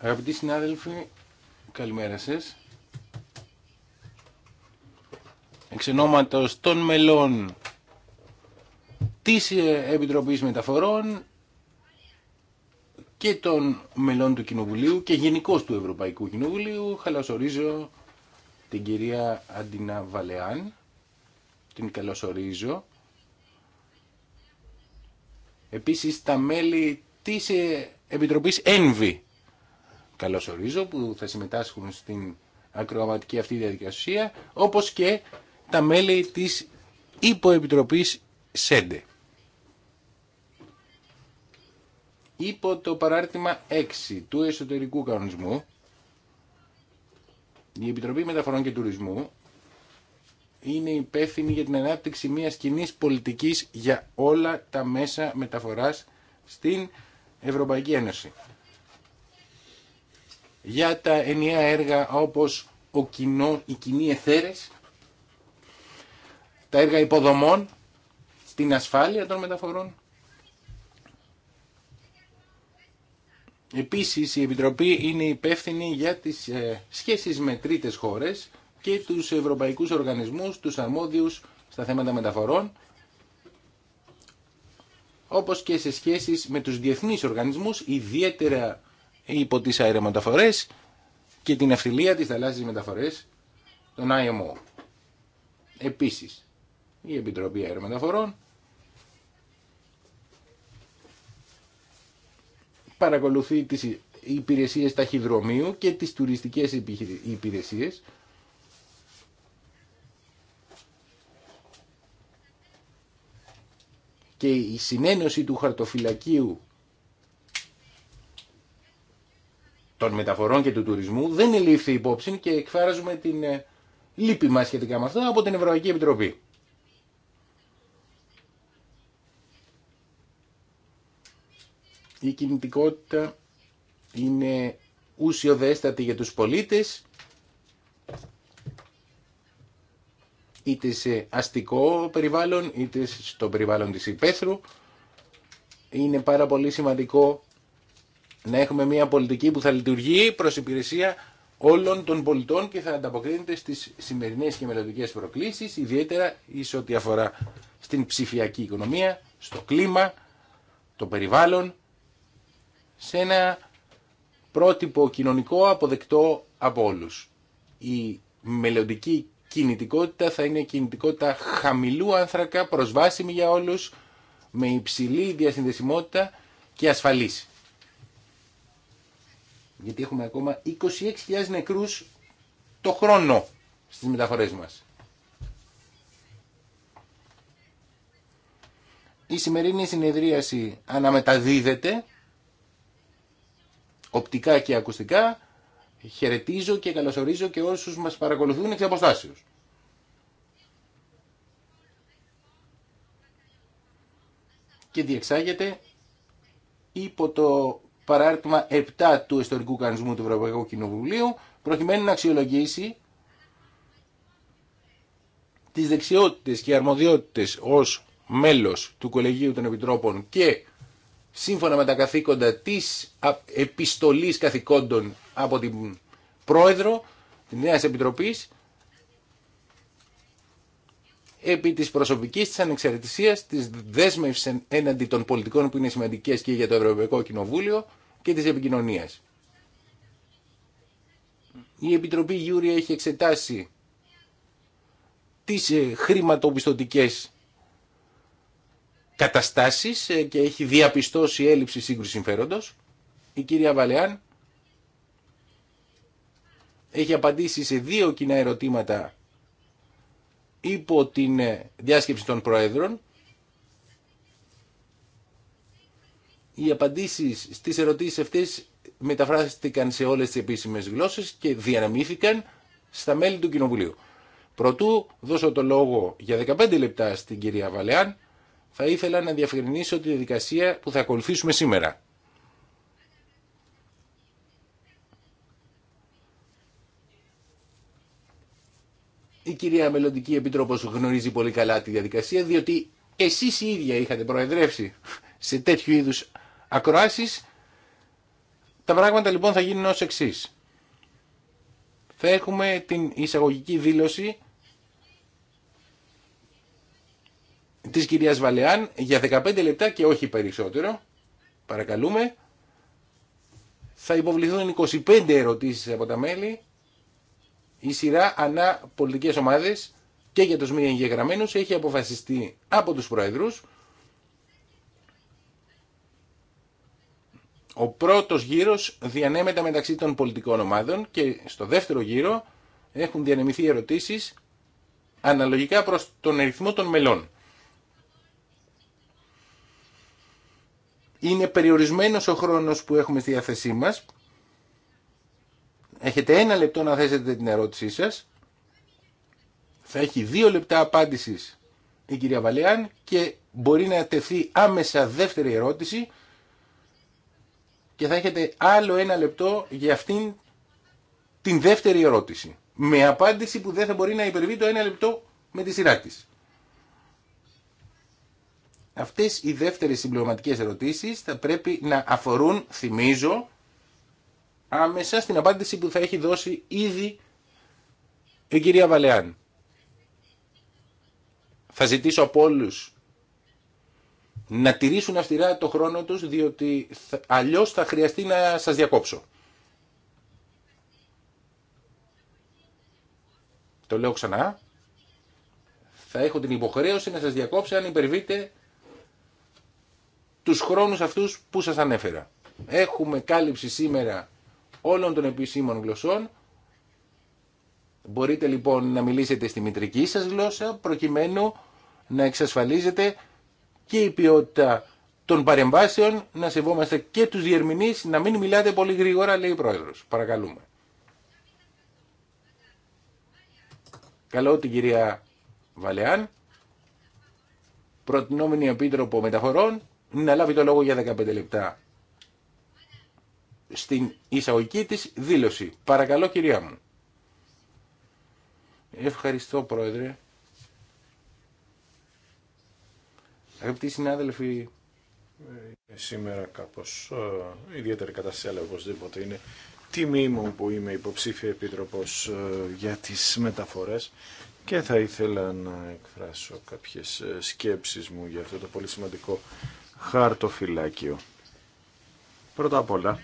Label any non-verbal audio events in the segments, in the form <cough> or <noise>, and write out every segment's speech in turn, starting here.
Αγαπητοί συνάδελφοι, καλημέρα σας. Εξ ονόματος των μελών της ε, Επιτροπής Μεταφορών και των μελών του Κοινοβουλίου και γενικώ του Ευρωπαϊκού Κοινοβουλίου χαλασορίζω την κυρία Αντινά Βαλεάν. Την καλωσορίζω επίσης τα μέλη της ε, Επιτροπής ΕΝΒΗ. Καλώς ορίζω που θα συμμετάσχουν στην ακροαματική αυτή διαδικασία, όπως και τα μέλη της Υποεπιτροπής ΣΕΝΤΕ. Υπό το παράρτημα 6 του εσωτερικού κανονισμού, η Επιτροπή Μεταφορών και Τουρισμού είναι υπεύθυνη για την ανάπτυξη μιας κοινή πολιτικής για όλα τα μέσα μεταφοράς στην Ευρωπαϊκή Ένωση. Για τα ενιαία έργα όπως ο κοινό, οι κοινοί εθέρες, τα έργα υποδομών, στην ασφάλεια των μεταφορών. Επίσης η Επιτροπή είναι υπεύθυνη για τις ε, σχέσεις με τρίτες χώρες και τους ευρωπαϊκούς οργανισμούς, τους αρμόδιους στα θέματα μεταφορών, όπως και σε σχέσεις με τους διεθνείς οργανισμούς, ιδιαίτερα υπό τις αερομεταφορές και την αυθυλία της θαλάσσιας μεταφορές, τον IMO. Επίσης, η Επιτροπή Αερομεταφορών παρακολουθεί τις υπηρεσίες ταχυδρομείου και τις τουριστικές υπηρεσίες, και η συνένωση του χαρτοφυλακίου των μεταφορών και του τουρισμού δεν ελήφθη υπόψη και εκφράζουμε την ε, λύπη μας σχετικά με αυτό από την Ευρωπαϊκή Επιτροπή. Η κινητικότητα είναι ουσιοδέστατη για τους πολίτες είτε σε αστικό περιβάλλον είτε στο περιβάλλον της υπαίθρου. Είναι πάρα πολύ σημαντικό να έχουμε μια πολιτική που θα λειτουργεί προς υπηρεσία όλων των πολιτών και θα ανταποκρίνεται στις σημερινές και μελλοντικές προκλήσεις, ιδιαίτερα εις ό,τι αφορά στην ψηφιακή οικονομία, στο κλίμα, το περιβάλλον, σε ένα πρότυπο κοινωνικό αποδεκτό από όλους. Η μελλοντική κινητικότητα θα είναι κινητικότητα χαμηλού άνθρακα, προσβάσιμη για όλους, με υψηλή διασυνδεσιμότητα και ασφαλής. Γιατί έχουμε ακόμα 26.000 νεκρούς το χρόνο στις μεταφορές μας. Η σημερινή συνεδρίαση αναμεταδίδεται οπτικά και ακουστικά Χαιρετίζω και καλωσορίζω και όσους μας παρακολουθούν εξ αποστάσεως. Και διεξάγεται υπό το παράρτημα 7 του ιστορικού κανονισμού του Ευρωπαϊκού Κοινοβουλίου προκειμένου να αξιολογήσει τις δεξιότητες και αρμοδιότητες ως μέλος του Κολεγίου των Επιτρόπων και σύμφωνα με τα καθήκοντα της επιστολής καθηκόντων από την πρόεδρο της Νέας Επιτροπής επί της προσωπικής της ανεξαρτησίας, της δέσμευσης έναντι των πολιτικών που είναι σημαντικές και για το Ευρωπαϊκό Κοινοβούλιο και της επικοινωνίας. Η Επιτροπή Γιούρια έχει εξετάσει τις ε, χρηματοπιστωτικές καταστάσεις ε, και έχει διαπιστώσει έλλειψη σύγκρουση συμφέροντος. Η κυρία Βαλεάν έχει απαντήσει σε δύο κοινά ερωτήματα υπό την ε, διάσκεψη των Προέδρων. Οι απαντήσεις στις ερωτήσεις αυτές μεταφράστηκαν σε όλες τις επίσημες γλώσσες και διαναμήθηκαν στα μέλη του Κοινοβουλίου. Πρωτού δώσω το λόγο για 15 λεπτά στην κυρία Βαλεάν θα ήθελα να διαφερνήσω τη διαδικασία που θα ακολουθήσουμε σήμερα. Η κυρία Μελλοντική Επιτρόπος γνωρίζει πολύ καλά τη διαδικασία, διότι εσείς οι ίδια είχατε προεδρεύσει σε τέτοιου είδους ακροάσεις. Τα πράγματα λοιπόν θα γίνουν ως εξής. Θα έχουμε την εισαγωγική δήλωση της κυρίας Βαλεάν για 15 λεπτά και όχι περισσότερο. Παρακαλούμε. Θα υποβληθούν 25 ερωτήσεις από τα μέλη. Η σειρά ανά πολιτικές ομάδες και για τους μη εγγεγραμμένους έχει αποφασιστεί από τους πρόεδρους. Ο πρώτος γύρος διανέμεται μεταξύ των πολιτικών ομάδων και στο δεύτερο γύρο έχουν διανεμηθεί ερωτήσεις αναλογικά προς τον αριθμό των μελών. είναι περιορισμένος ο χρόνος που έχουμε στη διάθεσή μας. Έχετε ένα λεπτό να θέσετε την ερώτησή σας. Θα έχει δύο λεπτά απάντησης η κυρία Βαλεάν και μπορεί να τεθεί άμεσα δεύτερη ερώτηση και θα έχετε άλλο ένα λεπτό για αυτήν την δεύτερη ερώτηση. Με απάντηση που δεν θα μπορεί να υπερβεί το ένα λεπτό με τη σειρά της. Αυτές οι δεύτερες συμπληρωματικές ερωτήσεις θα πρέπει να αφορούν, θυμίζω, άμεσα στην απάντηση που θα έχει δώσει ήδη η κυρία Βαλεάν. Θα ζητήσω από όλου να τηρήσουν αυστηρά το χρόνο τους, διότι αλλιώς θα χρειαστεί να σας διακόψω. Το λέω ξανά. Θα έχω την υποχρέωση να σας διακόψω αν υπερβείτε τους χρόνους αυτούς που σας ανέφερα. Έχουμε κάλυψη σήμερα όλων των επισήμων γλωσσών. Μπορείτε λοιπόν να μιλήσετε στη μητρική σας γλώσσα προκειμένου να εξασφαλίζετε και η ποιότητα των παρεμβάσεων, να σεβόμαστε και τους διερμηνείς, να μην μιλάτε πολύ γρήγορα, λέει ο Πρόεδρος. Παρακαλούμε. Καλό την κυρία Βαλεάν, προτινόμενη Επίτροπο Μεταφορών, να λάβει το λόγο για 15 λεπτά στην εισαγωγική της δήλωση. Παρακαλώ κυρία μου. Ευχαριστώ πρόεδρε. Αγαπητοί συνάδελφοι, ε, σήμερα κάπως ε, ιδιαίτερη κατάσταση, αλλά οπωσδήποτε είναι τιμή μου που είμαι υποψήφια επίτροπος ε, για τις μεταφορές και θα ήθελα να εκφράσω κάποιες σκέψεις μου για αυτό το πολύ σημαντικό χαρτοφυλάκιο. Πρώτα απ' όλα,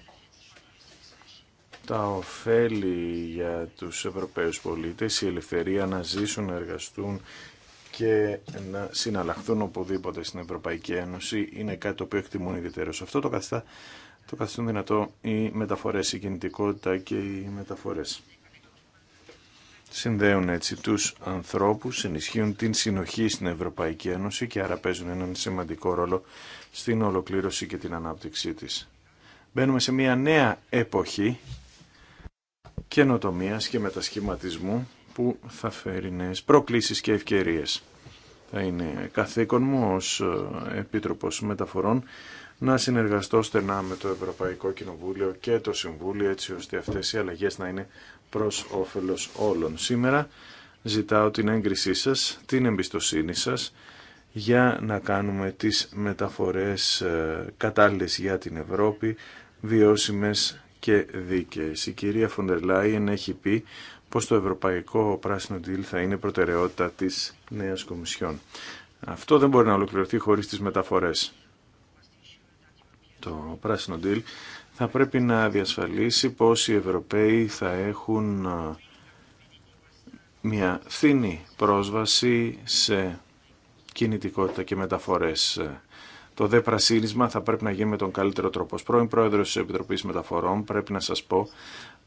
τα ωφέλη για τους Ευρωπαίους πολίτες, η ελευθερία να ζήσουν, να εργαστούν και να συναλλαχθούν οπουδήποτε στην Ευρωπαϊκή Ένωση είναι κάτι το οποίο εκτιμούν ιδιαίτερω. Αυτό το καθιστά το καθιστούν δυνατό οι μεταφορές, η κινητικότητα και οι μεταφορές συνδέουν έτσι τους ανθρώπους, ενισχύουν την συνοχή στην Ευρωπαϊκή Ένωση και άρα παίζουν έναν σημαντικό ρόλο στην ολοκλήρωση και την ανάπτυξή της. Μπαίνουμε σε μια νέα εποχή καινοτομία και μετασχηματισμού που θα φέρει νέες προκλήσεις και ευκαιρίες. Θα είναι καθήκον μου ως ε, Επίτροπος Μεταφορών να συνεργαστώ στενά με το Ευρωπαϊκό Κοινοβούλιο και το Συμβούλιο έτσι ώστε αυτές οι αλλαγές να είναι προς όφελος όλων. Σήμερα ζητάω την έγκρισή σας, την εμπιστοσύνη σας για να κάνουμε τις μεταφορές ε, κατάλληλες για την Ευρώπη, βιώσιμες και δίκαιες. Η κυρία Φοντερ Λάιεν έχει πει πως το Ευρωπαϊκό Πράσινο Deal θα είναι προτεραιότητα της νέας Κομισιόν. Αυτό δεν μπορεί να ολοκληρωθεί χωρίς τις μεταφορές. Το Πράσινο Deal θα πρέπει να διασφαλίσει πως οι Ευρωπαίοι θα έχουν μια φθηνή πρόσβαση σε κινητικότητα και μεταφορές. Το δε πρασίνισμα θα πρέπει να γίνει με τον καλύτερο τρόπο. πρώην πρόεδρος της Επιτροπής Μεταφορών πρέπει να σας πω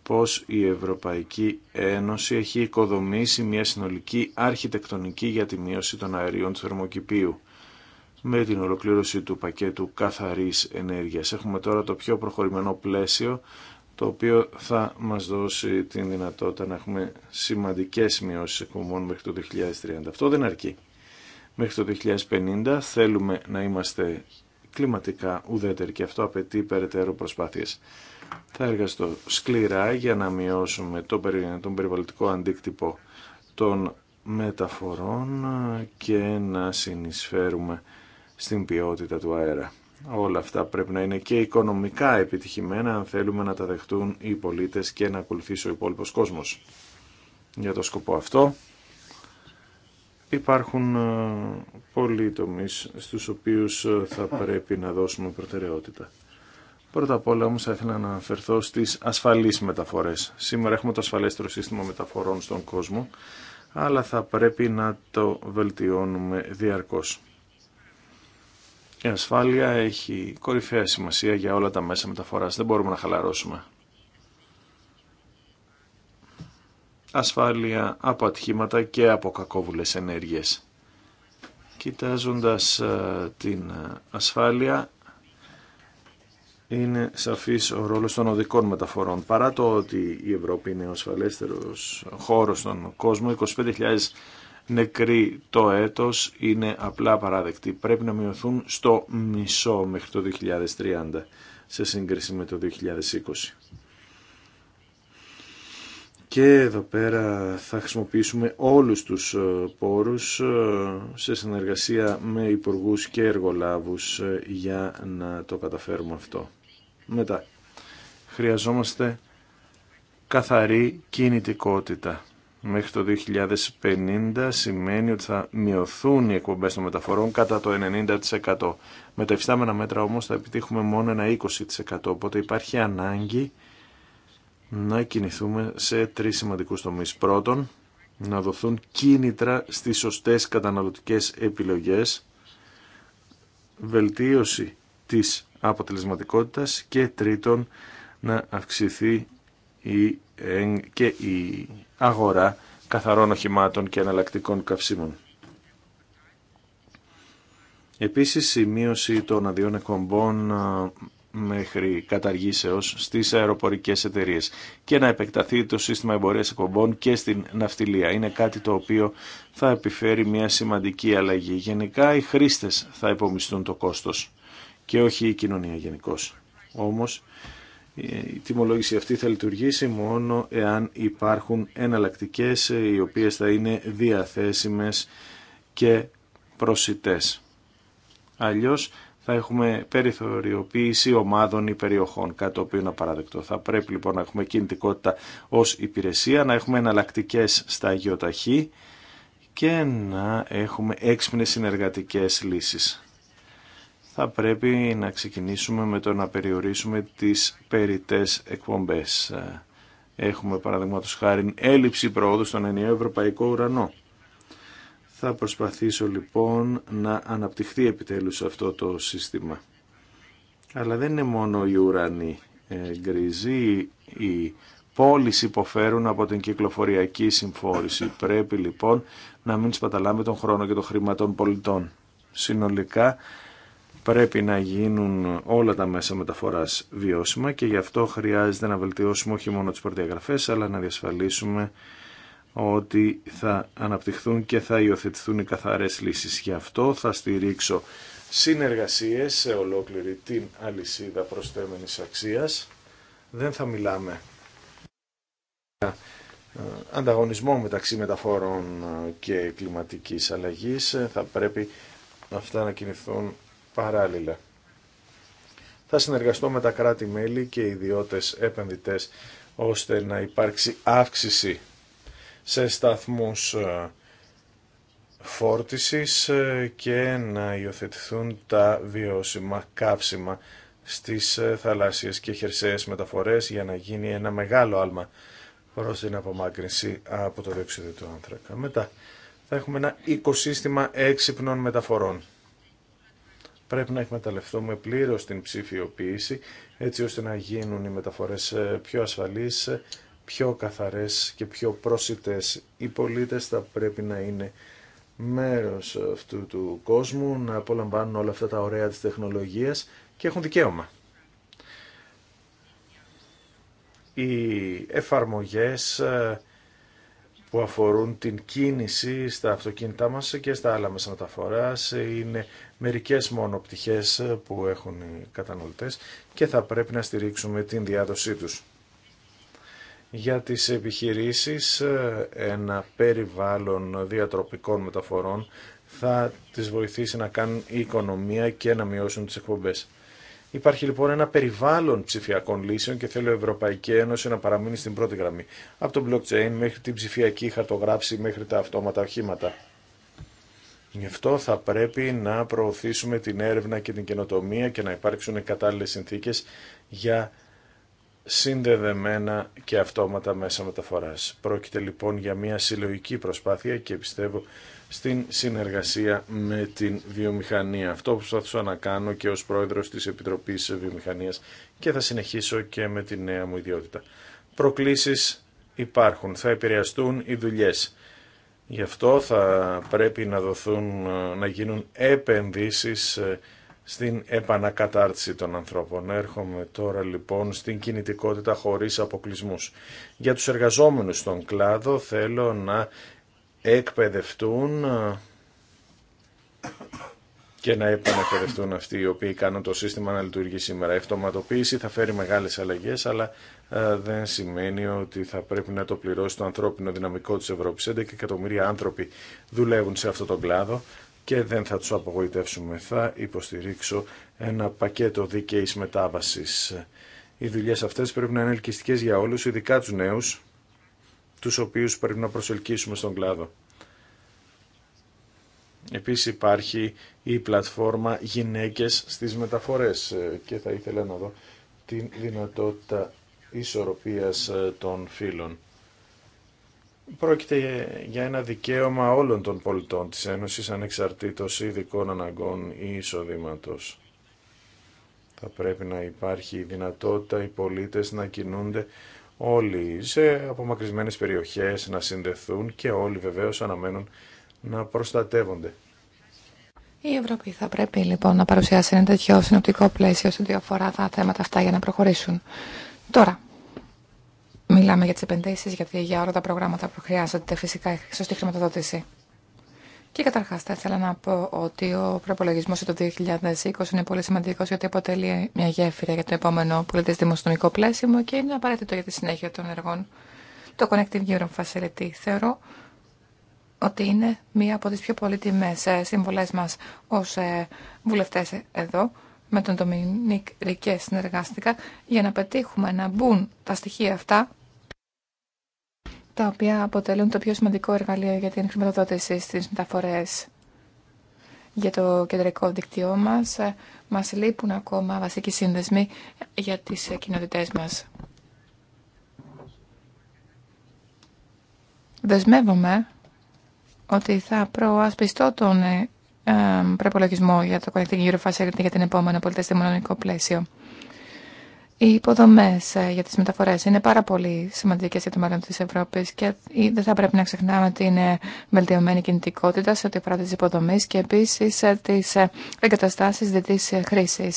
πως η Ευρωπαϊκή Ένωση έχει οικοδομήσει μια συνολική αρχιτεκτονική για τη μείωση των αερίων του θερμοκηπίου με την ολοκλήρωση του πακέτου καθαρής ενέργειας. Έχουμε τώρα το πιο προχωρημένο πλαίσιο το οποίο θα μας δώσει την δυνατότητα να έχουμε σημαντικές μειώσεις εκπομπών μέχρι το 2030. Αυτό δεν αρκεί. Μέχρι το 2050 θέλουμε να είμαστε κλιματικά ουδέτεροι και αυτό απαιτεί περαιτέρω προσπάθειες. Θα εργαστώ σκληρά για να μειώσουμε τον περιβαλλοντικό αντίκτυπο των μεταφορών και να συνεισφέρουμε στην ποιότητα του αέρα. Όλα αυτά πρέπει να είναι και οικονομικά επιτυχημένα αν θέλουμε να τα δεχτούν οι πολίτες και να ακολουθήσει ο υπόλοιπο κόσμος. Για το σκοπό αυτό υπάρχουν ε, πολλοί τομείς στους οποίους ε, θα πρέπει να δώσουμε προτεραιότητα. Πρώτα απ' όλα όμως θα ήθελα να αναφερθώ στις ασφαλείς μεταφορές. Σήμερα έχουμε το ασφαλέστερο σύστημα μεταφορών στον κόσμο, αλλά θα πρέπει να το βελτιώνουμε διαρκώς. Η ασφάλεια έχει κορυφαία σημασία για όλα τα μέσα μεταφοράς. Δεν μπορούμε να χαλαρώσουμε. Ασφάλεια από ατυχήματα και από κακόβουλες ενέργειες. Κοιτάζοντας ε, την ε, ασφάλεια, είναι σαφής ο ρόλος των οδικών μεταφορών. Παρά το ότι η Ευρώπη είναι ο ασφαλέστερος χώρος στον κόσμο, 25.000 νεκρή το έτος είναι απλά παράδεκτη. Πρέπει να μειωθούν στο μισό μέχρι το 2030 σε σύγκριση με το 2020. Και εδώ πέρα θα χρησιμοποιήσουμε όλους τους ε, πόρους ε, σε συνεργασία με υπουργούς και εργολάβους ε, για να το καταφέρουμε αυτό. Μετά, χρειαζόμαστε καθαρή κινητικότητα μέχρι το 2050 σημαίνει ότι θα μειωθούν οι εκπομπές των μεταφορών κατά το 90%. Με τα υφιστάμενα μέτρα όμως θα επιτύχουμε μόνο ένα 20%. Οπότε υπάρχει ανάγκη να κινηθούμε σε τρεις σημαντικούς τομείς. Πρώτον, να δοθούν κίνητρα στις σωστές καταναλωτικές επιλογές, βελτίωση της αποτελεσματικότητας και τρίτον, να αυξηθεί η, και η αγορά καθαρών οχημάτων και εναλλακτικών καυσίμων. Επίσης, η μείωση των αδειών εκπομπών μέχρι καταργήσεως στις αεροπορικές εταιρείες και να επεκταθεί το σύστημα εμπορίας εκπομπών και στην ναυτιλία. Είναι κάτι το οποίο θα επιφέρει μια σημαντική αλλαγή. Γενικά οι χρήστες θα υπομισθούν το κόστος και όχι η κοινωνία γενικώ. Όμως η τιμολόγηση αυτή θα λειτουργήσει μόνο εάν υπάρχουν εναλλακτικές οι οποίες θα είναι διαθέσιμες και προσιτές. Αλλιώς θα έχουμε περιθωριοποίηση ομάδων ή περιοχών, κάτι το οποίο είναι απαραδεκτό. Θα πρέπει λοιπόν να έχουμε κινητικότητα ως υπηρεσία, να έχουμε εναλλακτικέ στα γεωταχή και να έχουμε έξυπνες συνεργατικές λύσεις θα πρέπει να ξεκινήσουμε με το να περιορίσουμε τις περιτές εκπομπές. Έχουμε παραδείγματος χάρη έλλειψη πρόοδου στον ενιαίο ευρωπαϊκό ουρανό. Θα προσπαθήσω λοιπόν να αναπτυχθεί επιτέλους αυτό το σύστημα. Αλλά δεν είναι μόνο οι ουρανοί ε, γκριζοί, οι πόλεις υποφέρουν από την κυκλοφοριακή συμφόρηση. Πρέπει λοιπόν να μην σπαταλάμε τον χρόνο και το χρήμα των πολιτών. Συνολικά πρέπει να γίνουν όλα τα μέσα μεταφοράς βιώσιμα και γι' αυτό χρειάζεται να βελτιώσουμε όχι μόνο τις προδιαγραφές αλλά να διασφαλίσουμε ότι θα αναπτυχθούν και θα υιοθετηθούν οι καθαρές λύσεις. Γι' αυτό θα στηρίξω συνεργασίες σε ολόκληρη την αλυσίδα προστέμενης αξίας. Δεν θα μιλάμε για ε, ανταγωνισμό μεταξύ μεταφορών και κλιματικής αλλαγής. Θα πρέπει αυτά να κινηθούν παράλληλα. Θα συνεργαστώ με τα κράτη-μέλη και ιδιώτες επενδυτές ώστε να υπάρξει αύξηση σε σταθμούς ε, φόρτισης ε, και να υιοθετηθούν τα βιώσιμα καύσιμα στις ε, θαλάσσιες και χερσαίες μεταφορές για να γίνει ένα μεγάλο άλμα προς την απομάκρυνση από το διοξείδιο του άνθρακα. Μετά θα έχουμε ένα οικοσύστημα έξυπνων μεταφορών πρέπει να εκμεταλλευτούμε πλήρως την ψηφιοποίηση έτσι ώστε να γίνουν οι μεταφορές ε, πιο ασφαλείς, ε, πιο καθαρές και πιο πρόσιτες. Οι πολίτες θα πρέπει να είναι μέρος αυτού του κόσμου, να απολαμβάνουν όλα αυτά τα ωραία της τεχνολογίας και έχουν δικαίωμα. Οι εφαρμογές ε, που αφορούν την κίνηση στα αυτοκίνητά μας και στα άλλα μέσα μεταφοράς. Είναι μερικές μόνο πτυχές που έχουν οι και θα πρέπει να στηρίξουμε την διάδοσή τους. Για τις επιχειρήσεις, ένα περιβάλλον διατροπικών μεταφορών θα τις βοηθήσει να κάνουν οικονομία και να μειώσουν τις εκπομπές. Υπάρχει λοιπόν ένα περιβάλλον ψηφιακών λύσεων και θέλει η Ευρωπαϊκή Ένωση να παραμείνει στην πρώτη γραμμή. Από το blockchain μέχρι την ψηφιακή χαρτογράψη μέχρι τα αυτόματα οχήματα. Γι' αυτό θα πρέπει να προωθήσουμε την έρευνα και την καινοτομία και να υπάρξουν κατάλληλες συνθήκες για συνδεδεμένα και αυτόματα μέσα μεταφοράς. Πρόκειται λοιπόν για μια συλλογική προσπάθεια και πιστεύω στην συνεργασία με την βιομηχανία. Αυτό που θα να κάνω και ως πρόεδρος της Επιτροπής Βιομηχανίας και θα συνεχίσω και με τη νέα μου ιδιότητα. Προκλήσεις υπάρχουν, θα επηρεαστούν οι δουλειές. Γι' αυτό θα πρέπει να, δοθούν, να γίνουν επενδύσεις ε, στην επανακατάρτιση των ανθρώπων. Έρχομαι τώρα λοιπόν στην κινητικότητα χωρίς αποκλεισμούς. Για τους εργαζόμενους στον κλάδο θέλω να εκπαιδευτούν ε, και να επανεκπαιδευτούν αυτοί οι οποίοι κάνουν το σύστημα να λειτουργεί σήμερα. Η αυτοματοποίηση θα φέρει μεγάλες αλλαγές, αλλά ε, δεν σημαίνει ότι θα πρέπει να το πληρώσει το ανθρώπινο δυναμικό της Ευρώπης. 11 εκατομμύρια άνθρωποι δουλεύουν σε αυτό τον κλάδο και δεν θα τους απογοητεύσουμε. Θα υποστηρίξω ένα πακέτο δίκαιης μετάβασης. Οι δουλειές αυτές πρέπει να είναι ελκυστικές για όλους, ειδικά τους νέους, τους οποίους πρέπει να προσελκύσουμε στον κλάδο. Επίσης υπάρχει η πλατφόρμα γυναίκες στις μεταφορές ε, και θα ήθελα να δω την δυνατότητα ισορροπίας ε, των φύλων. Πρόκειται για ένα δικαίωμα όλων των πολιτών της Ένωσης ανεξαρτήτως ειδικών αναγκών ή εισοδήματος. Θα πρέπει να υπάρχει η δυνατότητα οι πολίτες να κινούνται όλοι σε απομακρυσμένες περιοχές να συνδεθούν και όλοι βεβαίως αναμένουν να προστατεύονται. Η Ευρώπη θα πρέπει λοιπόν να παρουσιάσει ένα τέτοιο συνοπτικό πλαίσιο σε δύο αφορά τα θέματα αυτά για να προχωρήσουν. Τώρα, μιλάμε για τις επενδύσεις, γιατί για όλα τα προγράμματα που χρειάζεται φυσικά η σωστή χρηματοδότηση. Και καταρχάς θα ήθελα να πω ότι ο προπολογισμό το 2020 είναι πολύ σημαντικό γιατί αποτελεί μια γέφυρα για το επόμενο πολιτιστικο δημοσιονομικό πλαίσιο και είναι απαραίτητο για τη συνέχεια των εργών. Το Connecting Europe Facility θεωρώ ότι είναι μία από τις πιο πολύτιμες ε, συμβολές μας ως ε, βουλευτές εδώ. Με τον Ντομινίκ Ρικέ συνεργάστηκα για να πετύχουμε να μπουν τα στοιχεία αυτά τα οποία αποτελούν το πιο σημαντικό εργαλείο για την χρηματοδότηση στις μεταφορές για το κεντρικό δικτυό μας. Ε, μας λείπουν ακόμα βασικοί σύνδεσμοι για τις ε, κοινότητές μας. Δεσμεύομαι ότι θα προασπιστώ τον ε, προπολογισμό για το Connecting Euro για την επόμενη πολιτεστημονικό πλαίσιο. Οι υποδομέ ε, για τι μεταφορέ είναι πάρα πολύ σημαντικέ για το μέλλον τη Ευρώπη και δεν θα πρέπει να ξεχνάμε ότι είναι βελτιωμένη κινητικότητα σε ό,τι αφορά τι υποδομέ και επίση ε, τι ε, εγκαταστάσει διτή χρήση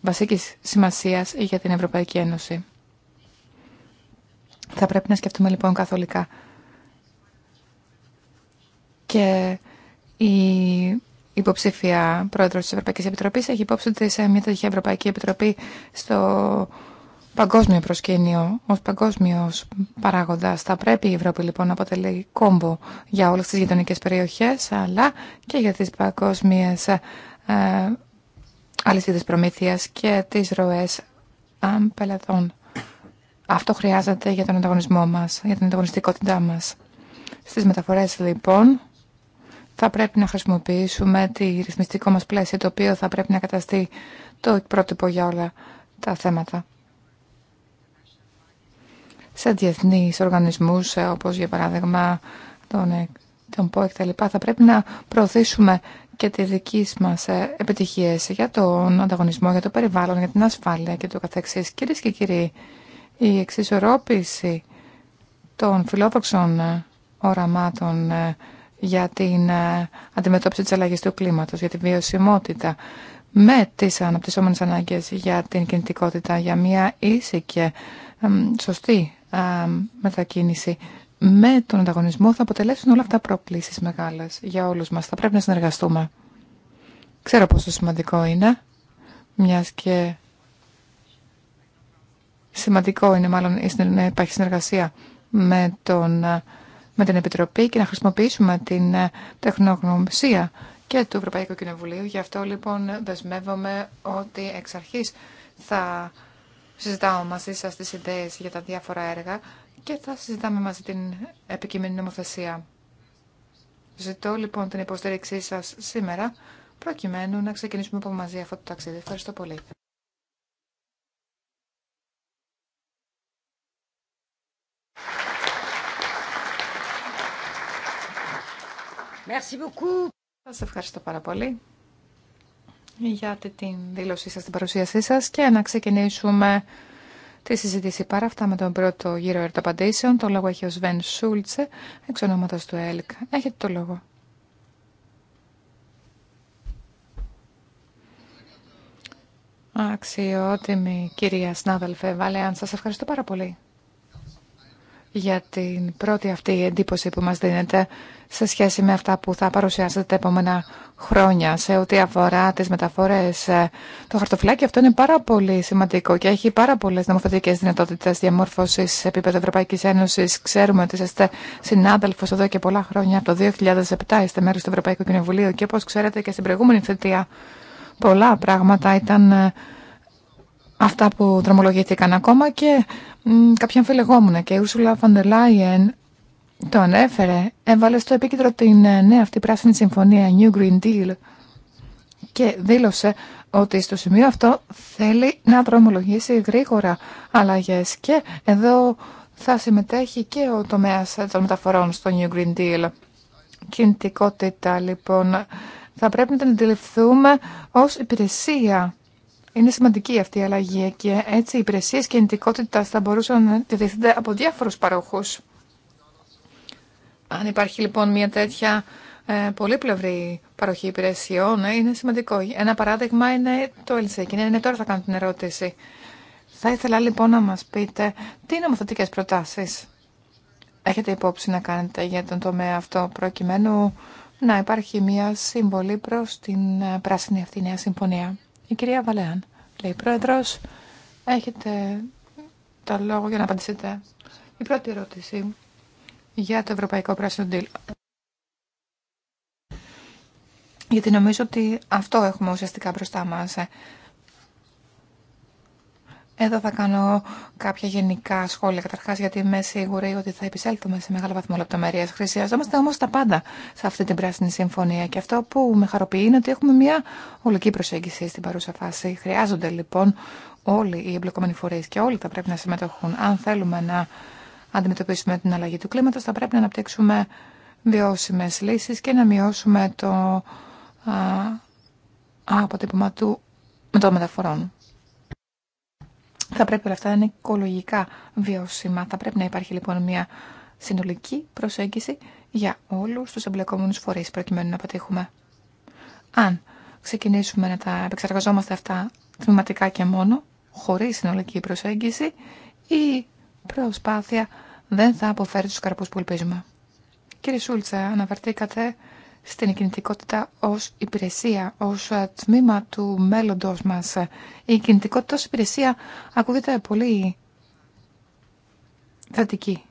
βασική σημασία για την Ευρωπαϊκή Ένωση. Θα πρέπει να σκεφτούμε λοιπόν καθολικά. Και η υποψήφια πρόεδρο τη Ευρωπαϊκή Επιτροπή έχει υπόψη ότι σε μια τέτοια Ευρωπαϊκή Επιτροπή στο παγκόσμιο προσκήνιο, ω παγκόσμιο παράγοντα. Θα πρέπει η Ευρώπη λοιπόν να αποτελεί κόμπο για όλε τι γειτονικέ περιοχέ, αλλά και για τι παγκόσμιε ε, αλυσίδε προμήθεια και τι ροέ πελατών. Αυτό χρειάζεται για τον ανταγωνισμό μας, για την ανταγωνιστικότητά μας. Στις μεταφορές λοιπόν, θα πρέπει να χρησιμοποιήσουμε τη ρυθμιστικό μας πλαίσιο, το οποίο θα πρέπει να καταστεί το πρότυπο για όλα τα θέματα. Σε διεθνείς οργανισμούς, όπως για παράδειγμα τον, ε, τον ΠΟΕΚ θα πρέπει να προωθήσουμε και τις δική μας ε, επιτυχίες για τον ανταγωνισμό, για το περιβάλλον, για την ασφάλεια και το καθεξής. Κυρίες και κύριοι, η εξισορρόπηση των φιλόδοξων ε, οραμάτων για την ε, αντιμετώπιση της αλλαγής του κλίματος, για τη βιωσιμότητα, με τις αναπτυσσόμενες ανάγκες για την κινητικότητα, για μια ίση και σωστή μετακίνηση με τον ανταγωνισμό θα αποτελέσουν όλα αυτά προκλήσεις μεγάλες για όλους μας. Θα πρέπει να συνεργαστούμε. Ξέρω πόσο σημαντικό είναι, μιας και σημαντικό είναι μάλλον να υπάρχει συνεργασία με τον ε, με την Επιτροπή και να χρησιμοποιήσουμε την ε, τεχνογνωσία και του Ευρωπαϊκού Κοινοβουλίου. Γι' αυτό λοιπόν δεσμεύομαι ότι εξ αρχής θα συζητάω μαζί σας τις ιδέες για τα διάφορα έργα και θα συζητάμε μαζί την επικείμενη νομοθεσία. Ζητώ λοιπόν την υποστήριξή σας σήμερα προκειμένου να ξεκινήσουμε από μαζί αυτό το ταξίδι. Ευχαριστώ πολύ. Merci Σας ευχαριστώ πάρα πολύ για την δήλωσή σας, την παρουσίασή σας και να ξεκινήσουμε τη συζήτηση πάρα αυτά με τον πρώτο γύρο ερωταπαντήσεων. Το λόγο έχει ο Σβέν Σούλτσε, εξ ονόματος του ΕΛΚ. Έχετε το λόγο. Αξιότιμη κυρία συνάδελφε Βάλεαν, σας ευχαριστώ πάρα πολύ για την πρώτη αυτή εντύπωση που μας δίνεται σε σχέση με αυτά που θα παρουσιάσετε τα επόμενα χρόνια σε ό,τι αφορά τις μεταφορές. Ε, το χαρτοφυλάκι αυτό είναι πάρα πολύ σημαντικό και έχει πάρα πολλές νομοθετικές δυνατότητες διαμόρφωσης σε επίπεδο Ευρωπαϊκής Ένωσης. Ξέρουμε ότι είστε συνάδελφος εδώ και πολλά χρόνια, από το 2007 είστε μέρος του Ευρωπαϊκού Κοινοβουλίου και όπως ξέρετε και στην προηγούμενη θετία πολλά πράγματα ήταν ε, αυτά που δρομολογήθηκαν ακόμα και κάποια Και η Ουρσουλα von το ανέφερε, έβαλε στο επίκεντρο την ε, νέα αυτή πράσινη συμφωνία, New Green Deal, και δήλωσε ότι στο σημείο αυτό θέλει να δρομολογήσει γρήγορα αλλαγές. Και εδώ θα συμμετέχει και ο τομέας των μεταφορών στο New Green Deal. Κινητικότητα, λοιπόν, θα πρέπει να την αντιληφθούμε ως υπηρεσία είναι σημαντική αυτή η αλλαγή και έτσι οι υπηρεσίε κινητικότητα θα μπορούσαν να διδεχθούνται από διάφορου παρόχου. Αν υπάρχει λοιπόν μια τέτοια ε, πολύπλευρη παροχή υπηρεσιών, ε, είναι σημαντικό. Ένα παράδειγμα είναι το ΕΛΣΕΚ. Είναι τώρα θα κάνω την ερώτηση. Θα ήθελα λοιπόν να μας πείτε τι νομοθετικές προτάσεις έχετε υπόψη να κάνετε για τον τομέα αυτό προκειμένου να υπάρχει μια συμβολή προς την ε, πράσινη αυτή νέα συμφωνία. Η κυρία Βαλέαν, λέει πρόεδρο, έχετε το λόγο για να απαντήσετε. Η πρώτη ερώτηση για το Ευρωπαϊκό Πράσινο Deal. Γιατί νομίζω ότι αυτό έχουμε ουσιαστικά μπροστά μας. Εδώ θα κάνω κάποια γενικά σχόλια. καταρχά, γιατί είμαι σίγουρη ότι θα επισέλθουμε σε μεγάλο βαθμό λεπτομέρειε. Χρειαζόμαστε όμω τα πάντα σε αυτή την πράσινη συμφωνία. Και αυτό που με χαροποιεί είναι ότι έχουμε μια ολική προσέγγιση στην παρούσα φάση. Χρειάζονται λοιπόν όλοι οι εμπλεκόμενοι φορεί και όλοι θα πρέπει να συμμετοχούν. Αν θέλουμε να αντιμετωπίσουμε την αλλαγή του κλίματο, θα πρέπει να αναπτύξουμε βιώσιμε λύσει και να μειώσουμε το αποτύπωμα του με των μεταφορών. Θα πρέπει όλα αυτά να είναι οικολογικά βιώσιμα. Θα πρέπει να υπάρχει λοιπόν μια συνολική προσέγγιση για όλους τους εμπλεκόμενους φορείς προκειμένου να πετύχουμε. Αν ξεκινήσουμε να τα επεξεργαζόμαστε αυτά τμηματικά και μόνο, χωρίς συνολική προσέγγιση, η προσπάθεια δεν θα αποφέρει τους καρπούς που ελπίζουμε. Κύριε Σούλτσα, στην κινητικότητα ως υπηρεσία, ως ε, τμήμα του μέλλοντος μας. Η κινητικότητα ως υπηρεσία ακούγεται πολύ θετική.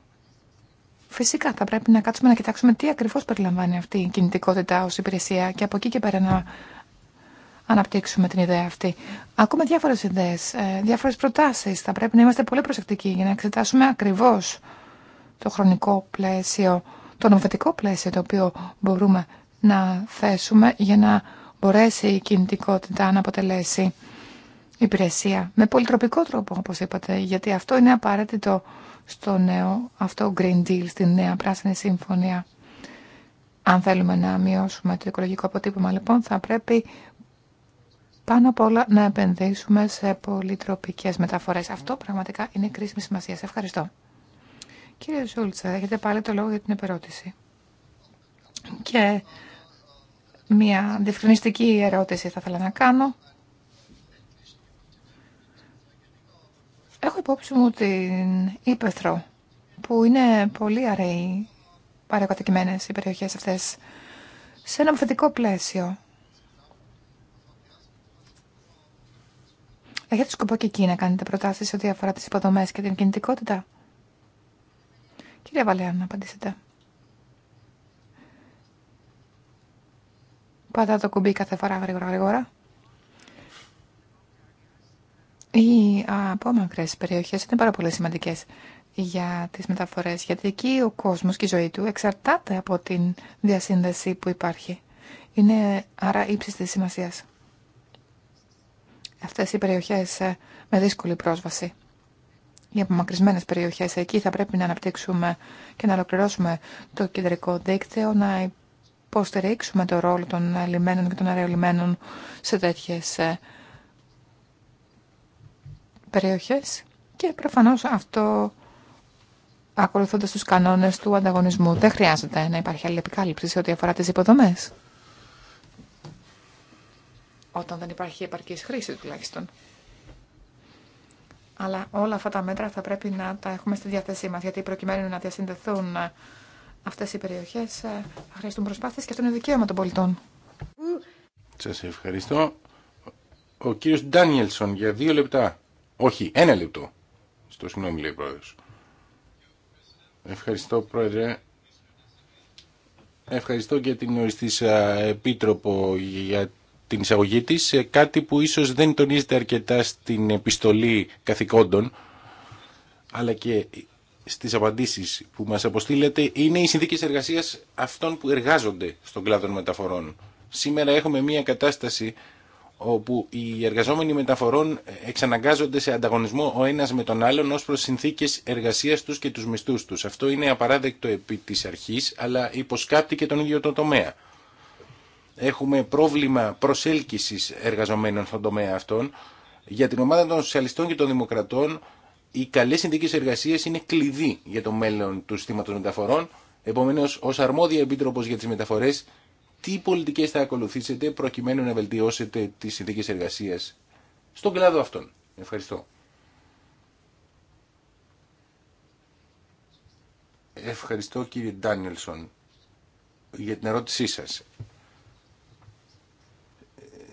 Φυσικά θα πρέπει να κάτσουμε να κοιτάξουμε τι ακριβώς περιλαμβάνει αυτή η κινητικότητα ως υπηρεσία και από εκεί και πέρα να αναπτύξουμε την ιδέα αυτή. Ακούμε διάφορες ιδέες, ε, διάφορες προτάσεις. Θα πρέπει να είμαστε πολύ προσεκτικοί για να εξετάσουμε ακριβώς το χρονικό πλαίσιο, το νομοθετικό πλαίσιο το οποίο μπορούμε να θέσουμε για να μπορέσει η κινητικότητα να αποτελέσει υπηρεσία με πολυτροπικό τρόπο, όπως είπατε, γιατί αυτό είναι απαραίτητο στο νέο αυτό Green Deal, στην νέα Πράσινη Σύμφωνια. Αν θέλουμε να μειώσουμε το οικολογικό αποτύπωμα, λοιπόν, θα πρέπει πάνω απ' όλα να επενδύσουμε σε πολυτροπικές μεταφορές. Αυτό πραγματικά είναι κρίσιμη σημασία. Σε ευχαριστώ. Κύριε Σούλτσα, έχετε πάλι το λόγο για την επερώτηση. Και Μία διευκρινιστική ερώτηση θα ήθελα να κάνω. Έχω υπόψη μου την Ήπεθρο, που είναι πολύ αραιοί παρακατοικημένες οι περιοχές αυτές, σε ένα μοθετικό πλαίσιο. Έχετε σκοπό και εκεί να κάνετε προτάσεις ό,τι αφορά τις υποδομές και την κινητικότητα. Κύριε Βαλέα, να απαντήσετε. πατά το κουμπί κάθε φορά γρήγορα γρήγορα. Οι απόμακρε περιοχές είναι πάρα πολύ σημαντικέ για τις μεταφορές, γιατί εκεί ο κόσμος και η ζωή του εξαρτάται από την διασύνδεση που υπάρχει. Είναι άρα ύψη της σημασίας. Αυτές οι περιοχές ε, με δύσκολη πρόσβαση. Οι απομακρυσμένε περιοχές εκεί θα πρέπει να αναπτύξουμε και να ολοκληρώσουμε το κεντρικό δίκτυο, να υποστηρίξουμε το ρόλο των λιμένων και των αερολιμένων σε τέτοιες ε, περιοχές και προφανώς αυτό ακολουθώντας τους κανόνες του ανταγωνισμού. Δεν χρειάζεται να υπάρχει άλλη επικάλυψη σε ό,τι αφορά τις υποδομές. Όταν δεν υπάρχει επαρκή χρήση τουλάχιστον. Αλλά όλα αυτά τα μέτρα θα πρέπει να τα έχουμε στη διάθεσή μας, γιατί προκειμένου να διασυνδεθούν Αυτέ οι περιοχές ε, θα χρειαστούν προσπάθειες και αυτό είναι δικαίωμα των πολιτών. Σα ευχαριστώ. Ο κύριος Ντάνιελσον για δύο λεπτά. Όχι, ένα λεπτό. Στο συγγνώμη λέει πρόεδρος. Ευχαριστώ πρόεδρε. Ευχαριστώ και την οριστή ε, επίτροπο για την εισαγωγή τη. Ε, κάτι που ίσως δεν τονίζεται αρκετά στην επιστολή καθηκόντων αλλά και Στι απαντήσει που μα αποστείλετε είναι οι συνθήκε εργασία αυτών που εργάζονται στον κλάδο των μεταφορών. Σήμερα έχουμε μια κατάσταση όπου οι εργαζόμενοι μεταφορών εξαναγκάζονται σε ανταγωνισμό ο ένα με τον άλλον ω προ συνθήκε εργασία του και του μισθού του. Αυτό είναι απαράδεκτο επί τη αρχή, αλλά υποσκάπτει και τον ίδιο το τομέα. Έχουμε πρόβλημα προσέλκυσης εργαζομένων στον τομέα αυτών. Για την ομάδα των Σοσιαλιστών και των Δημοκρατών οι καλές συνθήκε εργασία είναι κλειδί για το μέλλον του συστήματος μεταφορών. Επομένως, ως αρμόδια επίτροπο για τις μεταφορές, τι πολιτικές θα ακολουθήσετε προκειμένου να βελτιώσετε τις συνθήκε εργασία στον κλάδο αυτόν. Ευχαριστώ. Ευχαριστώ κύριε Ντάνιελσον για την ερώτησή σας.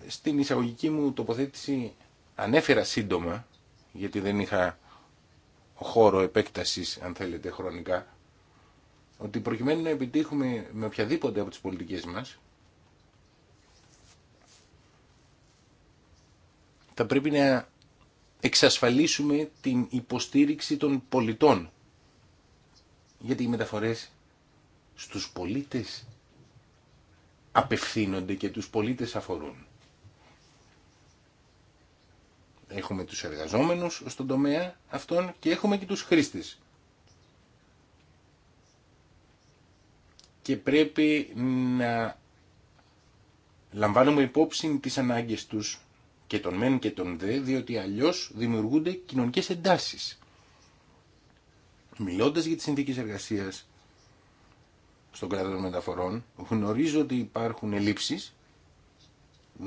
Στην εισαγωγική μου τοποθέτηση ανέφερα σύντομα, γιατί δεν είχα χώρο επέκτασης, αν θέλετε, χρονικά, ότι προκειμένου να επιτύχουμε με οποιαδήποτε από τις πολιτικές μας, θα πρέπει να εξασφαλίσουμε την υποστήριξη των πολιτών. Γιατί οι μεταφορές στους πολίτες απευθύνονται και τους πολίτες αφορούν. Έχουμε τους εργαζόμενους στον τομέα αυτών και έχουμε και τους χρήστες. Και πρέπει να λαμβάνουμε υπόψη τις ανάγκες τους και των μεν και των δε, διότι αλλιώς δημιουργούνται κοινωνικές εντάσεις. Μιλώντας για τις συνθήκες εργασίας στον κράτο των μεταφορών, γνωρίζω ότι υπάρχουν ελλείψεις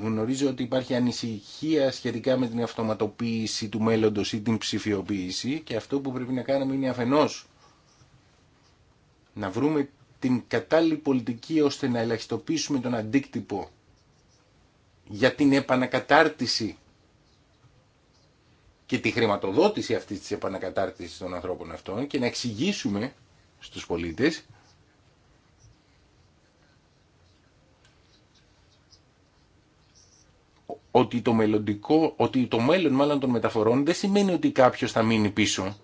Γνωρίζω ότι υπάρχει ανησυχία σχετικά με την αυτοματοποίηση του μέλλοντος ή την ψηφιοποίηση και αυτό που πρέπει να κάνουμε είναι αφενός να βρούμε την κατάλληλη πολιτική ώστε να ελαχιστοποιήσουμε τον αντίκτυπο για την επανακατάρτιση και τη χρηματοδότηση αυτής της επανακατάρτισης των ανθρώπων αυτών και να εξηγήσουμε στους πολίτες ότι το μελλοντικό, ότι το μέλλον μάλλον των μεταφορών δεν σημαίνει ότι κάποιος θα μείνει πίσω.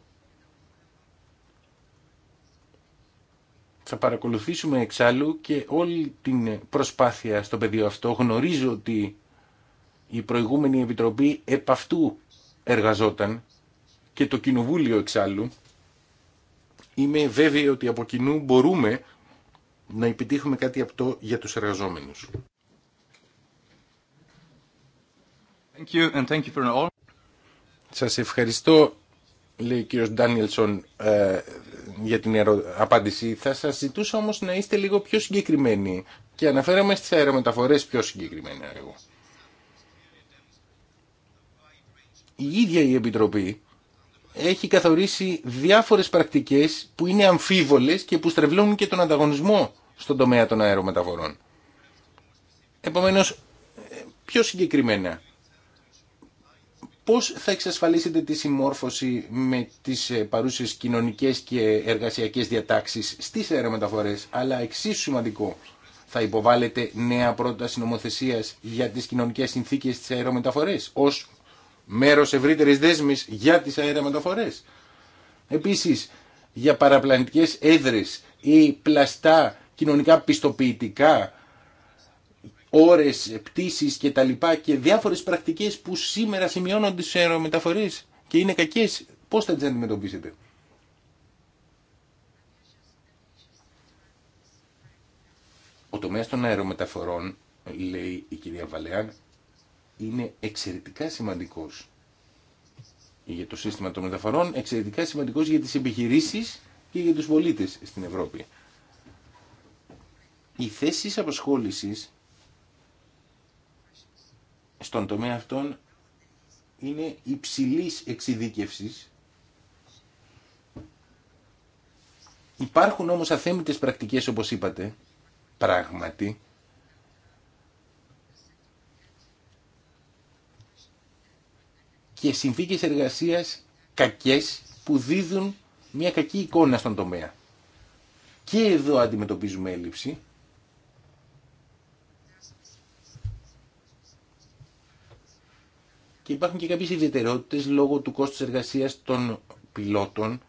Θα παρακολουθήσουμε εξάλλου και όλη την προσπάθεια στο πεδίο αυτό. Γνωρίζω ότι η προηγούμενη Επιτροπή επ' αυτού εργαζόταν και το Κοινοβούλιο εξάλλου. Είμαι βέβαιο ότι από κοινού μπορούμε να επιτύχουμε κάτι από το για τους εργαζόμενους. Thank Σας ευχαριστώ, λέει ο κύριος Ντάνιελσον, ε, για την απάντηση. Θα σας ζητούσα όμως να είστε λίγο πιο συγκεκριμένοι και αναφέραμε στις αερομεταφορές πιο συγκεκριμένα εγώ. Η ίδια η Επιτροπή έχει καθορίσει διάφορες πρακτικές που είναι αμφίβολες και που στρεβλώνουν και τον ανταγωνισμό στον τομέα των αερομεταφορών. Επομένως, ε, πιο συγκεκριμένα, πώς θα εξασφαλίσετε τη συμμόρφωση με τις ε, παρούσες κοινωνικές και εργασιακές διατάξεις στις αερομεταφορές, αλλά εξίσου σημαντικό, θα υποβάλλετε νέα πρόταση νομοθεσίας για τις κοινωνικές συνθήκες στις αερομεταφορές, ως μέρος ευρύτερης δέσμης για τις αερομεταφορές. Επίσης, για παραπλανητικές έδρες ή πλαστά κοινωνικά πιστοποιητικά, ώρες πτήσεις και τα λοιπά και διάφορες πρακτικές που σήμερα σημειώνονται σε αερομεταφορές και είναι κακές, πώς θα τις αντιμετωπίσετε. Ο τομέας των αερομεταφορών, λέει η κυρία Βαλεάν, είναι εξαιρετικά σημαντικός για το σύστημα των μεταφορών, εξαιρετικά σημαντικός για τις επιχειρήσεις και για τους πολίτες στην Ευρώπη. Οι θέσεις απασχόλησης στον τομέα αυτών είναι υψηλής εξειδίκευσης. Υπάρχουν όμως αθέμητες πρακτικές όπως είπατε, πράγματι, και συνθήκες εργασίας κακές που δίδουν μια κακή εικόνα στον τομέα. Και εδώ αντιμετωπίζουμε έλλειψη και υπάρχουν και κάποιες ιδιαιτερότητες λόγω του κόστους εργασίας των πιλότων,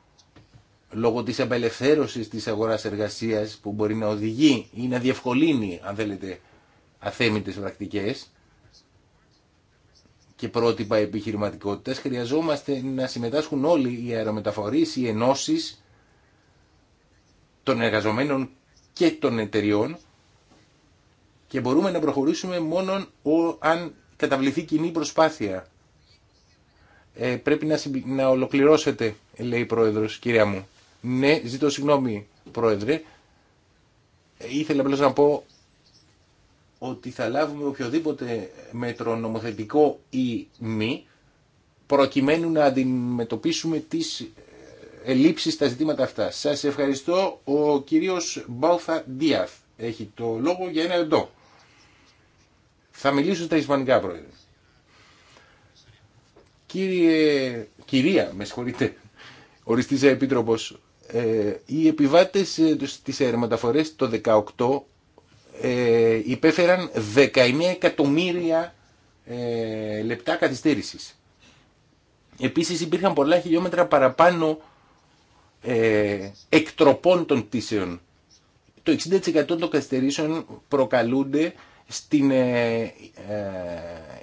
λόγω της απελευθέρωσης της αγοράς εργασίας που μπορεί να οδηγεί ή να διευκολύνει, αν θέλετε, αθέμητες πρακτικές και πρότυπα επιχειρηματικότητας, χρειαζόμαστε να συμμετάσχουν όλοι οι αερομεταφορείς, οι ενώσεις των εργαζομένων και των εταιριών και μπορούμε να προχωρήσουμε μόνο αν καταβληθεί κοινή προσπάθεια. Ε, πρέπει να, να ολοκληρώσετε, λέει η Πρόεδρος, κυρία μου. Ναι, ζητώ συγγνώμη, Πρόεδρε. Ε, ήθελα απλώ να πω ότι θα λάβουμε οποιοδήποτε μέτρο νομοθετικό ή μη προκειμένου να αντιμετωπίσουμε τις ε, ελλείψεις στα ζητήματα αυτά. Σας ευχαριστώ. Ο κύριος Μπάουθα Ντίαθ έχει το λόγο για ένα λεπτό. Θα μιλήσω στα Ισπανικά, πρόεδρε. Κύριε, κυρία, με συγχωρείτε, οριστήσα επίτροπος, ε, οι επιβάτες στις ε, αερομεταφορές το 2018 ε, υπέφεραν 19 εκατομμύρια ε, λεπτά καθυστέρησης. Επίσης υπήρχαν πολλά χιλιόμετρα παραπάνω εκτροπών των πτήσεων. Το 60% των καθυστερήσεων προκαλούνται στην ε, ε,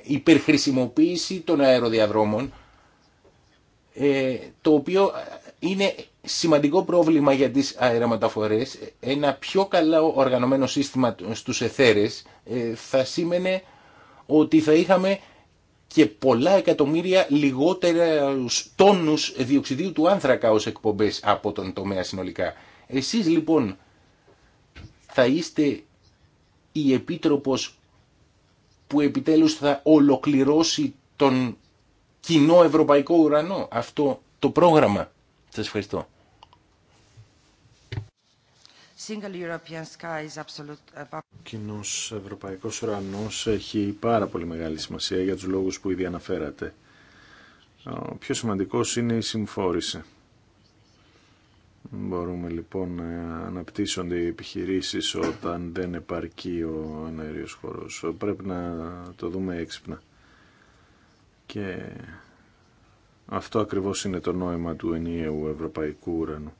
υπερχρησιμοποίηση των αεροδιαδρόμων, ε, το οποίο είναι σημαντικό πρόβλημα για τις αερομεταφορές. Ένα πιο καλά οργανωμένο σύστημα στους εθέρες θα σήμαινε ότι θα είχαμε και πολλά εκατομμύρια λιγότερους τόνους διοξιδίου του άνθρακα ως εκπομπές από τον τομέα συνολικά. Εσείς λοιπόν θα είστε η Επίτροπος που επιτέλους θα ολοκληρώσει τον κοινό ευρωπαϊκό ουρανό αυτό το πρόγραμμα. Σας ευχαριστώ. Ο κοινό ευρωπαϊκό ουρανό έχει πάρα πολύ μεγάλη σημασία για του λόγου που ήδη αναφέρατε. Ο πιο σημαντικό είναι η συμφόρηση. Μπορούμε λοιπόν να αναπτύσσονται οι επιχειρήσεις όταν δεν επαρκεί ο αναερίος χώρος. Πρέπει να το δούμε έξυπνα. Και αυτό ακριβώς είναι το νόημα του ενιαίου ευρωπαϊκού ουρανού.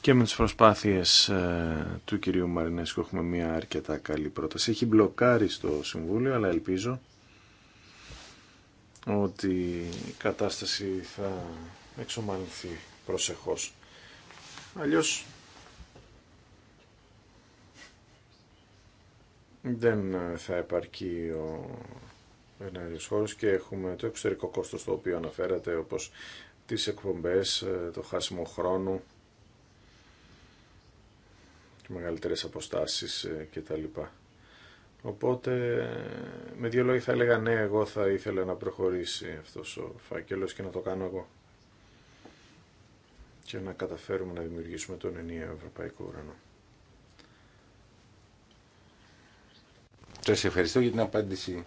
Και με τις προσπάθειες ε, του κυρίου Μαρινέσκου έχουμε μια αρκετά καλή πρόταση. Έχει μπλοκάρει στο Συμβούλιο, αλλά ελπίζω ότι η κατάσταση θα εξομαλυνθεί προσεχώς. Αλλιώς δεν θα επαρκεί ο ενέργειος χώρος και έχουμε το εξωτερικό κόστος το οποίο αναφέρατε όπως τις εκπομπές, ε, το χάσιμο χρόνου και μεγαλύτερες αποστάσεις ε, κτλ. Οπότε, με δύο λόγια θα έλεγα ναι, εγώ θα ήθελα να προχωρήσει αυτός ο φάκελος και να το κάνω εγώ και να καταφέρουμε να δημιουργήσουμε τον ενιαίο ευρωπαϊκό ουρανό. Σας ευχαριστώ για την απάντηση,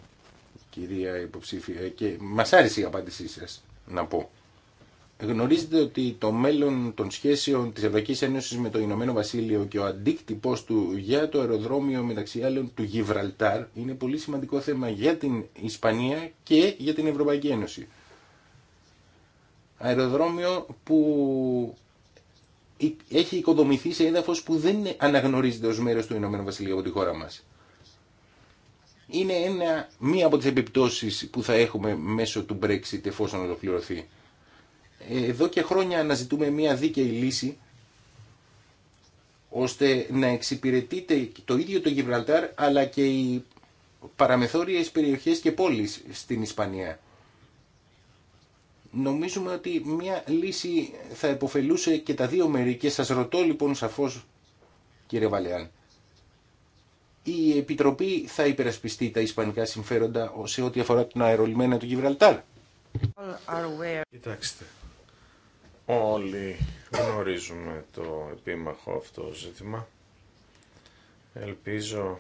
κυρία υποψήφια, και μας άρεσε η απάντησή σας, να πω. Γνωρίζετε ότι το μέλλον των σχέσεων της Ευρωπαϊκής Ένωσης με το Ηνωμένο Βασίλειο και ο αντίκτυπος του για το αεροδρόμιο μεταξύ άλλων του Γιβραλτάρ είναι πολύ σημαντικό θέμα για την Ισπανία και για την Ευρωπαϊκή Ένωση αεροδρόμιο που έχει οικοδομηθεί σε έδαφος που δεν αναγνωρίζεται ως μέρος του Ηνωμένου Βασιλείου από τη χώρα μας. Είναι ένα, μία από τις επιπτώσεις που θα έχουμε μέσω του Brexit εφόσον ολοκληρωθεί. Εδώ και χρόνια αναζητούμε μία δίκαιη λύση ώστε να εξυπηρετείται το ίδιο το Γιβραλτάρ αλλά και οι παραμεθόριες περιοχές και πόλεις στην Ισπανία. Νομίζουμε ότι μια λύση θα υποφελούσε και τα δύο μέρη και σας ρωτώ λοιπόν σαφώς κύριε Βαλεάν. Η Επιτροπή θα υπερασπιστεί τα ισπανικά συμφέροντα σε ό,τι αφορά την αερολιμένα του Γιβραλτάρ. Κοιτάξτε, όλοι γνωρίζουμε το επίμαχο αυτό ζήτημα. Ελπίζω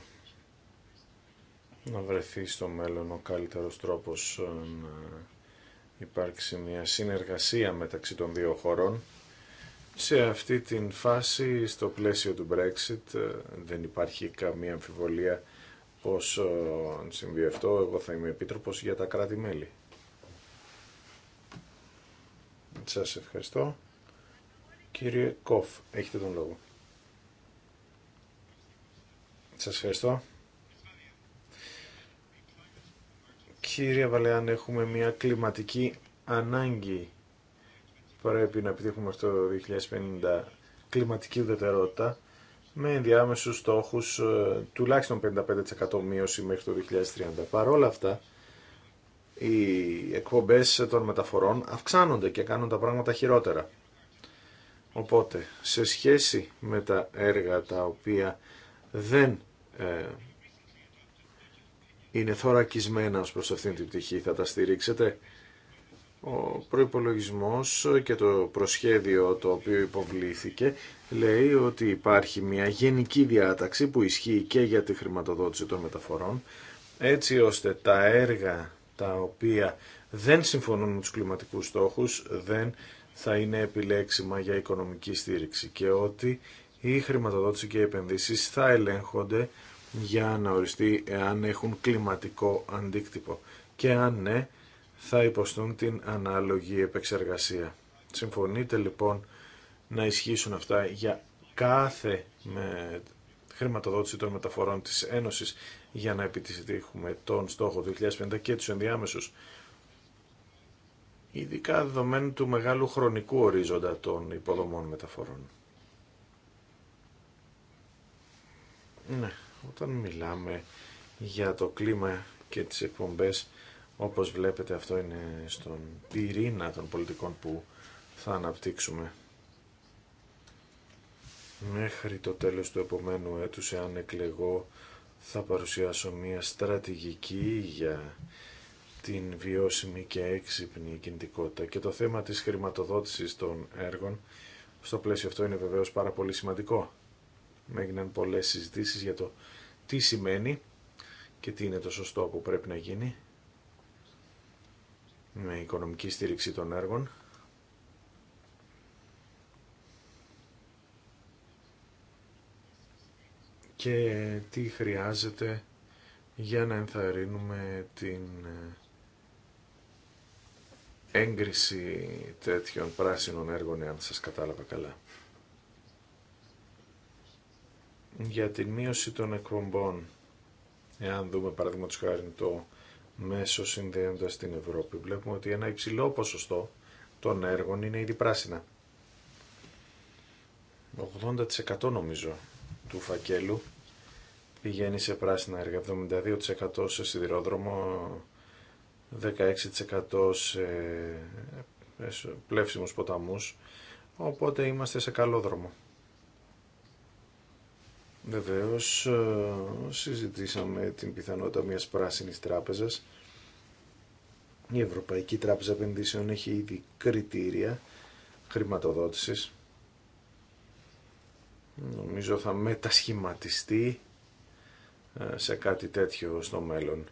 να βρεθεί στο μέλλον ο καλύτερος τρόπος ε, να υπάρξει μια συνεργασία μεταξύ των δύο χωρών. Σε αυτή την φάση, στο πλαίσιο του Brexit, ε, δεν υπάρχει καμία αμφιβολία πως ε, αν συμβεί αυτό, εγώ θα είμαι επίτροπος για τα κράτη-μέλη. Σας ευχαριστώ. Κύριε Κοφ, έχετε τον λόγο. Σας ευχαριστώ. Κύριε Βαλεάν, έχουμε μια κλιματική ανάγκη. Πρέπει να επιτύχουμε αυτό το 2050 κλιματική ουδετερότητα με ενδιάμεσους στόχους ε, τουλάχιστον 55% μείωση μέχρι το 2030. Παρ' όλα αυτά, οι εκπομπές των μεταφορών αυξάνονται και κάνουν τα πράγματα χειρότερα. Οπότε, σε σχέση με τα έργα τα οποία δεν ε, είναι θωρακισμένα ως προς αυτήν την πτυχή. Θα τα στηρίξετε. Ο προϋπολογισμός και το προσχέδιο το οποίο υποβλήθηκε λέει ότι υπάρχει μια γενική διάταξη που ισχύει και για τη χρηματοδότηση των μεταφορών έτσι ώστε τα έργα τα οποία δεν συμφωνούν με τους κλιματικούς στόχους δεν θα είναι επιλέξιμα για οικονομική στήριξη και ότι η χρηματοδότηση και οι επενδύσεις θα ελέγχονται για να οριστεί εάν έχουν κλιματικό αντίκτυπο και αν ναι θα υποστούν την ανάλογη επεξεργασία. Συμφωνείτε λοιπόν να ισχύσουν αυτά για κάθε χρηματοδότηση των μεταφορών της Ένωσης για να επιτυχούμε τον στόχο του 2050 και τους ενδιάμεσους ειδικά δεδομένου του μεγάλου χρονικού ορίζοντα των υποδομών μεταφορών. Ναι, όταν μιλάμε για το κλίμα και τις εκπομπές, όπως βλέπετε αυτό είναι στον πυρήνα των πολιτικών που θα αναπτύξουμε μέχρι το τέλος του επομένου έτους, εάν εκλεγώ, θα παρουσιάσω μια στρατηγική για την βιώσιμη και έξυπνη κινητικότητα και το θέμα της χρηματοδότησης των έργων στο πλαίσιο αυτό είναι βεβαίως πάρα πολύ σημαντικό έγιναν πολλές συζητήσεις για το τι σημαίνει και τι είναι το σωστό που πρέπει να γίνει με οικονομική στήριξη των έργων. και τι χρειάζεται για να ενθαρρύνουμε την ε, έγκριση τέτοιων πράσινων έργων, αν σας κατάλαβα καλά για την μείωση των εκπομπών. Εάν δούμε παραδείγματος χάρη το μέσο συνδέοντας την Ευρώπη, βλέπουμε ότι ένα υψηλό ποσοστό των έργων είναι ήδη πράσινα. 80% νομίζω του φακέλου πηγαίνει σε πράσινα έργα, 72% σε σιδηρόδρομο, 16% σε πλεύσιμους ποταμούς, οπότε είμαστε σε καλό δρόμο. Βεβαίως ε, συζητήσαμε την πιθανότητα μιας πράσινης τράπεζας. Η Ευρωπαϊκή Τράπεζα Επενδύσεων έχει ήδη κριτήρια χρηματοδότησης. Νομίζω θα μετασχηματιστεί ε, σε κάτι τέτοιο στο μέλλον.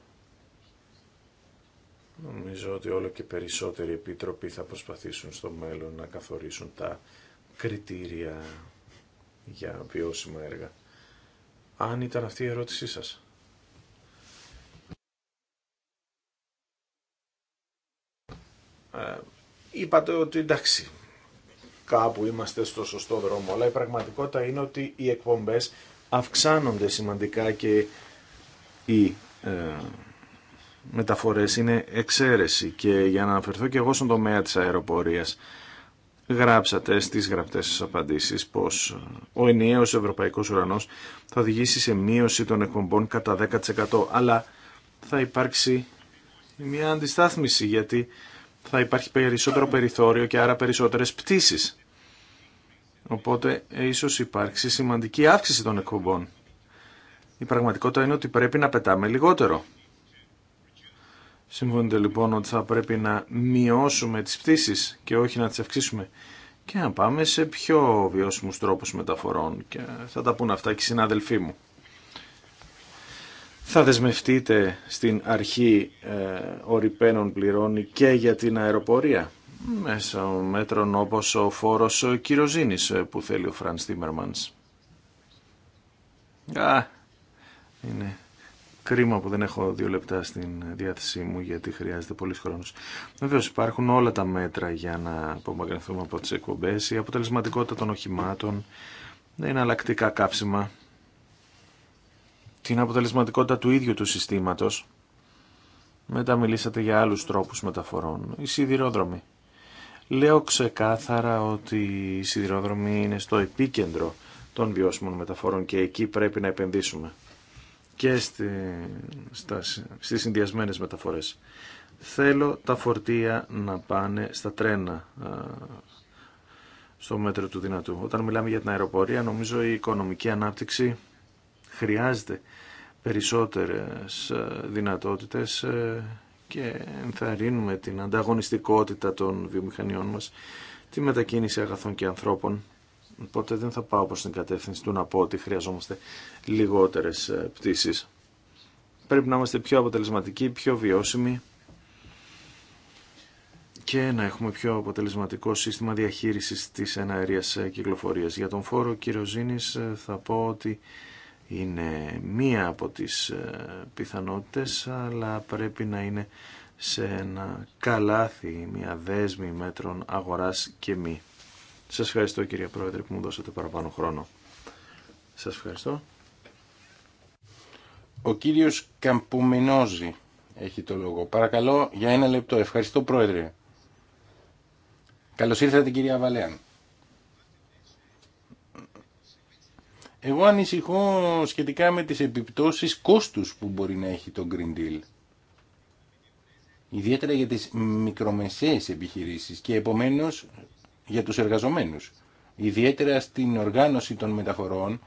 Νομίζω ότι όλο και περισσότεροι επίτροποι θα προσπαθήσουν στο μέλλον να καθορίσουν τα κριτήρια για βιώσιμα έργα αν ήταν αυτή η ερώτησή σας. Ε, είπατε ότι εντάξει, κάπου είμαστε στο σωστό δρόμο, αλλά η πραγματικότητα είναι ότι οι εκπομπές αυξάνονται σημαντικά και οι ε, μεταφορές είναι εξαίρεση. Και για να αναφερθώ και εγώ στον τομέα της αεροπορίας, γράψατε στις γραπτές σας απαντήσεις πως ο ενιαίος ευρωπαϊκός ουρανός θα οδηγήσει σε μείωση των εκπομπών κατά 10% αλλά θα υπάρξει μια αντιστάθμιση γιατί θα υπάρχει περισσότερο περιθώριο και άρα περισσότερες πτήσεις. Οπότε ίσως υπάρξει σημαντική αύξηση των εκπομπών. Η πραγματικότητα είναι ότι πρέπει να πετάμε λιγότερο. Συμφωνείτε λοιπόν ότι θα πρέπει να μειώσουμε τις πτήσεις και όχι να τις αυξήσουμε και να πάμε σε πιο βιώσιμους τρόπους μεταφορών και θα τα πούν αυτά και οι συνάδελφοί μου. Θα δεσμευτείτε στην αρχή ε, ορυπαίνων πληρώνει και για την αεροπορία μέσα μέτρων όπως ο φόρος ο ε, που θέλει ο Φραν Τίμερμανς. Α, είναι Κρίμα που δεν έχω δύο λεπτά στην διάθεσή μου γιατί χρειάζεται πολύ χρόνο. Βεβαίω υπάρχουν όλα τα μέτρα για να απομακρυνθούμε από τι εκπομπέ. Η αποτελεσματικότητα των οχημάτων, τα εναλλακτικά κάψιμα, την αποτελεσματικότητα του ίδιου του συστήματο. Μετά μιλήσατε για άλλου τρόπου μεταφορών. Οι σιδηρόδρομη Λέω ξεκάθαρα ότι οι σιδηρόδρομη είναι στο επίκεντρο των βιώσιμων μεταφορών και εκεί πρέπει να επενδύσουμε και στη, στα, στις συνδυασμένες μεταφορές. Θέλω τα φορτία να πάνε στα τρένα στο μέτρο του δυνατού. Όταν μιλάμε για την αεροπορία νομίζω η οικονομική ανάπτυξη χρειάζεται περισσότερες δυνατότητες και ενθαρρύνουμε την ανταγωνιστικότητα των βιομηχανιών μας, τη μετακίνηση αγαθών και ανθρώπων Οπότε δεν θα πάω προς την κατεύθυνση του να πω ότι χρειαζόμαστε λιγότερες ε, πτήσεις. Πρέπει να είμαστε πιο αποτελεσματικοί, πιο βιώσιμοι και να έχουμε πιο αποτελεσματικό σύστημα διαχείρισης της εναερίας ε, κυκλοφορίας. Για τον φόρο κυροζήνης ε, θα πω ότι είναι μία από τις πιθανότητες, αλλά πρέπει να είναι σε ένα καλάθι, μια δέσμη μέτρων αγοράς και μη. Σας ευχαριστώ κύριε Πρόεδρε που μου δώσατε παραπάνω χρόνο. Σας ευχαριστώ. Ο κύριος Καμπουμενόζη έχει το λόγο. Παρακαλώ για ένα λεπτό. Ευχαριστώ Πρόεδρε. Καλώς ήρθατε κυρία Βαλέαν. Εγώ ανησυχώ σχετικά με τις επιπτώσεις κόστους που μπορεί να έχει το Green Deal. Ιδιαίτερα για τις μικρομεσαίες επιχειρήσεις και επομένως για τους εργαζομένους. Ιδιαίτερα στην οργάνωση των μεταφορών,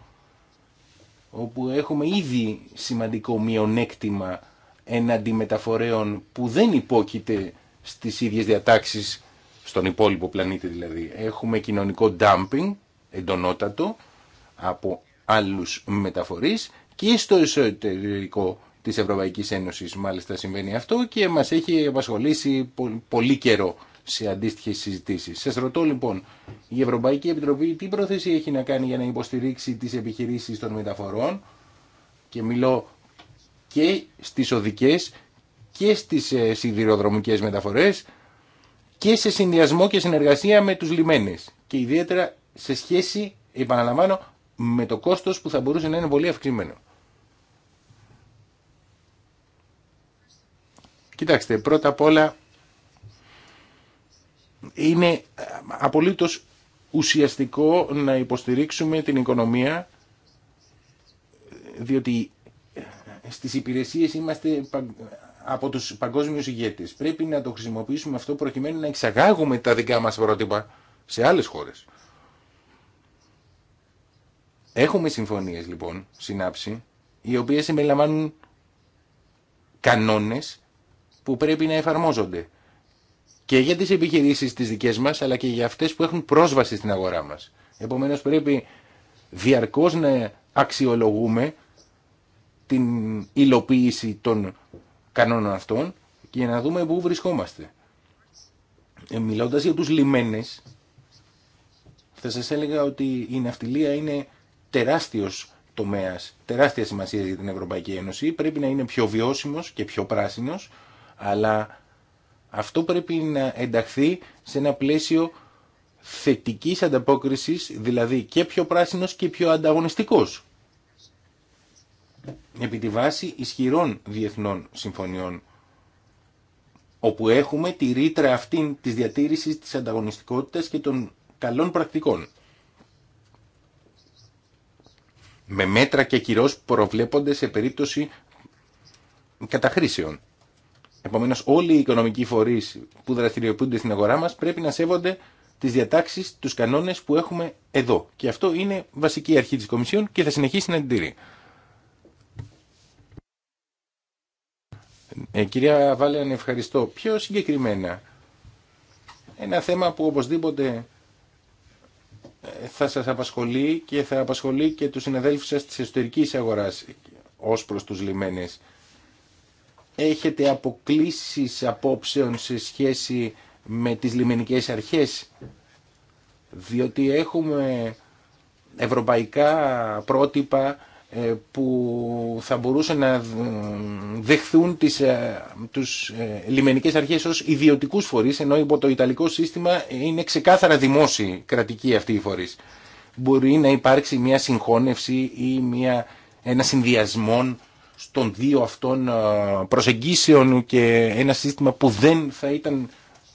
όπου έχουμε ήδη σημαντικό μειονέκτημα εναντί μεταφορέων που δεν υπόκειται στις ίδιες διατάξεις στον υπόλοιπο πλανήτη δηλαδή. Έχουμε κοινωνικό dumping εντονότατο από άλλους μεταφορείς και στο εσωτερικό της Ευρωπαϊκής Ένωσης μάλιστα συμβαίνει αυτό και μας έχει απασχολήσει πολύ καιρό σε αντίστοιχε συζητήσει. Σα ρωτώ λοιπόν, η Ευρωπαϊκή Επιτροπή τι πρόθεση έχει να κάνει για να υποστηρίξει τι επιχειρήσει των μεταφορών και μιλώ και στις οδικές και στις ε, σιδηροδρομικές μεταφορές και σε συνδυασμό και συνεργασία με τους λιμένες και ιδιαίτερα σε σχέση, επαναλαμβάνω, με το κόστος που θα μπορούσε να είναι πολύ αυξημένο. Κοιτάξτε, πρώτα απ' όλα είναι ε, απολύτως ουσιαστικό να υποστηρίξουμε την οικονομία διότι ε, στις υπηρεσίες είμαστε από τους παγκόσμιους ηγέτες. Πρέπει να το χρησιμοποιήσουμε αυτό προκειμένου να εξαγάγουμε τα δικά μας πρότυπα σε άλλες χώρες. Έχουμε συμφωνίες λοιπόν συνάψη, οι οποίες συμπεριλαμβάνουν κανόνες που πρέπει να εφαρμόζονται και για τις επιχειρήσεις τις δικές μας αλλά και για αυτές που έχουν πρόσβαση στην αγορά μας. Επομένως πρέπει διαρκώς να αξιολογούμε την υλοποίηση των κανόνων αυτών και να δούμε πού βρισκόμαστε. Ε, Μιλώντα για τους λιμένες, θα σας έλεγα ότι η ναυτιλία είναι τεράστιος τομέας, τεράστια σημασία για την Ευρωπαϊκή Ένωση. Πρέπει να είναι πιο βιώσιμος και πιο πράσινος, αλλά αυτό πρέπει να ενταχθεί σε ένα πλαίσιο θετικής ανταπόκρισης, δηλαδή και πιο πράσινος και πιο ανταγωνιστικός. Επί τη βάση ισχυρών διεθνών συμφωνιών, όπου έχουμε τη ρήτρα αυτή της διατήρησης της ανταγωνιστικότητας και των καλών πρακτικών. Με μέτρα και κυρώς προβλέπονται σε περίπτωση καταχρήσεων. Επομένως όλοι οι οικονομικοί φορεί που δραστηριοποιούνται στην αγορά μας πρέπει να σέβονται τις διατάξεις, του κανόνε που έχουμε εδώ. Και αυτό είναι βασική αρχή της Κομισιόν και θα συνεχίσει να την τηρεί. Ε, κυρία Βάλεαν, ευχαριστώ. Πιο συγκεκριμένα, ένα θέμα που οπωσδήποτε ε, θα σας απασχολεί και θα απασχολεί και τους συναδέλφους σας της εσωτερικής αγοράς ως προς τους λιμένες έχετε αποκλήσεις απόψεων σε σχέση με τις λιμενικές αρχές διότι έχουμε ευρωπαϊκά πρότυπα ε, που θα μπορούσαν να δεχθούν τις, ε, τους ε, λιμενικές αρχές ως ιδιωτικούς φορείς ενώ υπό το Ιταλικό σύστημα είναι ξεκάθαρα δημόσιοι κρατικοί αυτοί οι φορείς. Μπορεί να υπάρξει μια συγχώνευση ή μια, ένα συνδυασμό των δύο αυτών προσεγγίσεων και ένα σύστημα που δεν θα ήταν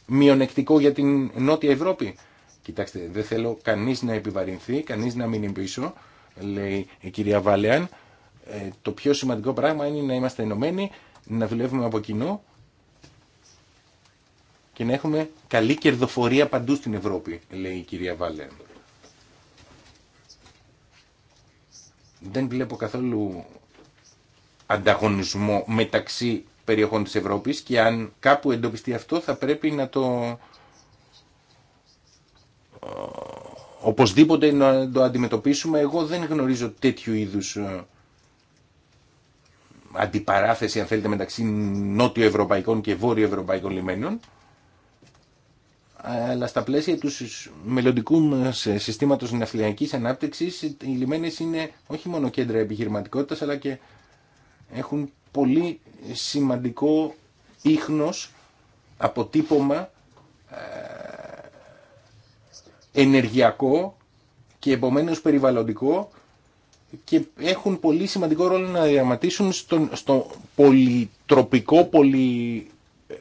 μειονεκτικό για την Νότια Ευρώπη. Κοιτάξτε, δεν θέλω κανείς να επιβαρυνθεί, κανείς να μείνει πίσω, λέει η κυρία Βάλεαν. Ε, το πιο σημαντικό πράγμα είναι να είμαστε ενωμένοι, να δουλεύουμε από κοινό και να έχουμε καλή κερδοφορία παντού στην Ευρώπη, λέει η κυρία Βάλεαν. Δεν βλέπω καθόλου ανταγωνισμό μεταξύ περιοχών της Ευρώπης και αν κάπου εντοπιστεί αυτό θα πρέπει να το ε, οπωσδήποτε να το αντιμετωπίσουμε. Εγώ δεν γνωρίζω τέτοιου είδους ε, αντιπαράθεση αν θέλετε μεταξύ νότιο-ευρωπαϊκών και βόρειο-ευρωπαϊκών λιμένων αλλά στα πλαίσια του μελλοντικού μας ε, συστήματος ναυτιλιακής ανάπτυξης οι λιμένες είναι όχι μόνο κέντρα επιχειρηματικότητας αλλά και έχουν πολύ σημαντικό ίχνος, αποτύπωμα ε, ενεργειακό και επομένως περιβαλλοντικό και έχουν πολύ σημαντικό ρόλο να διαματίσουν στον, στο πολυτροπικό, πολυ, ε,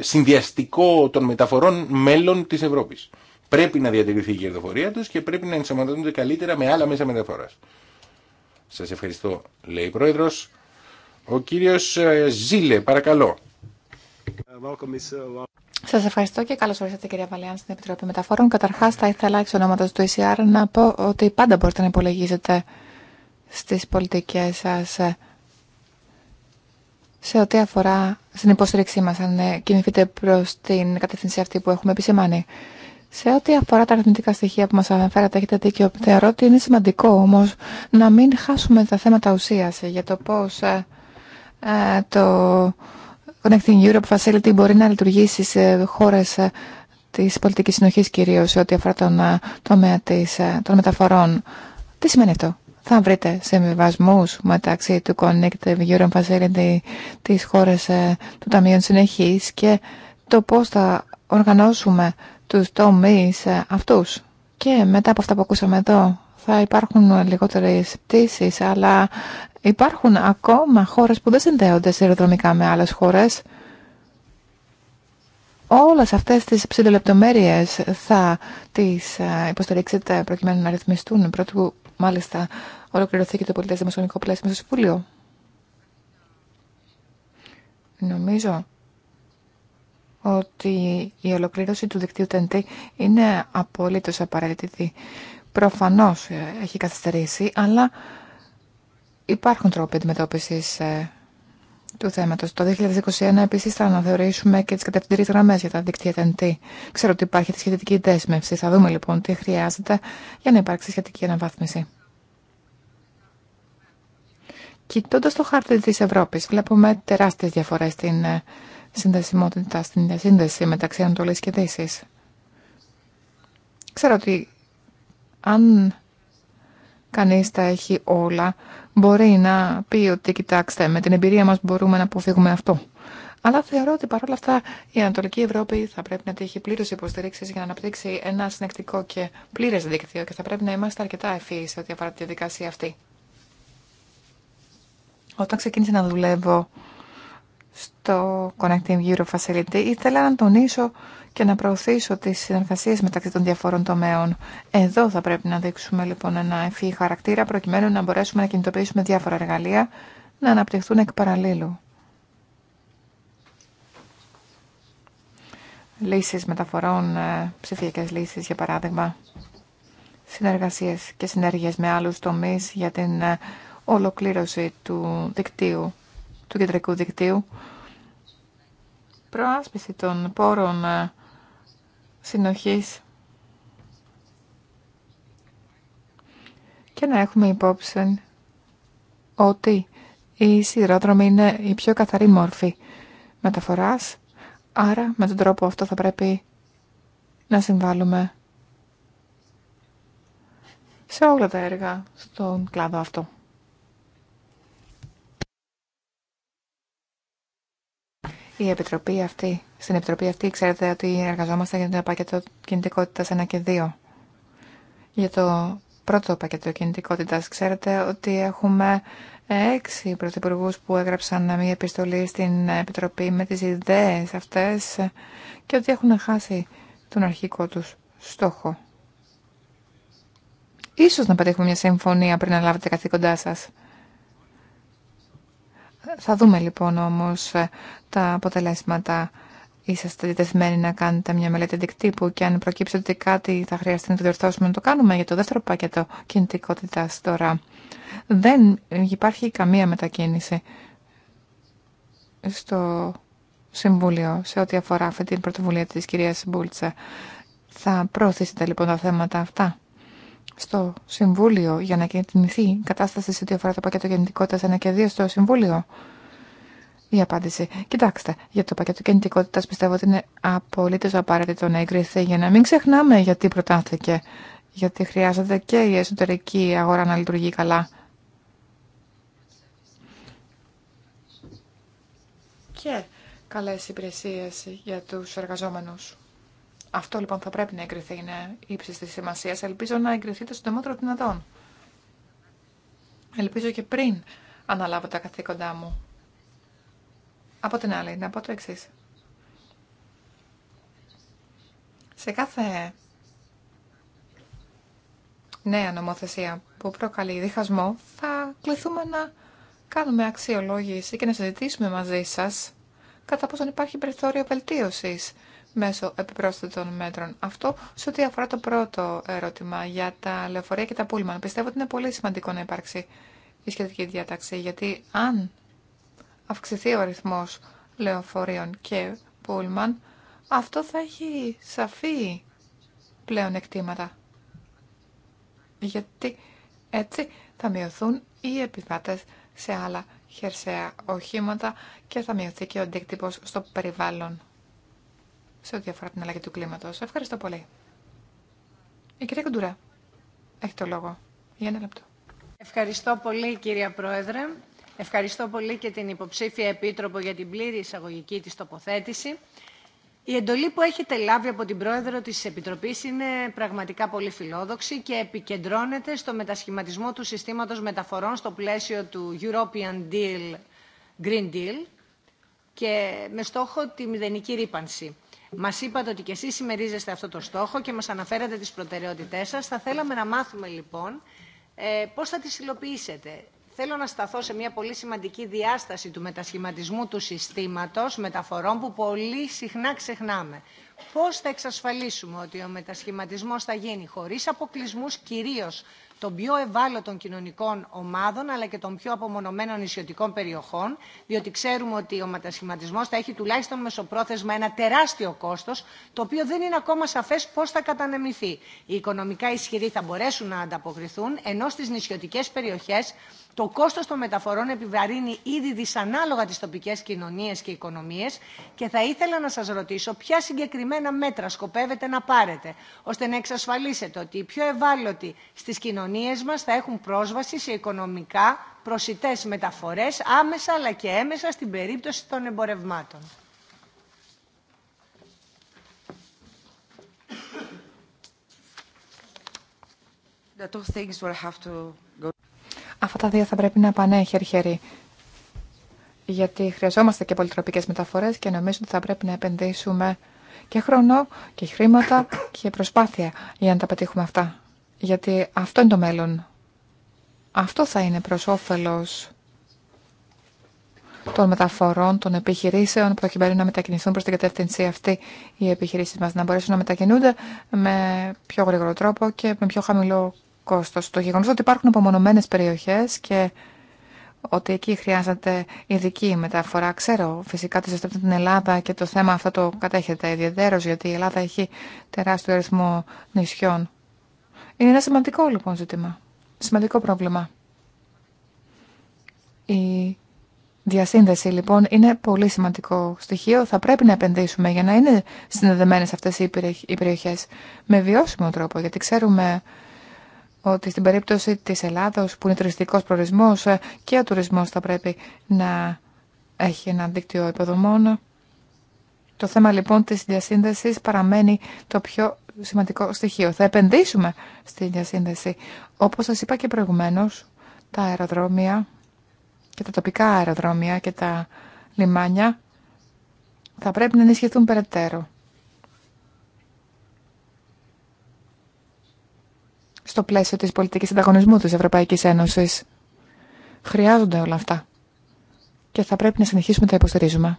συνδυαστικό των μεταφορών μέλλον της Ευρώπης. Πρέπει να διατηρηθεί η κερδοφορία τους και πρέπει να ενσωματώνονται καλύτερα με άλλα μέσα μεταφοράς. Σας ευχαριστώ, λέει η Πρόεδρος. Ο κύριος ε, Ζήλε, παρακαλώ. Σα ευχαριστώ και καλώ ορίσατε, κυρία Βαλιάν, στην Επιτροπή Μεταφορών. Καταρχά, θα ήθελα εξ ονόματο του ECR να πω ότι πάντα μπορείτε να υπολογίζετε στι πολιτικέ σα ε, σε ό,τι αφορά στην υποστήριξή μα, αν ε, κινηθείτε προ την κατεύθυνση αυτή που έχουμε επισημάνει. Σε ό,τι αφορά τα αριθμητικά στοιχεία που μα αναφέρατε, έχετε δίκιο. Θεωρώ ότι είναι σημαντικό όμω να μην χάσουμε τα θέματα ουσία για το πώ ε, το Connecting Europe Facility μπορεί να λειτουργήσει σε χώρες ε, της πολιτικής συνοχής κυρίως σε ό,τι αφορά τον ε, τομέα των μεταφορών. Τι σημαίνει αυτό. Θα βρείτε συμβιβασμού μεταξύ του Connect Europe Facility της χώρες του Ταμείου Συνεχής και το πώς θα οργανώσουμε τους τομείς αυτούς. Και μετά από αυτά που ακούσαμε εδώ θα υπάρχουν λιγότερες πτήσεις, αλλά Υπάρχουν ακόμα χώρες που δεν συνδέονται σειροδρομικά με άλλες χώρες. Όλες αυτές τις ψηλολεπτομέρειες θα τις ε, υποστηρίξετε προκειμένου να ρυθμιστούν πρώτου μάλιστα ολοκληρωθεί και το πολιτές δημοσιονομικό πλαίσιο στο Συμβούλιο. Νομίζω ότι η ολοκλήρωση του δικτύου TNT είναι απολύτως απαραίτητη. Προφανώς ε, έχει καθυστερήσει, αλλά Υπάρχουν τρόποι αντιμετώπιση ε, του θέματο. Το 2021 επίση θα αναθεωρήσουμε και τι κατευθυντήριε γραμμέ για τα δίκτυα TNT. Ξέρω ότι υπάρχει τη σχετική δέσμευση. Θα δούμε λοιπόν τι χρειάζεται για να υπάρξει σχετική αναβάθμιση. Κοιτώντα το χάρτη τη Ευρώπη, βλέπουμε τεράστιε διαφορέ στην ε, συνδεσιμότητα, στην διασύνδεση μεταξύ Ανατολή και Δύση. Ξέρω ότι αν κανείς τα έχει όλα μπορεί να πει ότι κοιτάξτε με την εμπειρία μας μπορούμε να αποφύγουμε αυτό. Αλλά θεωρώ ότι παρόλα αυτά η Ανατολική Ευρώπη θα πρέπει να τύχει πλήρω υποστηρίξει για να αναπτύξει ένα συνεκτικό και πλήρε δίκτυο και θα πρέπει να είμαστε αρκετά ευφύοι σε ό,τι αφορά τη διαδικασία αυτή. Όταν ξεκίνησα να δουλεύω στο Connecting Euro Facility, ήθελα να τονίσω και να προωθήσω τις συνεργασίες μεταξύ των διαφόρων τομέων. Εδώ θα πρέπει να δείξουμε λοιπόν ένα ευφύ χαρακτήρα προκειμένου να μπορέσουμε να κινητοποιήσουμε διάφορα εργαλεία να αναπτυχθούν εκ παραλλήλου. Λύσεις μεταφορών, ε, ψηφιακές λύσεις για παράδειγμα, συνεργασίες και συνέργειες με άλλους τομείς για την ε, ολοκλήρωση του δικτύου, του κεντρικού δικτύου, προάσπιση των πόρων ε, συνοχής και να έχουμε υπόψη ότι η σιδηρόδρομη είναι η πιο καθαρή μόρφη μεταφοράς, άρα με τον τρόπο αυτό θα πρέπει να συμβάλλουμε σε όλα τα έργα στον κλάδο αυτό. Η Επιτροπή αυτή, στην Επιτροπή αυτή ξέρετε ότι εργαζόμαστε για το πακέτο κινητικότητας 1 και 2. Για το πρώτο πακέτο κινητικότητας ξέρετε ότι έχουμε έξι πρωθυπουργούς που έγραψαν μια επιστολή στην Επιτροπή με τις ιδέες αυτές και ότι έχουν χάσει τον αρχικό τους στόχο. Ίσως να πετύχουμε μια συμφωνία πριν να λάβετε καθήκοντά σας. Θα δούμε λοιπόν όμως ε, τα αποτελέσματα. Είσαστε διτεθειμένοι να κάνετε μια μελέτη αντικτύπου και αν προκύψει κάτι θα χρειαστεί να το διορθώσουμε να το κάνουμε για το δεύτερο πακέτο κινητικότητα τώρα. Δεν υπάρχει καμία μετακίνηση στο Συμβούλιο σε ό,τι αφορά αυτή την πρωτοβουλία της κυρίας Μπούλτσα. Θα προωθήσετε λοιπόν τα θέματα αυτά στο Συμβούλιο για να κινηθεί η κατάσταση σε ό,τι αφορά το πακέτο κινητικότητα 1 και 2 στο Συμβούλιο. Η απάντηση. Κοιτάξτε, για το πακέτο κινητικότητα πιστεύω ότι είναι απολύτω απαραίτητο να εγκριθεί για να μην ξεχνάμε γιατί προτάθηκε. Γιατί χρειάζεται και η εσωτερική αγορά να λειτουργεί καλά. Και καλές υπηρεσίες για τους εργαζόμενους. Αυτό λοιπόν θα πρέπει να εγκριθεί, είναι ύψη τη σημασία. Ελπίζω να εγκριθεί το συντομότερο δυνατόν. Ελπίζω και πριν αναλάβω τα καθήκοντά μου. Από την άλλη, να πω το εξή. Σε κάθε νέα νομοθεσία που προκαλεί διχασμό, θα κληθούμε να κάνουμε αξιολόγηση και να συζητήσουμε μαζί σας κατά πόσον υπάρχει περιθώριο βελτίωσης μέσω επιπρόσθετων μέτρων. Αυτό σε ό,τι αφορά το πρώτο ερώτημα για τα λεωφορεία και τα πούλμαν. Πιστεύω ότι είναι πολύ σημαντικό να υπάρξει η σχετική διάταξη, γιατί αν αυξηθεί ο αριθμός λεωφορείων και πούλμαν, αυτό θα έχει σαφή πλέον εκτίματα. Γιατί έτσι θα μειωθούν οι επιβάτες σε άλλα χερσαία οχήματα και θα μειωθεί και ο αντίκτυπος στο περιβάλλον σε ό,τι αφορά την αλλαγή του κλίματο. Ευχαριστώ πολύ. Η κυρία Κοντουρά έχει το λόγο. Για ένα λεπτό. Ευχαριστώ πολύ κυρία Πρόεδρε. Ευχαριστώ πολύ και την υποψήφια Επίτροπο για την πλήρη εισαγωγική της τοποθέτηση. Η εντολή που έχετε λάβει από την Πρόεδρο της Επιτροπής είναι πραγματικά πολύ φιλόδοξη και επικεντρώνεται στο μετασχηματισμό του συστήματος μεταφορών στο πλαίσιο του European Deal, Green Deal και με στόχο τη μηδενική ρήπανση. Μα είπατε ότι και εσεί συμμερίζεστε αυτό το στόχο και μα αναφέρατε τι προτεραιότητέ σα. Θα θέλαμε να μάθουμε λοιπόν ε, πώ θα τι υλοποιήσετε. Θέλω να σταθώ σε μια πολύ σημαντική διάσταση του μετασχηματισμού του συστήματος μεταφορών που πολύ συχνά ξεχνάμε. Πώς θα εξασφαλίσουμε ότι ο μετασχηματισμό θα γίνει χωρί αποκλεισμού κυρίω των πιο ευάλωτων κοινωνικών ομάδων αλλά και των πιο απομονωμένων νησιωτικών περιοχών, διότι ξέρουμε ότι ο μετασχηματισμό θα έχει τουλάχιστον μεσοπρόθεσμα ένα τεράστιο κόστο, το οποίο δεν είναι ακόμα σαφέ πώ θα κατανεμηθεί. Οι οικονομικά ισχυροί θα μπορέσουν να ανταποκριθούν, ενώ στι νησιωτικέ περιοχέ το κόστος των μεταφορών επιβαρύνει ήδη δυσανάλογα τις τοπικές κοινωνίες και οικονομίες και θα ήθελα να σας ρωτήσω ποια συγκεκριμένα μέτρα σκοπεύετε να πάρετε ώστε να εξασφαλίσετε ότι οι πιο ευάλωτοι στις κοινωνίες μας θα έχουν πρόσβαση σε οικονομικά προσιτές μεταφορές άμεσα αλλά και έμεσα στην περίπτωση των εμπορευμάτων. Αυτά τα δύο θα πρέπει να πάνε Γιατί χρειαζόμαστε και πολυτροπικέ μεταφορές και νομίζω ότι θα πρέπει να επενδύσουμε και χρόνο και χρήματα και προσπάθεια για να τα πετύχουμε αυτά. Γιατί αυτό είναι το μέλλον. Αυτό θα είναι προ όφελο των μεταφορών, των επιχειρήσεων, προκειμένου να μετακινηθούν προς την κατεύθυνση αυτή οι επιχειρήσεις μας, να μπορέσουν να μετακινούνται με πιο γρήγορο τρόπο και με πιο χαμηλό κόστος. Το γεγονός ότι υπάρχουν απομονωμένες περιοχές και ότι εκεί χρειάζεται ειδική μεταφορά. Ξέρω φυσικά ότι ζεστεύετε την Ελλάδα και το θέμα αυτό το κατέχετε ιδιαίτερο γιατί η Ελλάδα έχει τεράστιο αριθμό νησιών. Είναι ένα σημαντικό λοιπόν ζήτημα. Σημαντικό πρόβλημα. Η διασύνδεση λοιπόν είναι πολύ σημαντικό στοιχείο. Θα πρέπει να επενδύσουμε για να είναι συνδεδεμένες αυτές οι περιοχές με βιώσιμο τρόπο γιατί ξέρουμε ότι στην περίπτωση της Ελλάδος που είναι τουριστικός προορισμός ε, και ο τουρισμός θα πρέπει να έχει ένα δίκτυο υποδομών. Το θέμα λοιπόν της διασύνδεσης παραμένει το πιο σημαντικό στοιχείο. Θα επενδύσουμε στη διασύνδεση. Όπως σας είπα και προηγουμένως, τα αεροδρόμια και τα τοπικά αεροδρόμια και τα λιμάνια θα πρέπει να ενισχυθούν περαιτέρω. στο πλαίσιο της πολιτικής ανταγωνισμού της Ευρωπαϊκής Ένωσης. Χρειάζονται όλα αυτά και θα πρέπει να συνεχίσουμε να τα υποστηρίζουμε.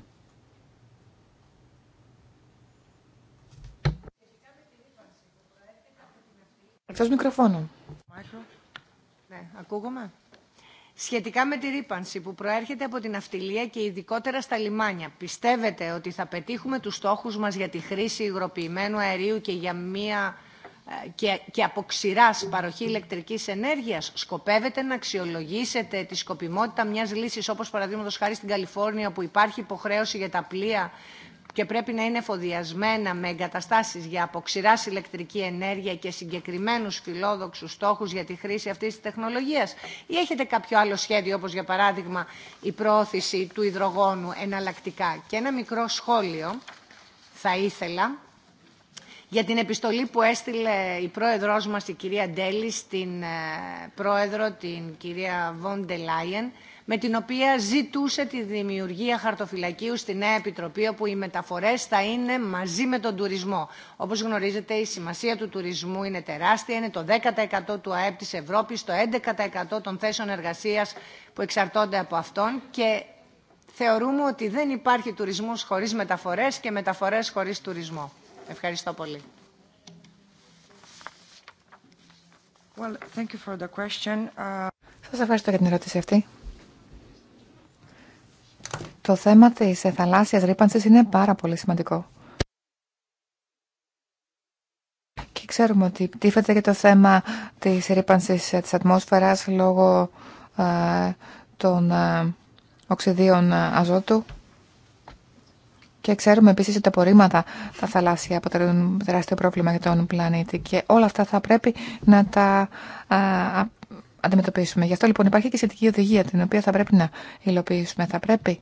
Εκτός μικροφώνου. Ναι, ακούγομαι. Σχετικά με τη ρήπανση που προέρχεται από την αυτιλία και ειδικότερα στα λιμάνια, πιστεύετε ότι θα πετύχουμε τους στόχους μας για τη χρήση υγροποιημένου αερίου και για μια ε, και από ξηρά παροχή ηλεκτρική ενέργεια. σκοπεύετε να αξιολογήσετε τη σκοπιμότητα μια λύση, όπω παραδείγματο χάρη στην Καλιφόρνια που υπάρχει υποχρέωση για τα πλοία και πρέπει να είναι εφοδιασμένα με εγκαταστάσει για αποξηράς ηλεκτρική ενέργεια και συγκεκριμένου φιλόδοξου στόχου για τη χρήση αυτή τη τεχνολογία. η εχετε καποιο αλλο σχεδιο όπω για παραδειγμα η προωθηση του υδρογόνου εναλλακτικά. Και ένα μικρό σχόλιο θα ήθελα για την επιστολή που έστειλε η πρόεδρός μας, η κυρία Ντέλη, στην ε, πρόεδρο, την κυρία Βόντε Λάιεν, με την οποία ζητούσε τη δημιουργία χαρτοφυλακίου στη Νέα Επιτροπή, όπου οι μεταφορές θα είναι μαζί με τον τουρισμό. Όπως γνωρίζετε, η σημασία του τουρισμού είναι τεράστια, είναι το 10% του ΑΕΠ της Ευρώπης, το 11% των θέσεων εργασίας που εξαρτώνται από αυτόν και θεωρούμε ότι δεν υπάρχει τουρισμός χωρίς μεταφορές και μεταφορές χωρίς τουρισμό. Ευχαριστώ πολύ. Well, thank you for the question. Σας ευχαριστώ για την ερώτηση αυτή. Το θέμα της θαλάσσιας ρήπανσης είναι πάρα πολύ σημαντικό. Και ξέρουμε ότι τίθεται και το θέμα της ρήπανσης της ατμόσφαιρας λόγω ε, των ε, οξυδίων αζότου. Και ξέρουμε επίση ότι τα απορρίμματα, τα θαλάσσια, αποτελούν τεράστιο πρόβλημα για τον πλανήτη. Και όλα αυτά θα πρέπει να τα αντιμετωπίσουμε. Γι' αυτό λοιπόν υπάρχει και σχετική οδηγία, την οποία θα πρέπει να υλοποιήσουμε. Θα πρέπει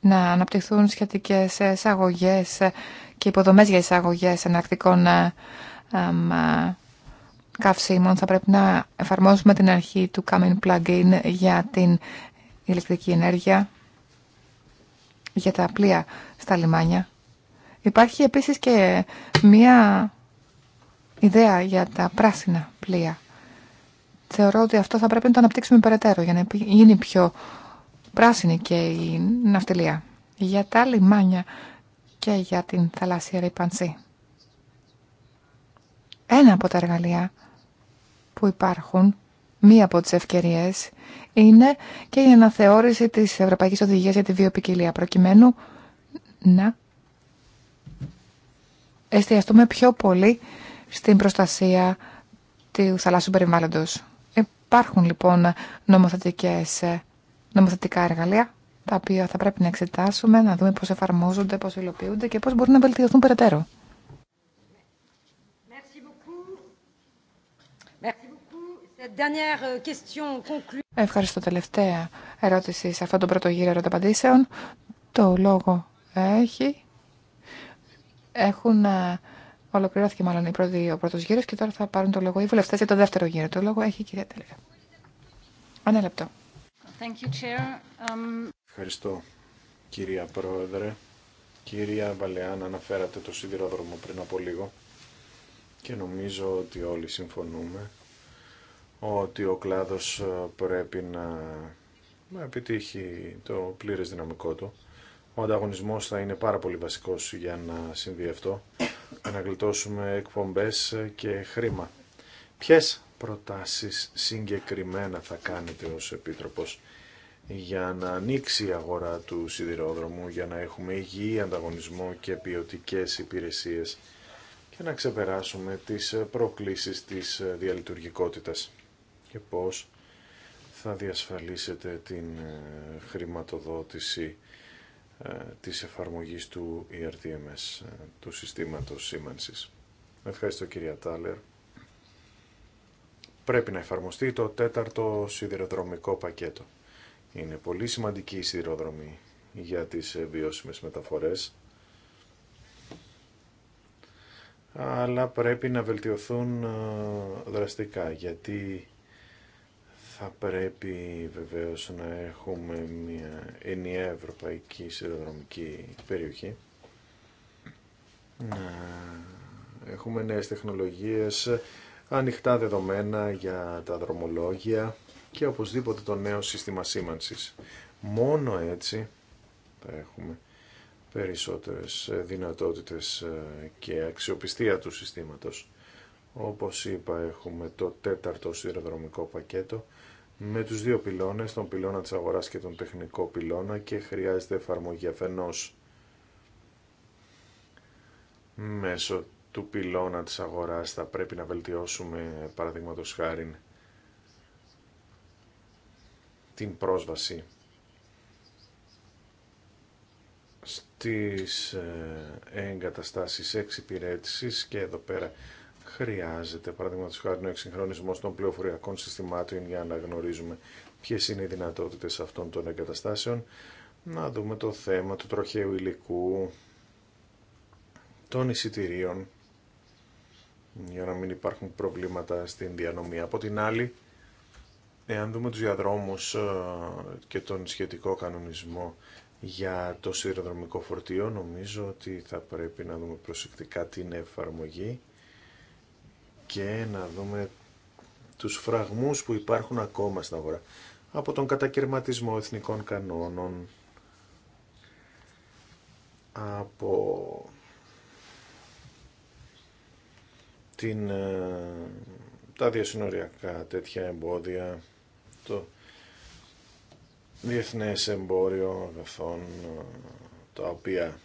να αναπτυχθούν σχετικέ εισαγωγέ και υποδομέ για εισαγωγέ εναρκτικών καυσίμων θα πρέπει να εφαρμόσουμε την αρχή του coming plug-in για την η ηλεκτρική ενέργεια για τα πλοία στα λιμάνια. Υπάρχει επίσης και μία ιδέα για τα πράσινα πλοία. Θεωρώ ότι αυτό θα πρέπει να το αναπτύξουμε περαιτέρω για να γίνει πιο πράσινη και η ναυτιλία. Για τα λιμάνια και για την θαλάσσια ρηπανσή. Ένα από τα εργαλεία που υπάρχουν Μία από τις ευκαιρίες είναι και η αναθεώρηση της Ευρωπαϊκής Οδηγίας για τη Βιοπικιλία, προκειμένου να εστιαστούμε πιο πολύ στην προστασία του θαλάσσιου περιβάλλοντος. Υπάρχουν λοιπόν νομοθετικές, νομοθετικά εργαλεία, τα οποία θα πρέπει να εξετάσουμε, να δούμε πώς εφαρμόζονται, πώς υλοποιούνται και πώς μπορούν να βελτιωθούν περαιτέρω. Euh, Ευχαριστώ τελευταία ερώτηση σε αυτόν τον πρώτο γύρο ερωταπαντήσεων. Το λόγο έχει. Έχουν ε, ολοκληρώθηκε μάλλον η πρώτη, ο πρώτος γύρος και τώρα θα πάρουν το λόγο οι βουλευτές για το δεύτερο γύρο. Το λόγο έχει η κυρία τελεία; Ένα λεπτό. Um, Ευχαριστώ κυρία Πρόεδρε. Κυρία Βαλεάν, αναφέρατε το σιδηρόδρομο πριν από λίγο και νομίζω ότι όλοι συμφωνούμε ότι ο κλάδος ε, πρέπει να, επιτύχει το πλήρες δυναμικό του. Ο ανταγωνισμός θα είναι πάρα πολύ βασικός για να συμβεί αυτό, να γλιτώσουμε εκπομπές και χρήμα. Ποιες προτάσεις συγκεκριμένα θα κάνετε ως Επίτροπος για να ανοίξει η αγορά του σιδηρόδρομου, για να έχουμε υγιή ανταγωνισμό και ποιοτικέ υπηρεσίες και να ξεπεράσουμε τις προκλήσεις της διαλειτουργικότητας και πώς θα διασφαλίσετε την ε, χρηματοδότηση ε, της εφαρμογής του ERTMS, ε, του συστήματος σήμανσης. Ευχαριστώ κυρία Τάλερ. Πρέπει να εφαρμοστεί το τέταρτο σιδηροδρομικό πακέτο. Είναι πολύ σημαντική η σιδηροδρομή για τις βιώσιμες μεταφορές, αλλά πρέπει να βελτιωθούν δραστικά, γιατί θα πρέπει βεβαίως να έχουμε μια ενιαία ευρωπαϊκή σιδηροδρομική περιοχή. Να έχουμε νέες τεχνολογίες, ανοιχτά δεδομένα για τα δρομολόγια και οπωσδήποτε το νέο σύστημα σήμανσης. Μόνο έτσι θα έχουμε περισσότερες δυνατότητες ε, και αξιοπιστία του συστήματος. Όπως είπα έχουμε το τέταρτο σιδηροδρομικό πακέτο με τους δύο πυλώνες, τον πυλώνα της αγοράς και τον τεχνικό πυλώνα και χρειάζεται εφαρμογή αφενός μέσω του πυλώνα της αγοράς θα πρέπει να βελτιώσουμε παραδείγματο χάρη την πρόσβαση στις ε, εγκαταστάσεις εξυπηρέτησης και εδώ πέρα χρειάζεται. Παραδείγματο χάρη ο εξυγχρονισμό των πληροφοριακών συστημάτων για να γνωρίζουμε ποιε είναι οι δυνατότητε αυτών των εγκαταστάσεων. Να δούμε το θέμα του τροχαίου υλικού, των εισιτηρίων, για να μην υπάρχουν προβλήματα στην διανομή. Από την άλλη, εάν δούμε τους διαδρόμους ε, και τον σχετικό κανονισμό για το σιδηροδρομικό φορτίο, νομίζω ότι θα πρέπει να δούμε προσεκτικά την εφαρμογή και να δούμε τους φραγμούς που υπάρχουν ακόμα στην αγορά από τον κατακαιρματισμό εθνικών κανόνων, από την, ε, τα διασυνοριακά τέτοια εμπόδια, το διεθνές εμπόριο αγαθών, ε, τα οποία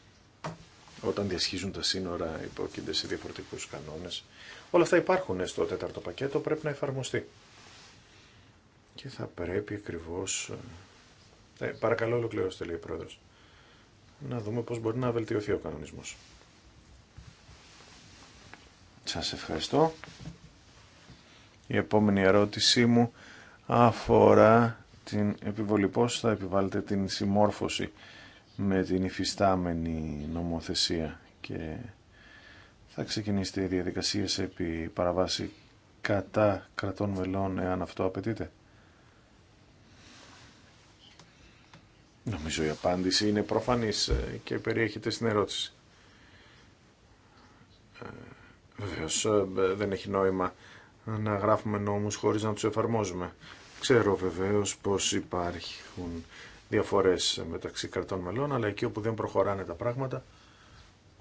όταν διασχίζουν τα σύνορα υπόκεινται σε διαφορετικούς κανόνες Όλα αυτά υπάρχουν στο τέταρτο πακέτο, πρέπει να εφαρμοστεί. Και θα πρέπει ακριβώ. Ε, ε, παρακαλώ, ολοκληρώστε, λέει ο πρόεδρο. Να δούμε πώ μπορεί να βελτιωθεί ο κανονισμό. Σα ευχαριστώ. Η επόμενη ερώτησή μου αφορά την επιβολή. Πώς θα επιβάλλετε την συμμόρφωση με την υφιστάμενη νομοθεσία και θα ξεκινήσετε διαδικασίε επί παραβάση κατά κρατών μελών εάν αυτό απαιτείται. Νομίζω η απάντηση είναι προφανής ε, και περιέχεται στην ερώτηση. Ε, Βεβαίω ε, δεν έχει νόημα να γράφουμε νόμους χωρίς να τους εφαρμόζουμε. Ξέρω βεβαίως πως υπάρχουν διαφορές μεταξύ κρατών μελών, αλλά εκεί όπου δεν προχωράνε τα πράγματα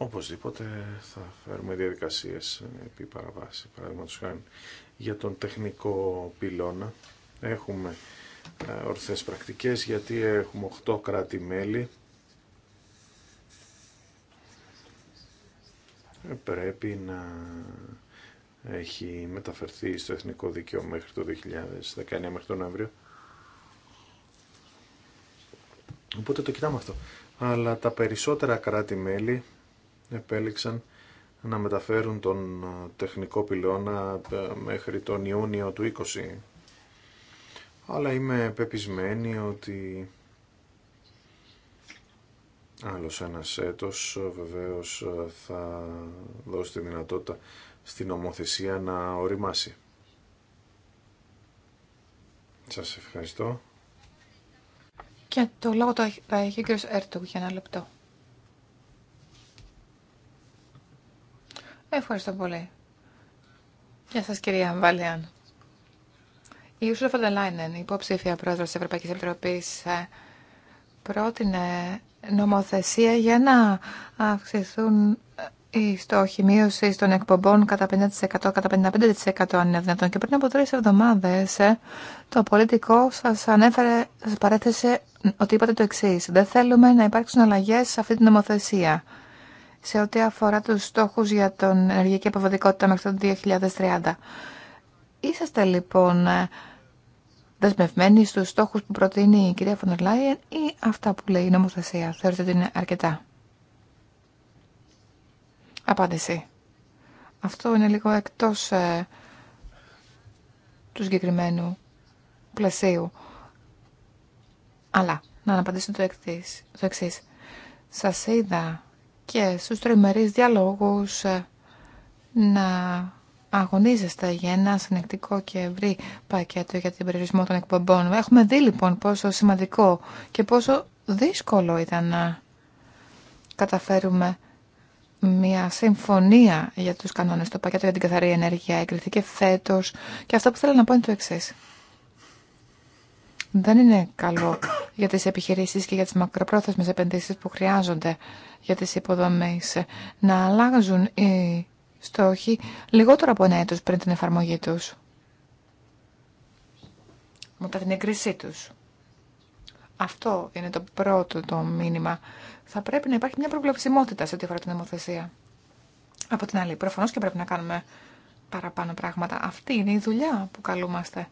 Οπωσδήποτε θα φέρουμε διαδικασίες επί παραβάση. Παραδείγματος χάρη για τον τεχνικό πυλώνα έχουμε ε, ορθές πρακτικές γιατί έχουμε 8 κράτη-μέλη πρέπει να έχει μεταφερθεί στο Εθνικό Δίκαιο μέχρι το 2019, μέχρι τον Νοέμβριο. Οπότε το κοιτάμε αυτό. Αλλά τα περισσότερα κράτη-μέλη επέλεξαν να μεταφέρουν τον ε, τεχνικό πυλώνα ε, μέχρι τον Ιούνιο του 20. Αλλά είμαι πεπισμένη ότι άλλος ένας έτος ε, βεβαίως θα δώσει τη δυνατότητα στην νομοθεσία να οριμάσει. Σας ευχαριστώ. Και το λόγο το έχει ο κ. για ένα λεπτό. Ευχαριστώ πολύ. Γεια σας κυρία Βαλιάν. Η Ursula von υποψήφια πρόεδρος της Ευρωπαϊκής Επιτροπής, ε, πρότεινε νομοθεσία για να αυξηθούν ε, οι στόχοι μείωση των εκπομπών κατά 50% κατά 55% αν είναι δυνατόν. Και πριν από τρει εβδομάδε, ε, το πολιτικό σα ανέφερε, σα παρέθεσε ότι είπατε το εξή. Δεν θέλουμε να υπάρξουν αλλαγέ σε αυτή την νομοθεσία σε ό,τι αφορά τους στόχους για την ενεργειακή αποδοτικότητα μέχρι το 2030. Είσαστε λοιπόν ε, δεσμευμένοι στους στόχους που προτείνει η κυρία Φοντερ Λάιεν ή αυτά που λέει η νομοθεσία. Θεωρείτε ότι είναι αρκετά. Απάντηση. Αυτό είναι λίγο εκτός ε, του συγκεκριμένου πλαισίου. Αλλά να απαντήσω το, εξή. το εξής. Σας είδα και στους τριμερείς διαλόγους ε, να αγωνίζεστε για ένα συνεκτικό και ευρύ πακέτο για την περιορισμό των εκπομπών. Έχουμε δει λοιπόν πόσο σημαντικό και πόσο δύσκολο ήταν να καταφέρουμε μια συμφωνία για τους κανόνες. Το πακέτο για την καθαρή ενέργεια εγκριθήκε φέτος και αυτό που θέλω να πω είναι το εξής δεν είναι καλό για τις επιχειρήσεις και για τις μακροπρόθεσμες επενδύσεις που χρειάζονται για τις υποδομές να αλλάζουν οι στόχοι λιγότερο από ένα έτος πριν την εφαρμογή τους. Μετά την εγκρισή τους. Αυτό είναι το πρώτο το μήνυμα. Θα πρέπει να υπάρχει μια προβλεψιμότητα σε ό,τι αφορά την νομοθεσία. Από την άλλη, προφανώς και πρέπει να κάνουμε παραπάνω πράγματα. Αυτή είναι η δουλειά που καλούμαστε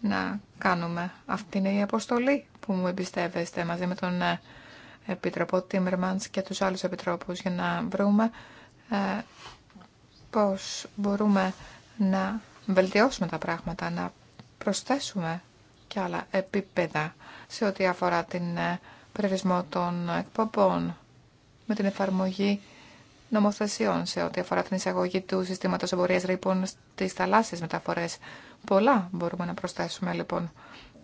να κάνουμε. Αυτή είναι η αποστολή που μου εμπιστεύεστε μαζί με τον ε, Επίτροπο Τίμερμαντς και τους άλλους επιτρόπους για να βρούμε ε, πώς μπορούμε να βελτιώσουμε τα πράγματα, να προσθέσουμε και άλλα επίπεδα σε ό,τι αφορά την ε, περιορισμό των εκπομπών με την εφαρμογή νομοθεσιών σε ό,τι αφορά την εισαγωγή του συστήματος εμπορίας ρήπων στις θαλάσσιες μεταφορές Πολλά μπορούμε να προσθέσουμε λοιπόν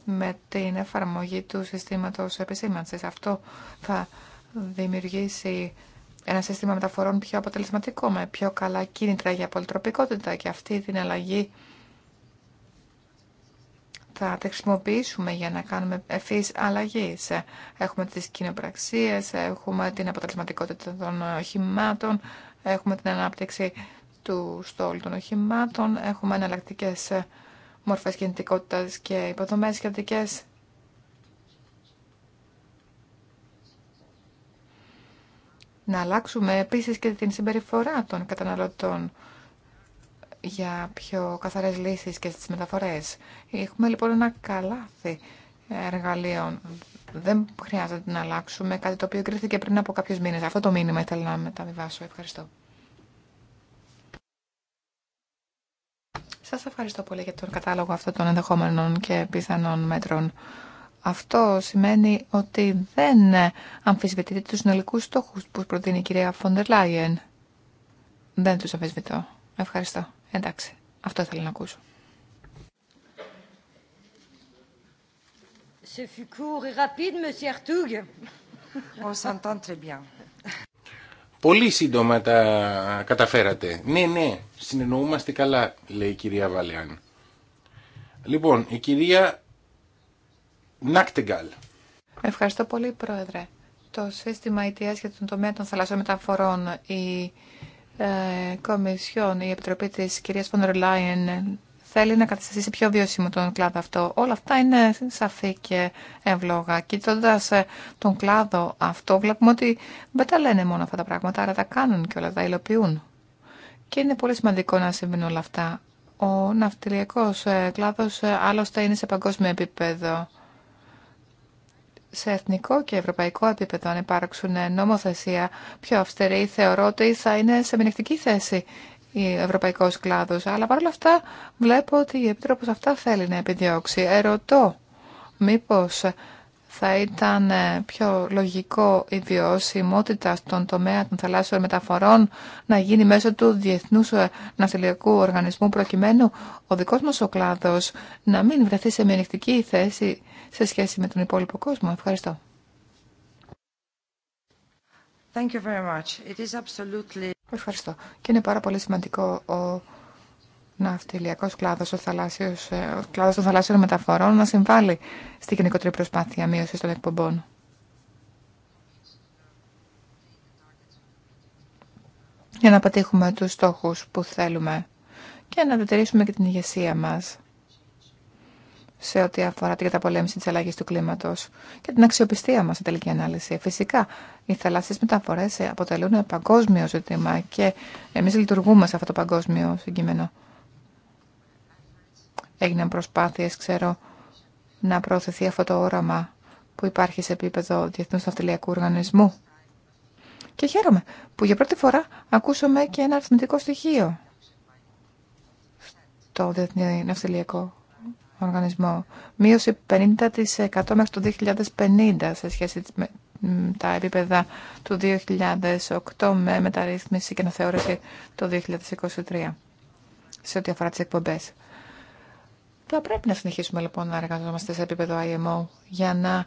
με την εφαρμογή του συστήματος επισήμανσης. Αυτό θα δημιουργήσει ένα σύστημα μεταφορών πιο αποτελεσματικό, με πιο καλά κίνητρα για πολυτροπικότητα και αυτή την αλλαγή θα τα χρησιμοποιήσουμε για να κάνουμε ευθύς αλλαγή. Έχουμε τις κοινοπραξίες, έχουμε την αποτελεσματικότητα των οχημάτων, έχουμε την ανάπτυξη του στόλου των οχημάτων. Έχουμε εναλλακτικέ μορφέ κινητικότητα και υποδομέ σχετικέ. Να αλλάξουμε επίσης και την συμπεριφορά των καταναλωτών για πιο καθαρές λύσεις και στις μεταφορές. Έχουμε λοιπόν ένα καλάθι εργαλείων. Δεν χρειάζεται να αλλάξουμε κάτι το οποίο κρίθηκε πριν από κάποιους μήνες. Αυτό το μήνυμα ήθελα να μεταβιβάσω. Ευχαριστώ. Σα ευχαριστώ πολύ για τον κατάλογο αυτών των ενδεχόμενων και πιθανών μέτρων. Αυτό σημαίνει ότι δεν αμφισβητείτε του συνολικού στόχου που προτείνει η κυρία Φόντερ Λάιεν. Δεν του αμφισβητώ. Ευχαριστώ. Εντάξει. Αυτό ήθελα να ακούσω. Πολύ σύντομα τα καταφέρατε. Ναι, ναι συνεννοούμαστε καλά, λέει η κυρία Βαλεάν. Λοιπόν, η κυρία Νάκτεγκαλ. Ευχαριστώ πολύ, Πρόεδρε. Το σύστημα ITS για τον τομέα των θαλασσομεταφορών, μεταφορών, η ε, Κομισιόν, η Επιτροπή της κυρίας Φοντερ Λάιεν θέλει να σε πιο βιώσιμο τον κλάδο αυτό. Όλα αυτά είναι σαφή και ευλόγα. Κοιτώντα ε, τον κλάδο αυτό, βλέπουμε ότι δεν τα λένε μόνο αυτά τα πράγματα, αλλά τα κάνουν και όλα τα υλοποιούν. Και είναι πολύ σημαντικό να συμβούν όλα αυτά. Ο ναυτιλιακός ε, κλάδος ε, άλλωστε είναι σε παγκόσμιο επίπεδο. Σε εθνικό και ευρωπαϊκό επίπεδο, αν υπάρξουν ε, νομοθεσία πιο αυστηρή, θεωρώ ότι θα είναι σε μηνεκτική θέση ο ευρωπαϊκός κλάδος. Αλλά παρόλα αυτά βλέπω ότι η επίτροπο αυτά θέλει να επιδιώξει. Ερωτώ μήπω θα ήταν ε, πιο λογικό η βιωσιμότητα στον τομέα των θαλάσσιων μεταφορών να γίνει μέσω του Διεθνούς ε, Ναυτιλιακού Οργανισμού προκειμένου ο δικός μας ο κλάδος να μην βρεθεί σε μειονεκτική θέση σε σχέση με τον υπόλοιπο κόσμο. Ευχαριστώ. Ευχαριστώ. Και είναι πάρα πολύ σημαντικό ο ναυτιλιακό κλάδο, ο, ε, ο κλάδο των θαλάσσιων μεταφορών να συμβάλλει στη γενικότερη προσπάθεια μείωση των εκπομπών. Για να πετύχουμε τους στόχους που θέλουμε και να διατηρήσουμε και την ηγεσία μας σε ό,τι αφορά την καταπολέμηση τη αλλαγή του κλίματο και την αξιοπιστία μα σε τελική ανάλυση. Φυσικά, οι θαλάσσιε μεταφορέ αποτελούν παγκόσμιο ζήτημα και εμεί λειτουργούμε σε αυτό το παγκόσμιο συγκείμενο έγιναν προσπάθειες, ξέρω, να προωθηθεί αυτό το όραμα που υπάρχει σε επίπεδο διεθνού Ναυτιλιακού Οργανισμού. Και χαίρομαι που για πρώτη φορά ακούσαμε και ένα αριθμητικό στοιχείο στο Διεθνή Ναυτιλιακό Οργανισμό. Μείωση 50% μέχρι το 2050 σε σχέση με τα επίπεδα του 2008 με μεταρρύθμιση και αναθεώρηση το 2023 σε ό,τι αφορά τις εκπομπές. Θα πρέπει να συνεχίσουμε λοιπόν να εργαζόμαστε σε επίπεδο IMO για να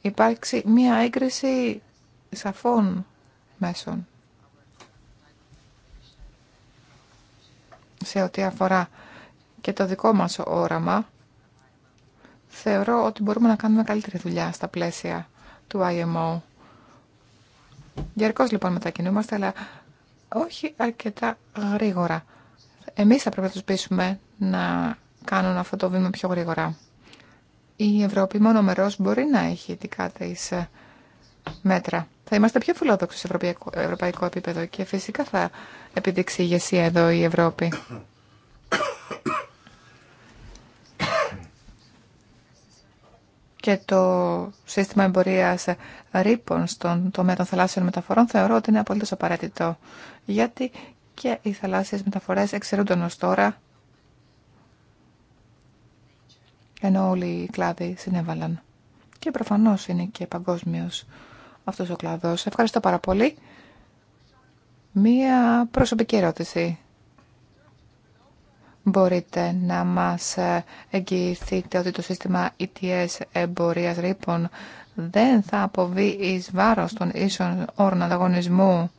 υπάρξει μία έγκριση σαφών μέσων σε ό,τι αφορά και το δικό μας όραμα θεωρώ ότι μπορούμε να κάνουμε καλύτερη δουλειά στα πλαίσια του IMO. Διαρκώς λοιπόν μετακινούμαστε, αλλά όχι αρκετά γρήγορα. Εμείς θα πρέπει να τους πείσουμε να κάνουν αυτό το βήμα πιο γρήγορα. Η Ευρώπη μόνο μερός μπορεί να έχει ειδικά της ε, μέτρα. Θα είμαστε πιο φιλόδοξοι σε ευρωπαϊκό, ευρωπαϊκό επίπεδο και φυσικά θα επιδείξει ηγεσία εδώ η Ευρώπη. και το σύστημα εμπορία ρήπων στον τομέα των θαλάσσιων μεταφορών θεωρώ ότι είναι απολύτω απαραίτητο. Γιατί και οι θαλάσσιες μεταφορές εξαιρούνταν ως τώρα ενώ όλοι οι κλάδοι συνέβαλαν. Και προφανώς είναι και παγκόσμιος αυτός ο κλάδος. Ευχαριστώ πάρα πολύ. Μία προσωπική ερώτηση. Μπορείτε να μας εγγυηθείτε ότι το σύστημα ETS εμπορίας ρήπων δεν θα αποβεί εις βάρος των ίσων όρων ανταγωνισμού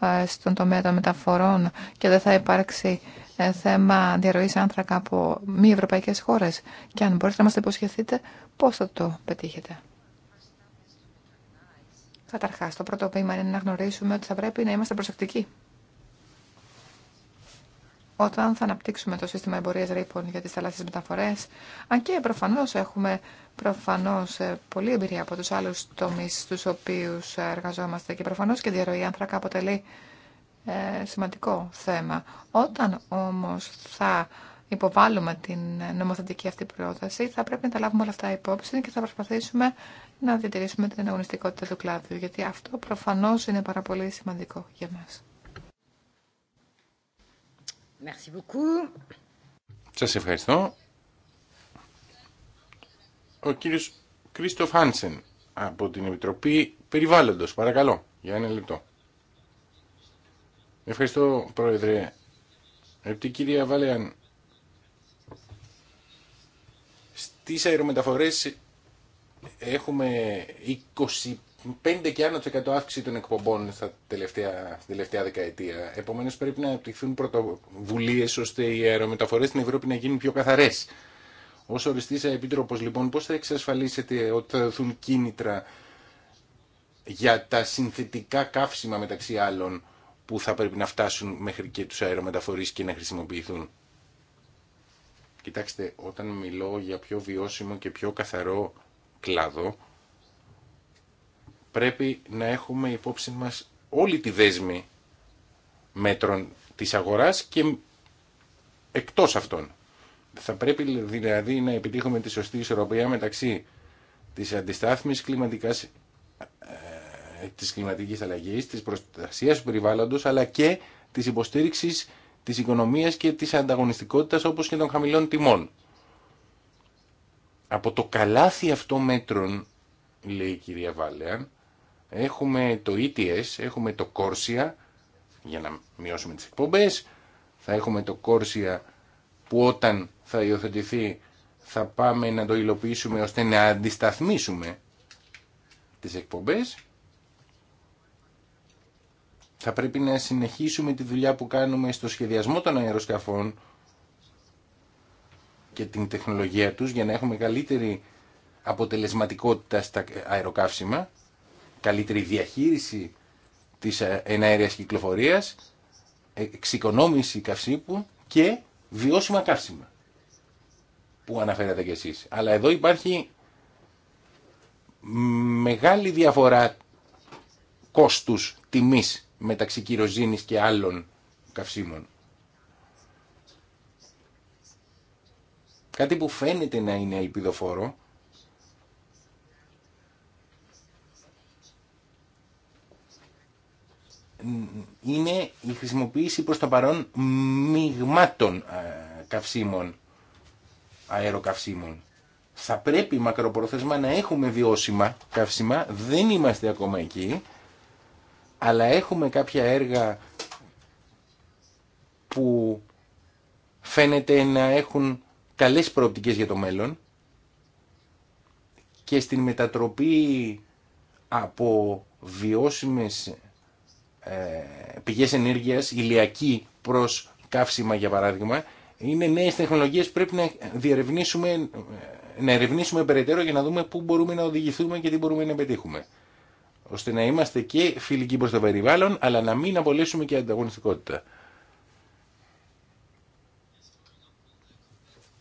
ε, στον τομέα των μεταφορών και δεν θα υπάρξει ε, θέμα διαρροής άνθρακα από μη ευρωπαϊκές χώρες και αν μπορείτε να μας υποσχεθείτε πώς θα το πετύχετε. Καταρχάς, το πρώτο βήμα είναι να γνωρίσουμε ότι θα πρέπει να είμαστε προσεκτικοί. Όταν θα αναπτύξουμε το σύστημα εμπορίας ρήπων για τις θαλάσσιες μεταφορές, αν και προφανώς έχουμε προφανώς ε, πολλή εμπειρία από τους άλλους τομείς στους οποίους ε, εργαζόμαστε και προφανώς και διαρροή άνθρακα αποτελεί ε, σημαντικό θέμα. Όταν όμως θα υποβάλουμε την νομοθετική αυτή πρόταση, θα πρέπει να τα λάβουμε όλα αυτά υπόψη και θα προσπαθήσουμε να διατηρήσουμε την αγωνιστικότητα του κλάδου, γιατί αυτό προφανώς είναι πάρα πολύ σημαντικό για μας. Merci beaucoup. Σας ευχαριστώ. Ο κύριος Κρίστοφ Χάνσεν από την Επιτροπή Περιβάλλοντος. Παρακαλώ, για ένα λεπτό. Ευχαριστώ, Πρόεδρε. Επί κυρία Βάλεαν, στις αερομεταφορές έχουμε 25 και άνω αύξηση των εκπομπών στα τελευταία, στην τελευταία δεκαετία. Επομένως πρέπει να επιτυχθούν πρωτοβουλίες ώστε οι αερομεταφορές στην Ευρώπη να γίνουν πιο καθαρές. Ως οριστής επίτροπος λοιπόν πώς θα εξασφαλίσετε ότι θα δοθούν κίνητρα για τα συνθετικά καύσιμα μεταξύ άλλων που θα πρέπει να φτάσουν μέχρι και τους αερομεταφορείς και να χρησιμοποιηθούν. Κοιτάξτε, όταν μιλώ για πιο βιώσιμο και πιο καθαρό κλάδο, πρέπει να έχουμε υπόψη μας όλη τη δέσμη μέτρων της αγοράς και εκτός αυτών. Θα πρέπει δηλαδή να επιτύχουμε τη σωστή ισορροπία μεταξύ της αντιστάθμισης κλιματικής ε, τη κλιματική αλλαγή, τη προστασία του περιβάλλοντος, αλλά και της υποστήριξη της οικονομίας και τη ανταγωνιστικότητας όπως και των χαμηλών τιμών. Από το καλάθι αυτό μέτρων, λέει η κυρία Βάλεαν, έχουμε το ETS, έχουμε το Corsia, για να μειώσουμε τις εκπομπές, θα έχουμε το Κόρσια που όταν θα υιοθετηθεί θα πάμε να το υλοποιήσουμε ώστε να αντισταθμίσουμε τις εκπομπές θα πρέπει να συνεχίσουμε τη δουλειά που κάνουμε στο σχεδιασμό των αεροσκαφών και την τεχνολογία τους για να έχουμε καλύτερη αποτελεσματικότητα στα αεροκαύσιμα, καλύτερη διαχείριση της ε, εναέριας κυκλοφορίας, ε, εξοικονόμηση καυσίπου και βιώσιμα καύσιμα που αναφέρατε κι εσείς. Αλλά εδώ υπάρχει μεγάλη διαφορά κόστους τιμής μεταξύ κυροζίνης και άλλων καυσίμων. Κάτι που φαίνεται να είναι ελπιδοφόρο, είναι η χρησιμοποίηση προς το παρόν μειγμάτων ε, καυσίμων, αεροκαυσίμων. Θα πρέπει μακροπρόθεσμα να έχουμε βιώσιμα καύσιμα, δεν είμαστε ακόμα εκεί αλλά έχουμε κάποια έργα που φαίνεται να έχουν καλές προοπτικές για το μέλλον και στην μετατροπή από βιώσιμες ε, πηγές ενέργειας, ηλιακή προς καύσιμα για παράδειγμα, είναι νέες τεχνολογίες που πρέπει να διερευνήσουμε, ε, να ερευνήσουμε περαιτέρω για να δούμε πού μπορούμε να οδηγηθούμε και τι μπορούμε να πετύχουμε ώστε να είμαστε και φιλικοί προς το περιβάλλον, αλλά να μην απολύσουμε και ανταγωνιστικότητα.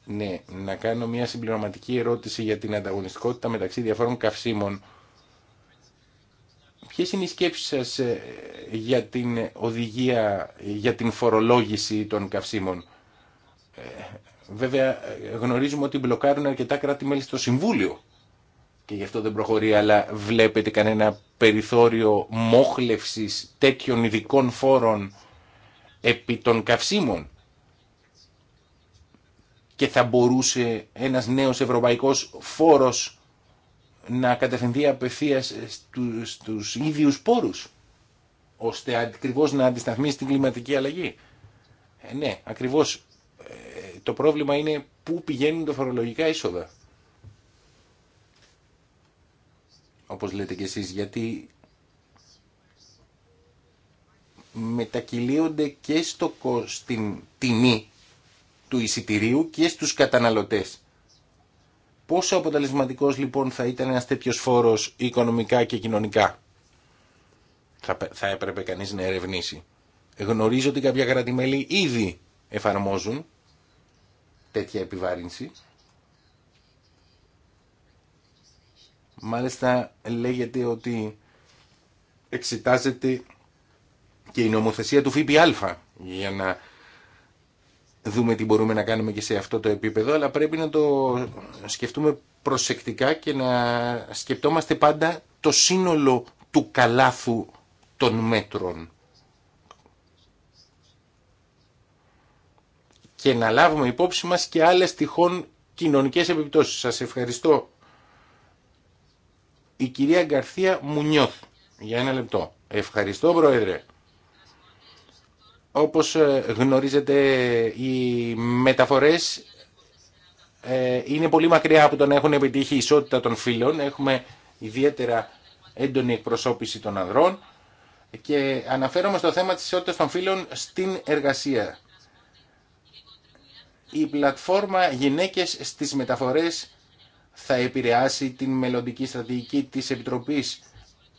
Ναι, να κάνω μια συμπληρωματική ερώτηση για την ανταγωνιστικότητα μεταξύ διαφόρων καυσίμων. Ποιες είναι οι σκέψεις σας ε, για την οδηγία, για την φορολόγηση των καυσίμων. Ε, βέβαια γνωρίζουμε ότι μπλοκάρουν αρκετά κράτη-μέλη στο Συμβούλιο και γι' αυτό δεν προχωρεί, αλλά βλέπετε κανένα περιθώριο μόχλευσης τέτοιων ειδικών φόρων επί των καυσίμων και θα μπορούσε ένας νέος ευρωπαϊκός φόρος να κατευθυνθεί απευθείας στους, στους ίδιους πόρους ώστε ακριβώς να αντισταθμίσει την κλιματική αλλαγή. Ε, ναι, ακριβώς ε, το πρόβλημα είναι πού πηγαίνουν τα φορολογικά είσοδα. όπως λέτε κι εσείς, γιατί μετακυλίονται και στο, στην τιμή του εισιτηρίου και στους καταναλωτές. Πόσο αποτελεσματικός λοιπόν θα ήταν ένας τέτοιος φόρος οικονομικά και κοινωνικά. Θα, θα έπρεπε κανείς να ερευνήσει. Γνωρίζω ότι κάποια κρατημέλη ήδη εφαρμόζουν τέτοια επιβάρυνση Μάλιστα λέγεται ότι εξετάζεται και η νομοθεσία του ΦΠΑ για να δούμε τι μπορούμε να κάνουμε και σε αυτό το επίπεδο, αλλά πρέπει να το σκεφτούμε προσεκτικά και να σκεπτόμαστε πάντα το σύνολο του καλάθου των μέτρων. Και να λάβουμε υπόψη μας και άλλες τυχόν κοινωνικές επιπτώσεις. Σας ευχαριστώ η κυρία Γκαρθία Μουνιώθ. Για ένα λεπτό. Ευχαριστώ Πρόεδρε. Όπως ε, γνωρίζετε οι μεταφορές ε, είναι πολύ μακριά από το να έχουν επιτύχει η ισότητα των φύλων. Έχουμε ιδιαίτερα έντονη εκπροσώπηση των ανδρών και αναφέρομαι στο θέμα της ισότητας των φύλων στην εργασία. Η πλατφόρμα γυναίκες στις μεταφορές θα επηρεάσει την μελλοντική στρατηγική της Επιτροπής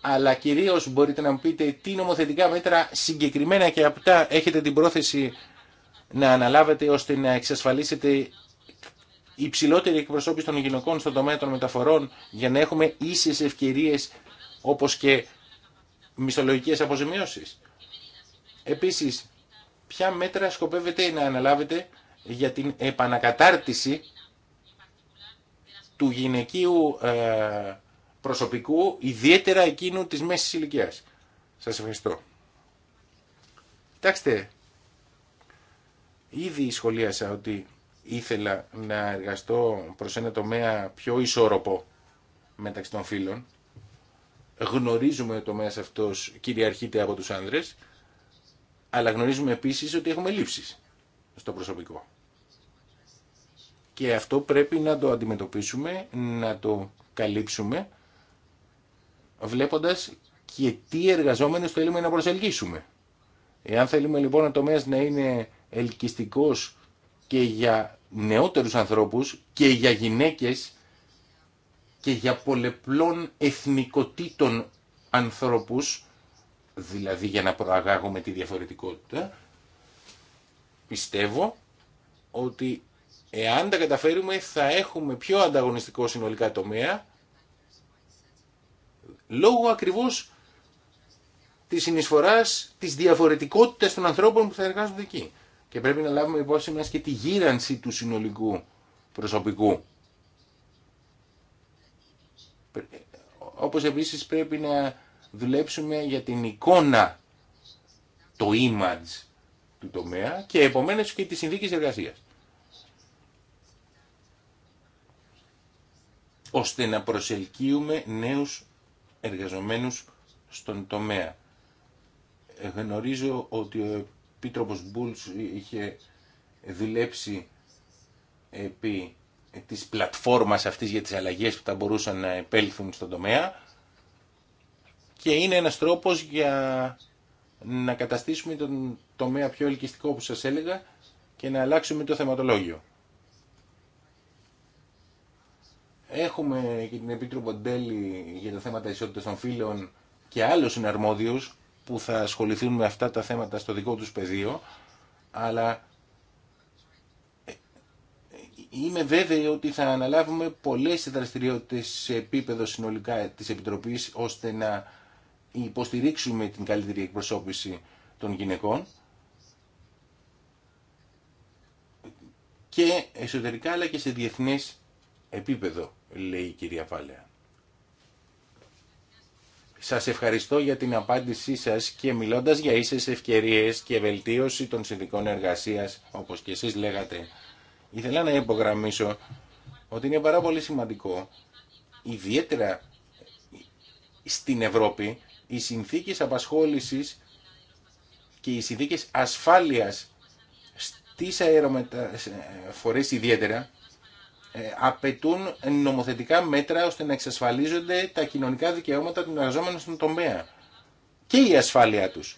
αλλά κυρίως μπορείτε να μου πείτε τι νομοθετικά μέτρα συγκεκριμένα και απτά έχετε την πρόθεση να αναλάβετε ώστε να εξασφαλίσετε υψηλότερη εκπροσώπηση των γυναικών στον τομέα των μεταφορών για να έχουμε ίσες ευκαιρίες όπως και μισθολογικές αποζημιώσεις. Επίσης, ποια μέτρα σκοπεύετε να αναλάβετε για την επανακατάρτιση του γυναικείου ε, προσωπικού, ιδιαίτερα εκείνου της μέσης ηλικίας. Σας ευχαριστώ. Κοιτάξτε, ήδη σχολίασα ότι ήθελα να εργαστώ προς ένα τομέα πιο ισόρροπο μεταξύ των φίλων. Γνωρίζουμε το ο τομέας αυτός κυριαρχείται από τους άνδρες, αλλά γνωρίζουμε επίσης ότι έχουμε λήψεις στο προσωπικό. Και αυτό πρέπει να το αντιμετωπίσουμε, να το καλύψουμε, βλέποντας και τι εργαζόμενους θέλουμε να προσελκύσουμε. Εάν θέλουμε λοιπόν το τομέας να είναι ελκυστικός και για νεότερους ανθρώπους και για γυναίκες και για πολλεπλών εθνικοτήτων ανθρώπους, δηλαδή για να προαγάγουμε τη διαφορετικότητα, πιστεύω ότι Εάν τα καταφέρουμε θα έχουμε πιο ανταγωνιστικό συνολικά τομέα λόγω ακριβώς της συνεισφοράς της διαφορετικότητας των ανθρώπων που θα εργάζονται εκεί. Και πρέπει να λάβουμε υπόψη μας και τη γύρανση του συνολικού προσωπικού. Όπως επίσης πρέπει να δουλέψουμε για την εικόνα, το image του τομέα και επομένως και τις συνθήκες εργασίας. ώστε να προσελκύουμε νέους εργαζομένους στον τομέα. Ε, γνωρίζω ότι ο Επίτροπος Μπούλς είχε δουλέψει επί της πλατφόρμας αυτής για τις αλλαγές που θα μπορούσαν να επέλθουν στον τομέα και είναι ένας τρόπος για να καταστήσουμε τον τομέα πιο ελκυστικό που σας έλεγα και να αλλάξουμε το θεματολόγιο. Έχουμε και την Επίτροπο Ντέλη για τα θέματα ισότητα των φύλων και άλλου συναρμόδιους που θα ασχοληθούν με αυτά τα θέματα στο δικό τους πεδίο, αλλά ε, είμαι βέβαιη ότι θα αναλάβουμε πολλές δραστηριότητε σε επίπεδο συνολικά της Επιτροπής, ώστε να υποστηρίξουμε την καλύτερη εκπροσώπηση των γυναικών και εσωτερικά αλλά και σε διεθνές επίπεδο λέει η κυρία Φάλεα. Σας ευχαριστώ για την απάντησή σας και μιλώντας για ίσες ευκαιρίες και βελτίωση των συνδικών εργασίας, όπως και εσείς λέγατε, ήθελα να υπογραμμίσω ότι είναι πάρα πολύ σημαντικό, ιδιαίτερα στην Ευρώπη, οι συνθήκες απασχόλησης και οι συνθήκες ασφάλειας στις αερομεταφορές ιδιαίτερα ε, απαιτούν νομοθετικά μέτρα ώστε να εξασφαλίζονται τα κοινωνικά δικαιώματα των εργαζόμενων στον τομέα και η ασφάλειά τους.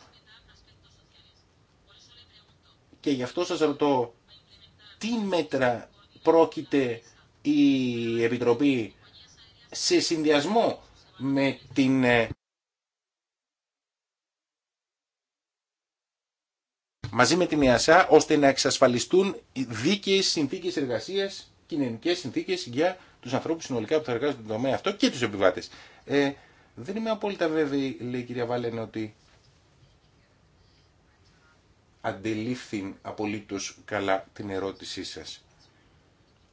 Και γι' αυτό σας ρωτώ τι μέτρα πρόκειται η Επιτροπή σε συνδυασμό με την ε, μαζί με την ΕΑΣΑ ώστε να εξασφαλιστούν δίκαιες συνθήκες εργασίας κοινωνικέ συνθήκες για του ανθρώπου συνολικά που θα εργάζονται στον τομέα αυτό και τους επιβάτε. Ε, δεν είμαι απόλυτα βέβαιη, λέει η κυρία Βάλεν, ότι αντελήφθη απολύτως καλά την ερώτησή σας.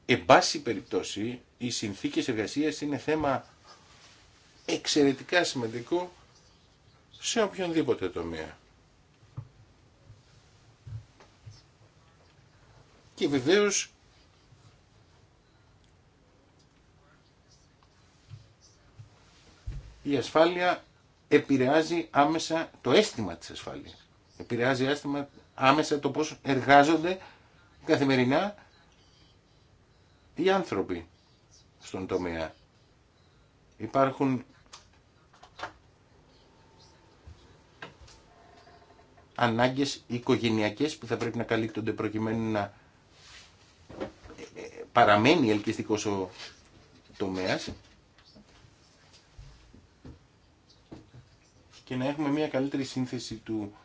Εν πάση περιπτώσει, οι συνθήκες εργασίας είναι θέμα εξαιρετικά σημαντικό σε οποιονδήποτε τομέα. Και βεβαίως η ασφάλεια επηρεάζει άμεσα το αίσθημα της ασφάλειας. Επηρεάζει άμεσα το πώς εργάζονται καθημερινά οι άνθρωποι στον τομέα. Υπάρχουν ανάγκες οικογενειακές που θα πρέπει να καλύπτονται προκειμένου να ε, ε, παραμένει ελκυστικός ο τομέας και να έχουμε μια καλύτερη σύνθεση του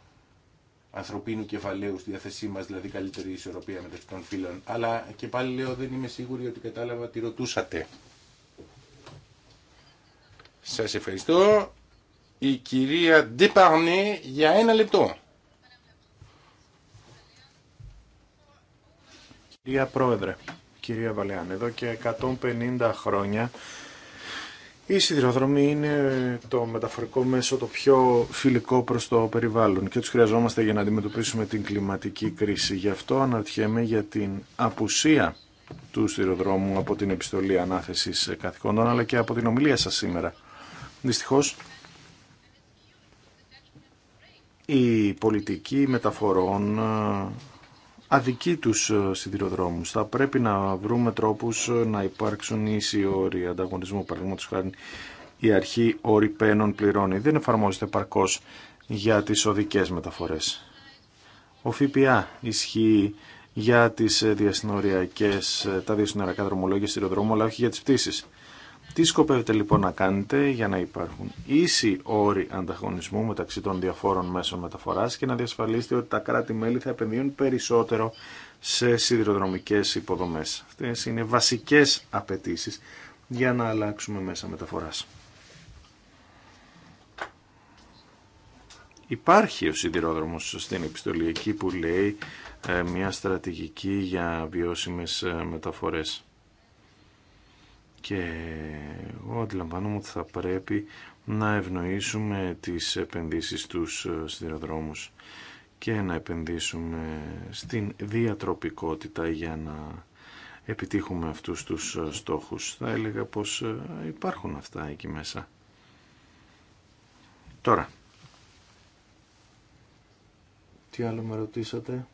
ανθρωπίνου κεφαλαίου στη διάθεσή μα δηλαδή καλύτερη ισορροπία μεταξύ των φύλων. Αλλά και πάλι λέω δεν είμαι σίγουρη ότι κατάλαβα τι ρωτούσατε. Σα ευχαριστώ. Η κυρία Ντεπαρνέ για ένα λεπτό. Κυρία Πρόεδρε, κυρία Βαλεάν, εδώ και 150 χρόνια η σιδηροδρομή είναι το μεταφορικό μέσο το πιο φιλικό προς το περιβάλλον και τους χρειαζόμαστε για να αντιμετωπίσουμε την κλιματική κρίση. Γι' αυτό αναρωτιέμαι για την απουσία του σιδηροδρόμου από την επιστολή ανάθεσης καθηκόντων αλλά και από την ομιλία σας σήμερα. Δυστυχώς η πολιτική μεταφορών αδικοί τους ε, σιδηροδρόμους. Θα πρέπει να βρούμε τρόπους ε, να υπάρξουν ίσοι όροι ανταγωνισμού, παραδείγματος χάρη η αρχή όροι πένων πληρώνει. Δεν εφαρμόζεται παρκώς για τις οδικές μεταφορές. Ο ΦΠΑ ισχύει για τις ε, διασυνοριακές, τα διασυνοριακά δρομολόγια σιδηροδρόμου, αλλά όχι για τις πτήσεις. Τι σκοπεύετε λοιπόν να κάνετε για να υπάρχουν ίσοι όροι ανταγωνισμού μεταξύ των διαφόρων μέσων μεταφορά και να διασφαλίσετε ότι τα κράτη-μέλη θα επενδύουν περισσότερο σε σιδηροδρομικές υποδομές. Αυτές είναι βασικές απαιτήσει για να αλλάξουμε μέσα μεταφορά, Υπάρχει ο σιδηρόδρομος στην επιστολή εκεί που λέει ε, μια στρατηγική για βιώσιμες ε, μεταφορές. Και εγώ αντιλαμβάνομαι ότι θα πρέπει να ευνοήσουμε τις επενδύσεις τους ε, σιδηροδρόμους και να επενδύσουμε στην διατροπικότητα για να επιτύχουμε αυτούς τους ε, στόχους. Θα έλεγα πως ε, υπάρχουν αυτά εκεί μέσα. Τώρα. Τι άλλο με ρωτήσατε.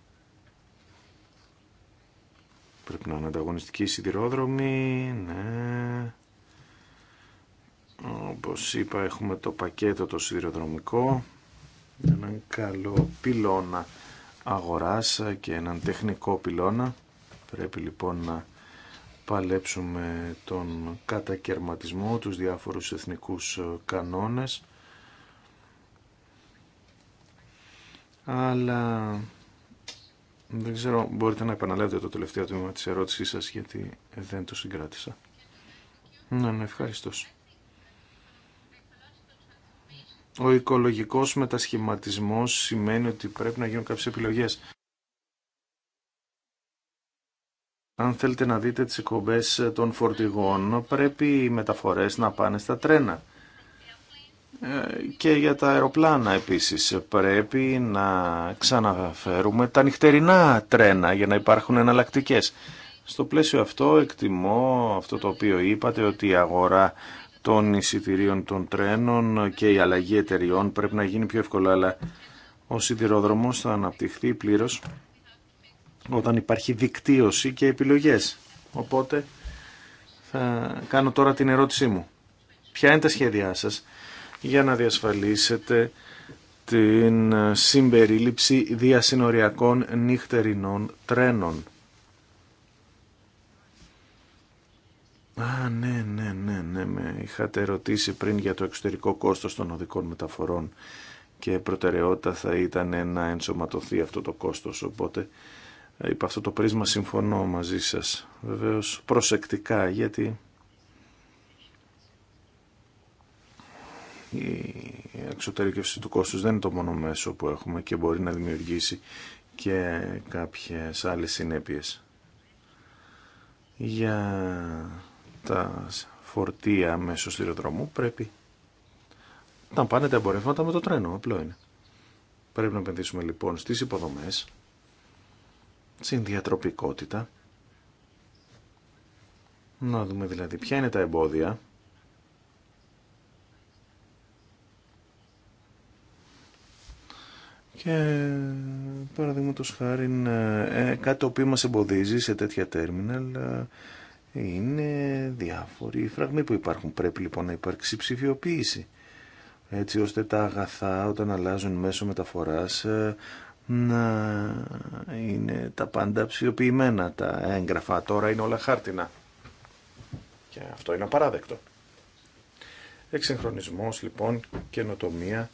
μέλλον. Ανταγωνιστική σιδηρόδρομη, ναι. Όπως είπα έχουμε το πακέτο το σιδηροδρομικό, έναν καλό πυλώνα αγοράς και έναν τεχνικό πυλώνα. Πρέπει λοιπόν να παλέψουμε τον κατακαιρματισμό, τους διάφορους εθνικούς κανόνες. Αλλά δεν ξέρω, μπορείτε να επαναλάβετε το τελευταίο τμήμα της ερώτησής σας γιατί δεν το συγκράτησα. Ναι, ναι, ευχαριστώ. Ο οικολογικός μετασχηματισμός σημαίνει ότι πρέπει να γίνουν κάποιες επιλογές. Αν θέλετε να δείτε τις εκπομπές των φορτηγών, πρέπει οι μεταφορές να πάνε στα τρένα. Ε, και για τα αεροπλάνα επίσης πρέπει να ξαναφέρουμε τα νυχτερινά τρένα για να υπάρχουν εναλλακτικέ. Στο πλαίσιο αυτό εκτιμώ αυτό το οποίο είπατε ότι η αγορά των εισιτηρίων των τρένων και η αλλαγή εταιριών πρέπει να γίνει πιο εύκολα αλλά ο σιδηροδρομός θα αναπτυχθεί πλήρως όταν υπάρχει δικτύωση και επιλογές. Οπότε θα κάνω τώρα την ερώτησή μου. Ποια είναι τα σχέδιά σας για να διασφαλίσετε την συμπερίληψη διασυνοριακών νυχτερινών τρένων. Α, ναι, ναι, ναι, ναι, με είχατε ρωτήσει πριν για το εξωτερικό κόστος των οδικών μεταφορών και προτεραιότητα θα ήταν να ενσωματωθεί αυτό το κόστος, οπότε ε, υπ' αυτό το πρίσμα συμφωνώ μαζί σας, βεβαίως προσεκτικά, γιατί η εξωτερικεύση του κόστους δεν είναι το μόνο μέσο που έχουμε και μπορεί να δημιουργήσει και κάποιες άλλες συνέπειες. Για τα φορτία μέσω στυροδρομού πρέπει να πάνε τα εμπορεύματα με το τρένο, απλό είναι. Πρέπει να επενδύσουμε λοιπόν στις υποδομές, στην διατροπικότητα, να δούμε δηλαδή ποια είναι τα εμπόδια Και παραδείγματο χάρη ναι, ε, κάτι το οποίο μας εμποδίζει σε τέτοια τέρμιναλ ε, είναι διάφοροι φραγμοί που υπάρχουν. Πρέπει λοιπόν να υπάρξει ψηφιοποίηση έτσι ώστε τα αγαθά όταν αλλάζουν μέσω μεταφοράς ε, να είναι τα πάντα ψηφιοποιημένα τα έγγραφα. Τώρα είναι όλα χάρτινα και αυτό είναι απαράδεκτο. Εξυγχρονισμός λοιπόν, καινοτομία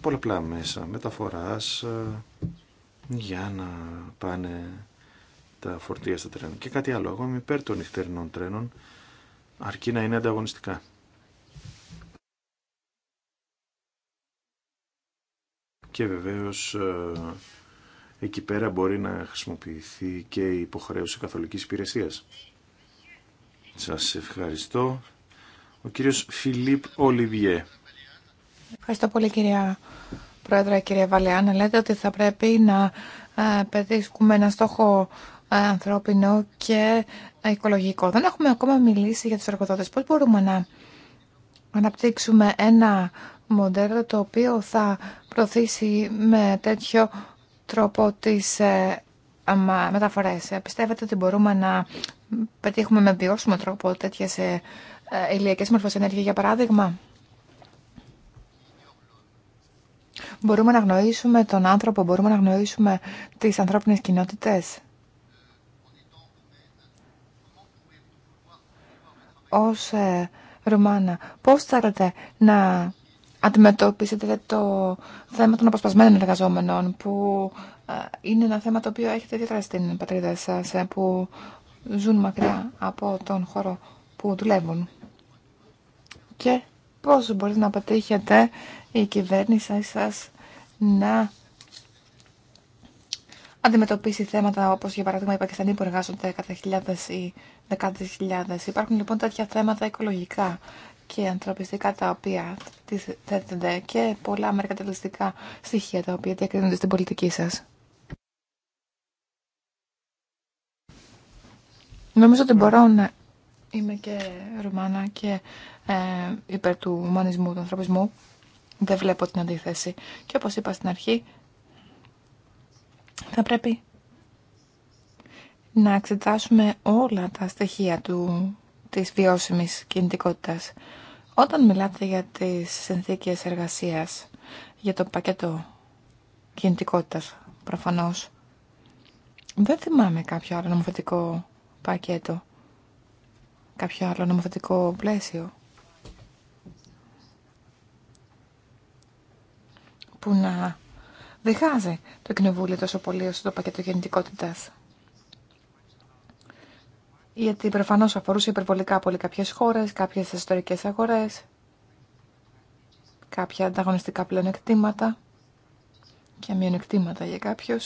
πολλαπλά μέσα μεταφοράς ε, για να πάνε τα φορτία στα τρένα. Και κάτι άλλο, εγώ είμαι υπέρ των νυχτερινών τρένων, αρκεί να είναι ανταγωνιστικά. Και βεβαίως ε, εκεί πέρα μπορεί να χρησιμοποιηθεί και η υποχρέωση καθολικής υπηρεσίας. Σας ευχαριστώ. Ο κύριος Φιλίπ Ολιβιέ. Ευχαριστώ πολύ κυρία Πρόεδρε, κυρία Βαλεάνα. Λέτε ότι θα πρέπει να ε, πετύχουμε ένα στόχο ε, ανθρώπινο και οικολογικό. Δεν έχουμε ακόμα μιλήσει για τους εργοδότες. Πώς μπορούμε να αναπτύξουμε ένα μοντέλο το οποίο θα προωθήσει με τέτοιο τρόπο τις ε, μεταφορές. Πιστεύετε ότι μπορούμε να πετύχουμε με βιώσιμο τρόπο τέτοιες ηλιακές μορφές ενέργεια, για παράδειγμα. Μπορούμε να γνωρίσουμε τον άνθρωπο, μπορούμε να γνωρίσουμε τις ανθρώπινες κοινότητες. Ως ε, Ρουμάνα, πώς θέλετε να αντιμετώπισετε το θέμα των αποσπασμένων εργαζόμενων, που ε, είναι ένα θέμα το οποίο έχετε ιδιαίτερα στην πατρίδα σας, ε, που ζουν μακριά από τον χώρο που δουλεύουν. Και πώς μπορείτε να πετύχετε η κυβέρνησή σας να αντιμετωπίσει θέματα όπω για παράδειγμα οι Πακιστανοί που εργάζονται κατά χιλιάδε ή δεκάδε χιλιάδε. Υπάρχουν λοιπόν τέτοια θέματα οικολογικά και ανθρωπιστικά τα οποία θέτονται και πολλά μερικατελεστικά στοιχεία τα οποία διακρίνονται στην πολιτική σα. Νομίζω ότι μπορώ να είμαι και Ρουμάνα και ε, υπέρ του ουμανισμού, του ανθρωπισμού. Δεν βλέπω την αντίθεση. Και όπως είπα στην αρχή, θα πρέπει να εξετάσουμε όλα τα στοιχεία του, της βιώσιμης κινητικότητας. Όταν μιλάτε για τις συνθήκες εργασίας, για το πακέτο κινητικότητας προφανώς, δεν θυμάμαι κάποιο άλλο νομοθετικό πακέτο, κάποιο άλλο νομοθετικό πλαίσιο. που να διχάζει το Κοινοβούλιο τόσο πολύ όσο το πακέτο γεννητικότητα. Γιατί προφανώ αφορούσε υπερβολικά πολύ κάποιε χώρε, κάποιε ιστορικέ αγορέ, κάποια ανταγωνιστικά πλεονεκτήματα και μειονεκτήματα για κάποιου.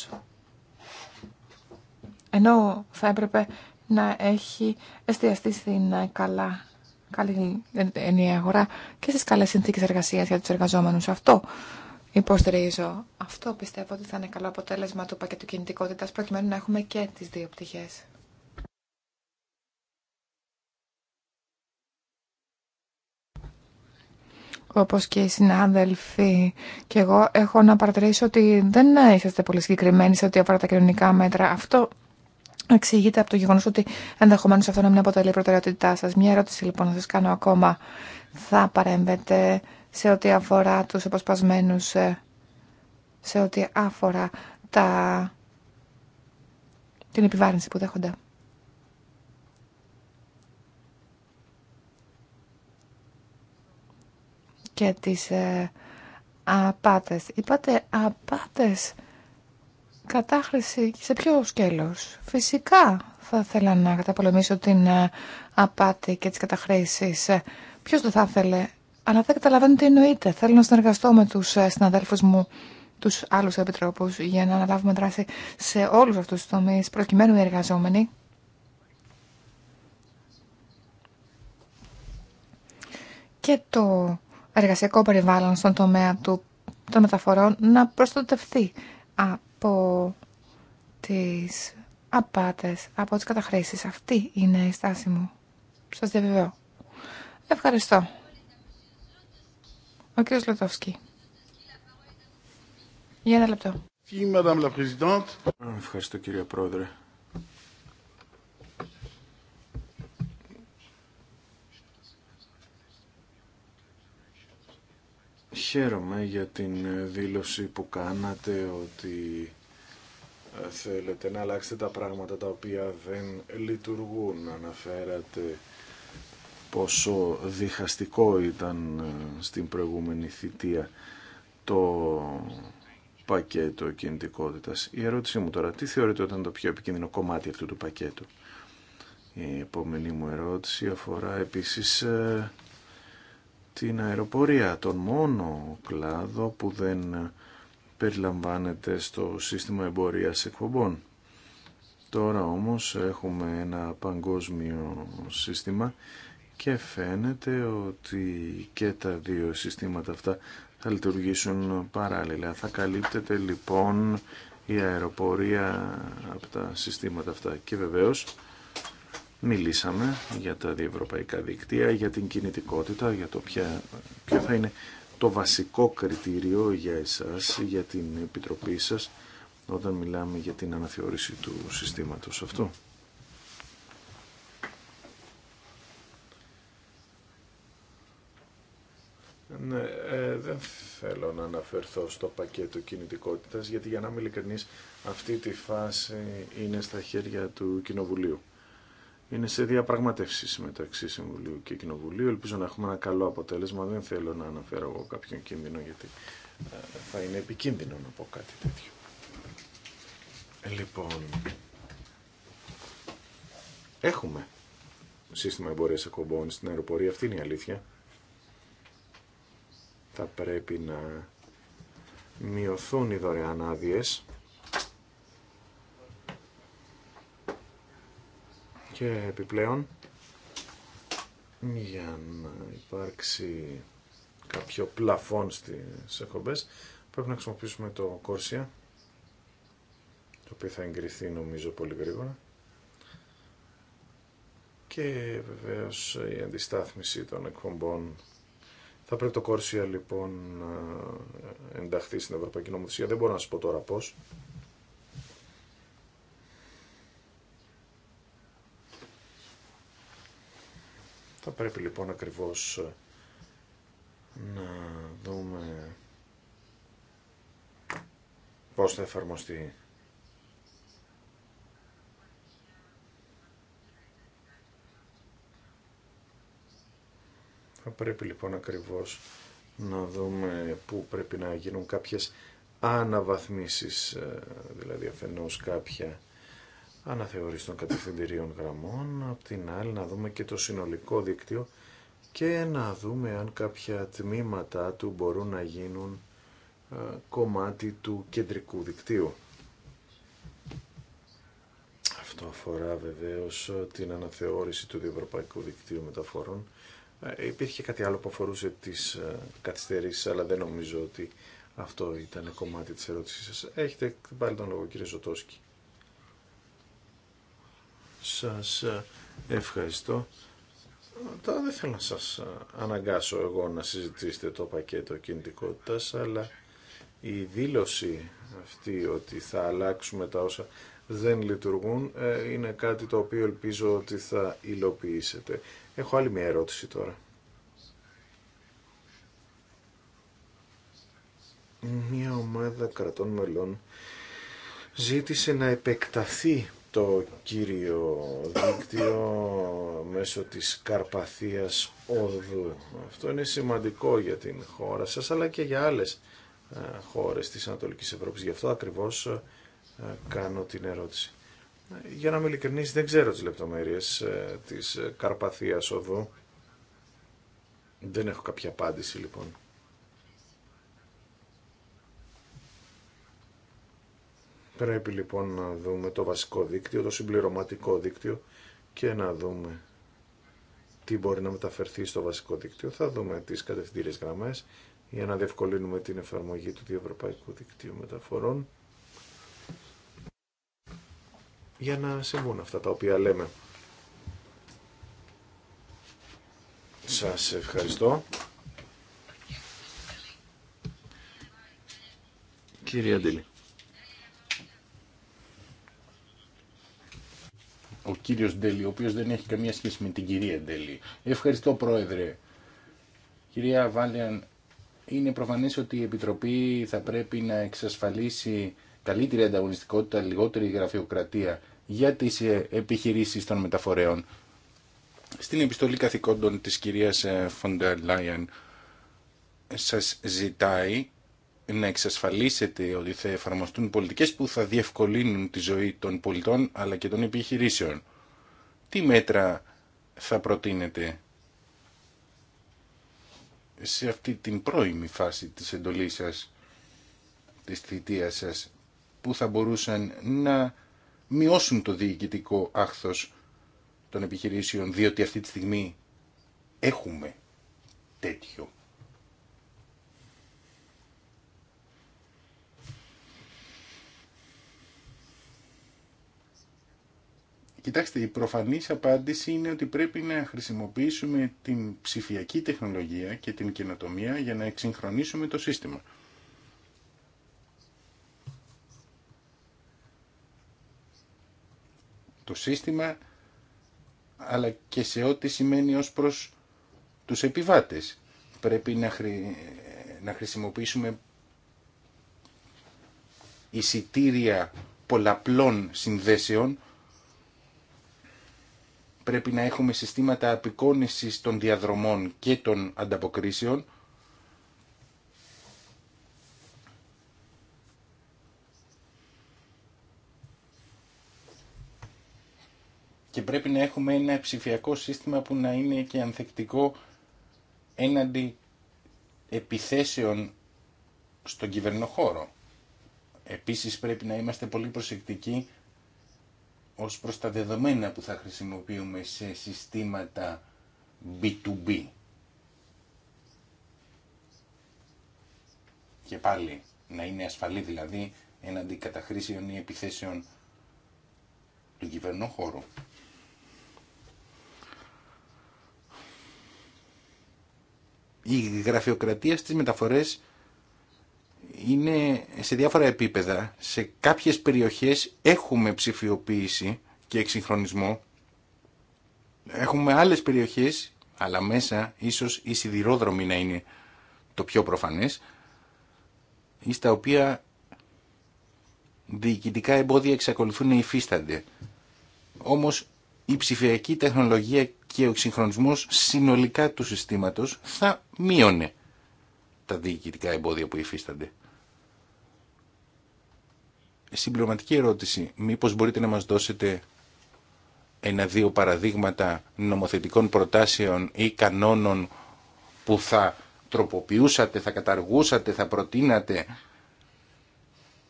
Ενώ θα έπρεπε να έχει εστιαστεί στην καλά καλή ενιαία αγορά και στις καλές συνθήκες εργασίας για τους εργαζόμενους. Αυτό υποστηρίζω. Αυτό πιστεύω ότι θα είναι καλό αποτέλεσμα του πακέτου κινητικότητας προκειμένου να έχουμε και τις δύο πτυχές. όπως και οι συνάδελφοι και εγώ έχω να παρατηρήσω ότι δεν είσαστε πολύ συγκεκριμένοι σε ό,τι αφορά τα κοινωνικά μέτρα. Αυτό εξηγείται από το γεγονός ότι ενδεχομένως αυτό να μην αποτελεί προτεραιότητά σας. Μια ερώτηση λοιπόν να σας κάνω ακόμα. Θα παρέμβετε σε ό,τι αφορά τους αποσπασμένους, ε, σε ό,τι αφορά τα... την επιβάρυνση που δέχονται. Και τις ε, απάτες. Είπατε απάτες κατάχρηση σε ποιο σκέλος. Φυσικά θα ήθελα να καταπολεμήσω την ε, απάτη και τις καταχρήσεις. Ε, ποιος δεν θα ήθελε αλλά δεν καταλαβαίνω τι εννοείται. Θέλω να συνεργαστώ με του ε, συναδέλφου μου, τους άλλους επιτρόπους, για να αναλάβουμε δράση σε όλους αυτούς του τομεί προκειμένου οι εργαζόμενοι. Και το εργασιακό περιβάλλον στον τομέα του, των μεταφορών να προστατευτεί από τις απάτες, από τις καταχρήσεις. Αυτή είναι η στάση μου. Σας διαβεβαιώ. Ευχαριστώ. Ο κ. Για ένα λεπτό. Ευχαριστώ κύριε Πρόεδρε. Χαίρομαι για την δήλωση που κάνατε ότι ε, θέλετε να αλλάξετε τα πράγματα τα οποία δεν λειτουργούν. Αναφέρατε πόσο διχαστικό ήταν ε, στην προηγούμενη θητεία το πακέτο κινητικότητας. Η ερώτησή μου τώρα, τι θεωρείτε ήταν το πιο επικίνδυνο κομμάτι αυτού του πακέτου. Η επόμενη μου ερώτηση αφορά επίσης ε, την αεροπορία, τον μόνο κλάδο που δεν ε, περιλαμβάνεται στο σύστημα εμπορίας εκπομπών. Τώρα όμως έχουμε ένα παγκόσμιο σύστημα και φαίνεται ότι και τα δύο συστήματα αυτά θα λειτουργήσουν παράλληλα. Θα καλύπτεται λοιπόν η αεροπορία από τα συστήματα αυτά. Και βεβαίως μιλήσαμε για τα διευρωπαϊκά δικτύα, για την κινητικότητα, για το ποια, ποιο θα είναι το βασικό κριτήριο για εσάς, για την επιτροπή σας, όταν μιλάμε για την αναθεώρηση του συστήματος αυτού. Ναι, ε, δεν θέλω να αναφερθώ στο πακέτο κινητικότητας, γιατί για να είμαι ειλικρινής, αυτή τη φάση είναι στα χέρια του Κοινοβουλίου. Είναι σε διαπραγματεύσεις μεταξύ Συμβουλίου και Κοινοβουλίου. Ελπίζω να έχουμε ένα καλό αποτέλεσμα. Δεν θέλω να αναφέρω εγώ κάποιον κίνδυνο, γιατί ε, θα είναι επικίνδυνο να πω κάτι τέτοιο. Ε, λοιπόν, έχουμε σύστημα εμπορίας εκπομπών στην αεροπορία, αυτή είναι η αλήθεια θα πρέπει να μειωθούν οι δωρεάν άδειε. και επιπλέον για να υπάρξει κάποιο πλαφόν στις εκπομπές πρέπει να χρησιμοποιήσουμε το Κόρσια το οποίο θα εγκριθεί νομίζω πολύ γρήγορα και βεβαίως η αντιστάθμιση των εκπομπών θα πρέπει το Κόρσια λοιπόν να ενταχθεί στην Ευρωπαϊκή Νομοθεσία. Δεν μπορώ να σα πω τώρα πώς. Θα πρέπει λοιπόν ακριβώς να δούμε πώς θα εφαρμοστεί Θα πρέπει λοιπόν ακριβώς να δούμε πού πρέπει να γίνουν κάποιες αναβαθμίσεις, ε, δηλαδή αφενός κάποια αναθεωρήση των κατευθυντηρίων γραμμών, απ' την άλλη να δούμε και το συνολικό δίκτυο και να δούμε αν κάποια τμήματα του μπορούν να γίνουν ε, κομμάτι του κεντρικού δικτύου. Αυτό αφορά βεβαίως ε, την αναθεώρηση του Διευρωπαϊκού Δικτύου Μεταφορών ε, υπήρχε κάτι άλλο που αφορούσε τις ε, καθυστερήσεις, αλλά δεν νομίζω ότι αυτό ήταν κομμάτι της ερώτησής σας. Έχετε πάλι τον λόγο κύριε Ζωτόσκη. Σας ε, ευχαριστώ. Τώρα δεν θέλω να σας αναγκάσω εγώ να συζητήσετε το πακέτο κινητικότητας, αλλά η δήλωση αυτή ότι θα αλλάξουμε τα όσα δεν λειτουργούν είναι κάτι το οποίο ελπίζω ότι θα υλοποιήσετε. Έχω άλλη μια ερώτηση τώρα. Μια ομάδα κρατών μελών ζήτησε να επεκταθεί το κύριο δίκτυο μέσω της Καρπαθίας Οδού. Αυτό είναι σημαντικό για την χώρα σας αλλά και για άλλες ε, χώρες της Ανατολικής Ευρώπης. Γι' αυτό ακριβώς ε, κάνω την ερώτηση. Για να είμαι ειλικρινής, δεν ξέρω τις λεπτομέρειες ε, της Καρπαθίας Οδού. Δεν έχω κάποια απάντηση, λοιπόν. Πρέπει λοιπόν να δούμε το βασικό δίκτυο, το συμπληρωματικό δίκτυο και να δούμε τι μπορεί να μεταφερθεί στο βασικό δίκτυο. Θα δούμε τις κατευθυντήριες γραμμές για να διευκολύνουμε την εφαρμογή του διευρωπαϊκού δικτύου μεταφορών για να συμβούν αυτά τα οποία λέμε. Σας ευχαριστώ. Κύριε Αντέλη. Ο κύριος Ντέλη, ο οποίος δεν έχει καμία σχέση με την κυρία Ντέλη. Ευχαριστώ πρόεδρε. Κυρία Βάλιαν, είναι προφανές ότι η Επιτροπή θα πρέπει να εξασφαλίσει καλύτερη ανταγωνιστικότητα, λιγότερη γραφειοκρατία για τι ε, επιχειρήσει των μεταφορέων. Στην επιστολή καθηκόντων της κυρίας Φοντερ Λάιεν σας ζητάει να εξασφαλίσετε ότι θα εφαρμοστούν πολιτικές που θα διευκολύνουν τη ζωή των πολιτών αλλά και των επιχειρήσεων. Τι μέτρα θα προτείνετε σε αυτή την πρώιμη φάση της εντολής σας, της θητείας σας, που θα μπορούσαν να μειώσουν το διοικητικό άχθος των επιχειρήσεων, διότι αυτή τη στιγμή έχουμε τέτοιο. Κοιτάξτε, η προφανής απάντηση είναι ότι πρέπει να χρησιμοποιήσουμε την ψηφιακή τεχνολογία και την καινοτομία για να εξυγχρονίσουμε το σύστημα. το σύστημα αλλά και σε ό,τι σημαίνει ως προς τους επιβάτες. Πρέπει να, να χρησιμοποιήσουμε εισιτήρια πολλαπλών συνδέσεων πρέπει να έχουμε συστήματα απεικόνησης των διαδρομών και των ανταποκρίσεων και πρέπει να έχουμε ένα ψηφιακό σύστημα που να είναι και ανθεκτικό έναντι επιθέσεων στον κυβερνοχώρο. Επίσης πρέπει να είμαστε πολύ προσεκτικοί ως προς τα δεδομένα που θα χρησιμοποιούμε σε συστήματα B2B. Και πάλι να είναι ασφαλή δηλαδή έναντι καταχρήσεων ή επιθέσεων του κυβερνού χώρου. η γραφειοκρατία στις μεταφορές είναι σε διάφορα επίπεδα. Σε κάποιες περιοχές έχουμε ψηφιοποίηση και εξυγχρονισμό. Έχουμε άλλες περιοχές, αλλά μέσα ίσως η σιδηρόδρομη να είναι το πιο προφανές, ή στα οποία διοικητικά εμπόδια εξακολουθούν να υφίστανται. Όμως η ψηφιακή τεχνολογία και ο συγχρονισμός συνολικά του συστήματος θα μείωνε τα διοικητικά εμπόδια που υφίστανται. Ε, συμπληρωματική ερώτηση. Μήπως μπορείτε να μας δώσετε ένα-δύο παραδείγματα νομοθετικών προτάσεων ή κανόνων που θα τροποποιούσατε, θα καταργούσατε, θα προτείνατε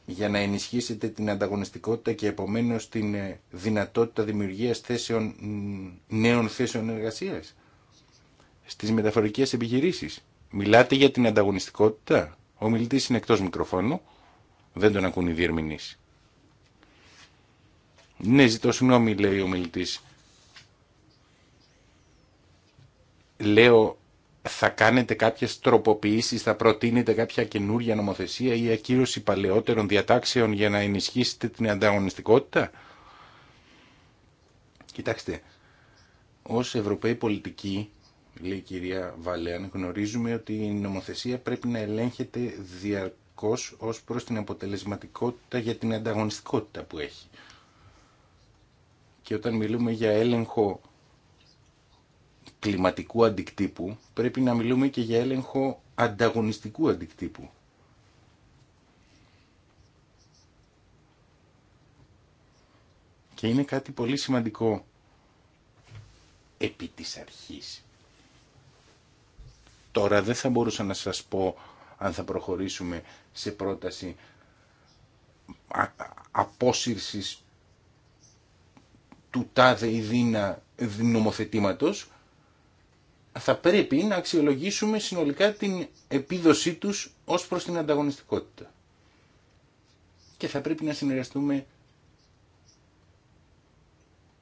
για να ενισχύσετε την ανταγωνιστικότητα και επομένως την ε, δυνατότητα δημιουργίας θέσεων, νέων θέσεων εργασίας στις μεταφορικές επιχειρήσεις. Μιλάτε για την ανταγωνιστικότητα. Ο μιλητής είναι εκτός μικροφώνου. Δεν τον ακούν οι διερμηνείς. Ναι, ζητώ συγγνώμη, λέει ο μιλητής. Λέω θα κάνετε κάποιες τροποποιήσεις, θα προτείνετε κάποια καινούργια νομοθεσία ή ακύρωση παλαιότερων διατάξεων για να ενισχύσετε την ανταγωνιστικότητα. Κοιτάξτε, ως Ευρωπαίοι πολιτικοί, λέει η κυρία Βαλέαν, γνωρίζουμε ότι η νομοθεσία πρέπει να ελέγχεται διαρκώς ως προς την αποτελεσματικότητα για την ανταγωνιστικότητα που έχει. Και όταν μιλούμε για έλεγχο κλιματικού αντικτύπου, πρέπει να μιλούμε και για έλεγχο ανταγωνιστικού αντικτύπου. Και είναι κάτι πολύ σημαντικό επί της αρχής. Τώρα δεν θα μπορούσα να σας πω αν θα προχωρήσουμε σε πρόταση απόσυρσης του τάδε ή δίνα νομοθετήματος, θα πρέπει να αξιολογήσουμε συνολικά την επίδοσή τους ως προς την ανταγωνιστικότητα. Και θα πρέπει να συνεργαστούμε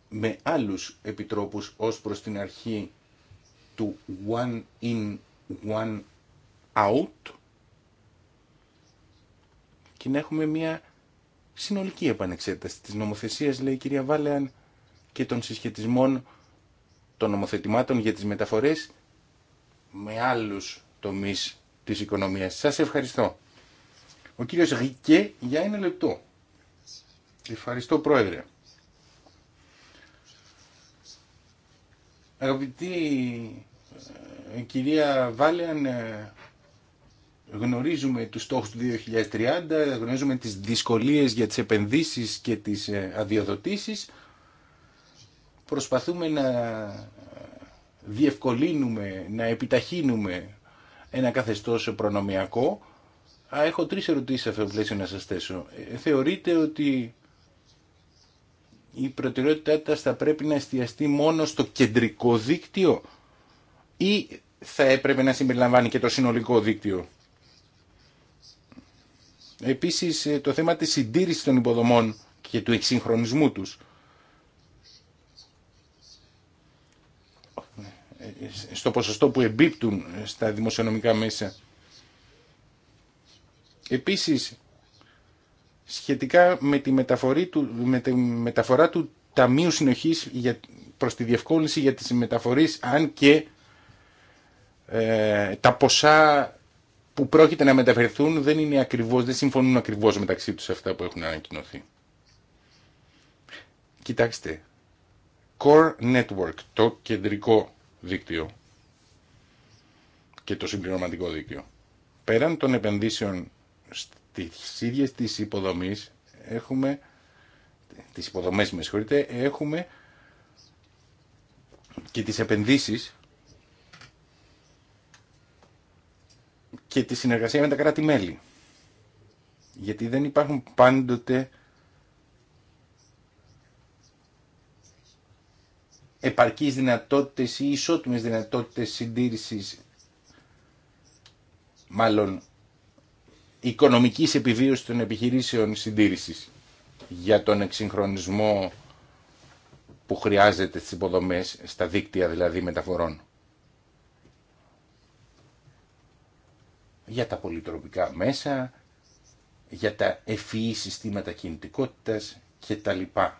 με άλλους επιτρόπους ως προς την αρχή του one in, one out και να έχουμε μια συνολική επανεξέταση της νομοθεσίας, λέει η κυρία Βάλεαν, και των συσχετισμών των νομοθετημάτων για τις μεταφορές με άλλους τομείς της οικονομίας. Σας ευχαριστώ. Ο κύριος Γκέ για ένα λεπτό. Ευχαριστώ πρόεδρε. Αγαπητοί ε, κυρία Βάλεαν, ε, γνωρίζουμε τους στόχους του 2030, γνωρίζουμε τις δυσκολίες για τις επενδύσεις και τις ε, αδειοδοτήσεις. Προσπαθούμε να διευκολύνουμε, να επιταχύνουμε ένα καθεστώς προνομιακό. Έχω τρεις ερωτήσεις σε αυτό να σας θέσω. Ε, θεωρείτε ότι η προτεραιότητά θα πρέπει να εστιαστεί μόνο στο κεντρικό δίκτυο ή θα έπρεπε να συμπεριλαμβάνει και το συνολικό δίκτυο. Επίσης ε, το θέμα της συντήρησης των υποδομών και του εξυγχρονισμού τους. στο ποσοστό που εμπίπτουν στα δημοσιονομικά μέσα. Επίσης, σχετικά με τη, μεταφορή του, με τη μεταφορά του Ταμείου Συνοχής για, προς τη διευκόλυνση για τις μεταφορές, αν και ε, τα ποσά που πρόκειται να μεταφερθούν δεν είναι ακριβώς, δεν συμφωνούν ακριβώς μεταξύ τους αυτά που έχουν ανακοινωθεί. Κοιτάξτε, Core Network, το κεντρικό δίκτυο και το συμπληρωματικό δίκτυο. Πέραν των επενδύσεων στις ίδιες τις υποδομής έχουμε τις υποδομές με συγχωρείτε, έχουμε και τις επενδύσεις και τη συνεργασία με τα κράτη-μέλη. Γιατί δεν υπάρχουν πάντοτε επαρκείς δυνατότητες ή ισότιμες δυνατότητες συντήρησης, μάλλον οικονομικής επιβίωσης των επιχειρήσεων συντήρησης για τον εξυγχρονισμό που χρειάζεται στις υποδομές, στα δίκτυα δηλαδή μεταφορών. Για τα πολυτροπικά μέσα, για τα ευφυή συστήματα κινητικότητας και τα λοιπά.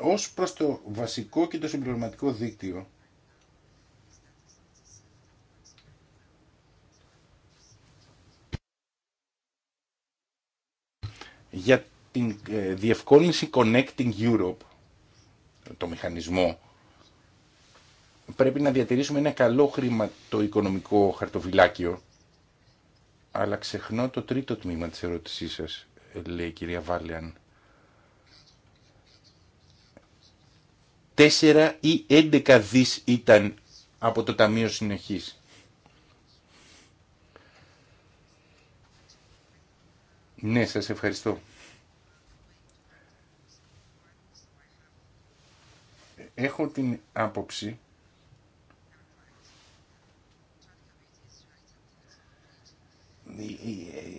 Ως προς το βασικό και το συμπληρωματικό δίκτυο, για την ε, διευκόλυνση Connecting Europe, το μηχανισμό, πρέπει να διατηρήσουμε ένα καλό χρηματοοικονομικό χαρτοφυλάκιο, αλλά ξεχνώ το τρίτο τμήμα της ερώτησής σας, λέει η κυρία Βάλεαν. 4 ή 11 δις ήταν από το Ταμείο Συνοχής. Ναι, σας ευχαριστώ. Έχω την άποψη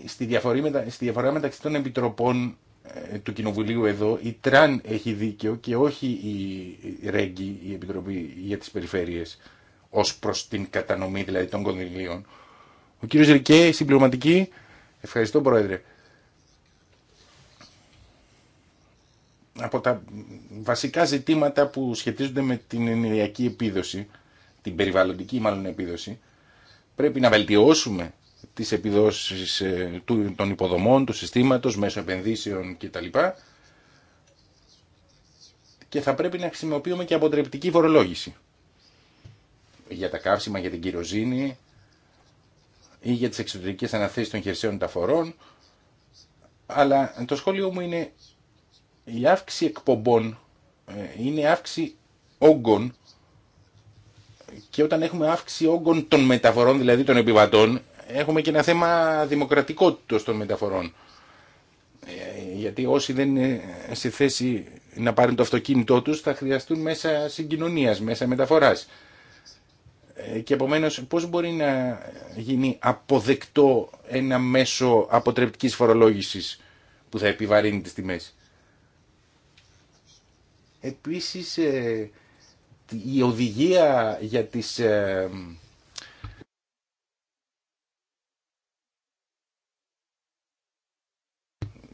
στη διαφορά, μεταξύ των επιτροπών ε, του Κοινοβουλίου εδώ, η Τραν έχει δίκαιο και όχι η Ρέγγι, η Επιτροπή για τις Περιφέρειες, ως προς την κατανομή δηλαδή των κονδυλίων. Ο κύριος Ρικέ, συμπληρωματική, ευχαριστώ Πρόεδρε. Από τα βασικά ζητήματα που σχετίζονται με την ενεργειακή επίδοση, την περιβαλλοντική μάλλον επίδοση, πρέπει να βελτιώσουμε τις επιδόσεις ε, των υποδομών, του συστήματος, μέσω επενδύσεων κτλ. Και θα πρέπει να χρησιμοποιούμε και αποτρεπτική φορολόγηση. Για τα καύσιμα, για την κυροζήνη ή για τις εξωτερικές αναθέσεις των χερσαίων ταφορών. Αλλά το σχόλιο μου είναι η αύξηση εκπομπών, ε, είναι αύξηση όγκων και όταν έχουμε αύξηση όγκων των μεταφορών, δηλαδή των επιβατών, έχουμε και ένα θέμα δημοκρατικότητας των μεταφορών. Ε, γιατί όσοι δεν είναι στη θέση να πάρουν το αυτοκίνητό τους θα χρειαστούν μέσα συγκοινωνίας, μέσα μεταφοράς. Ε, και επομένως πώς μπορεί να γίνει αποδεκτό ένα μέσο αποτρεπτικής φορολόγησης που θα επιβαρύνει τις τιμές. Επίσης ε, η οδηγία για τις